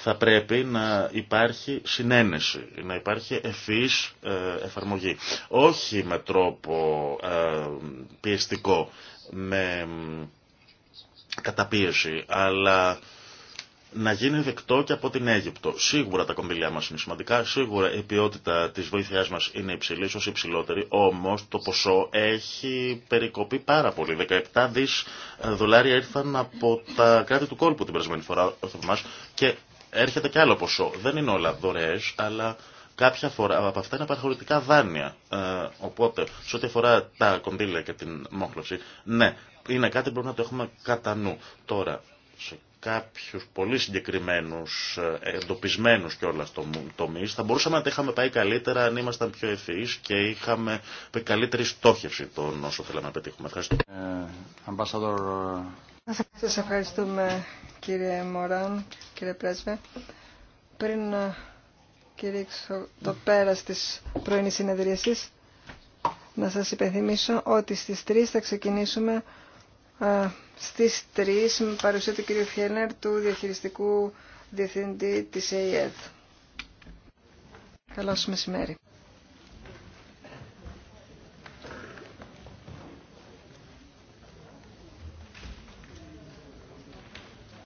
θα πρέπει να υπάρχει συνένεση, να υπάρχει ευφύς ε, εφαρμογή. Όχι με τρόπο ε, πιεστικό, με καταπίεση, αλλά να γίνει δεκτό και από την Αίγυπτο. Σίγουρα τα κονδυλιά μας είναι σημαντικά, σίγουρα η ποιότητα της βοήθειάς μας είναι υψηλή, ίσως υψηλότερη, όμως το ποσό έχει περικοπεί πάρα πολύ. 17 δις ε, δολάρια ήρθαν από τα κράτη του κόλπου την περασμένη φορά ο και έρχεται και άλλο ποσό. Δεν είναι όλα δωρεέ, αλλά κάποια φορά από αυτά είναι παραχωρητικά δάνεια. Ε, οπότε, σε ό,τι αφορά τα κονδύλια και την μόχλωση, ναι, είναι κάτι που μπορούμε να το έχουμε κατά νου. Τώρα, σε κάποιους πολύ συγκεκριμένου, ε, εντοπισμένου κιόλα τομεί, θα μπορούσαμε να τα είχαμε πάει καλύτερα αν ήμασταν πιο ευφυεί και είχαμε καλύτερη στόχευση των όσων θέλαμε να πετύχουμε. Ευχαριστώ. Ε, σας ευχαριστούμε κύριε Μωράν, κύριε Πρέσβε. Πριν να ε, κηρύξω το πέρας της πρωινής συνεδρίασης, να σας υπενθυμίσω ότι στις 3 θα ξεκινήσουμε ε, στις 3 με παρουσία του κύριου Φιένερ του Διαχειριστικού Διευθυντή της ΕΙΕΔ. Καλώς μεσημέρι.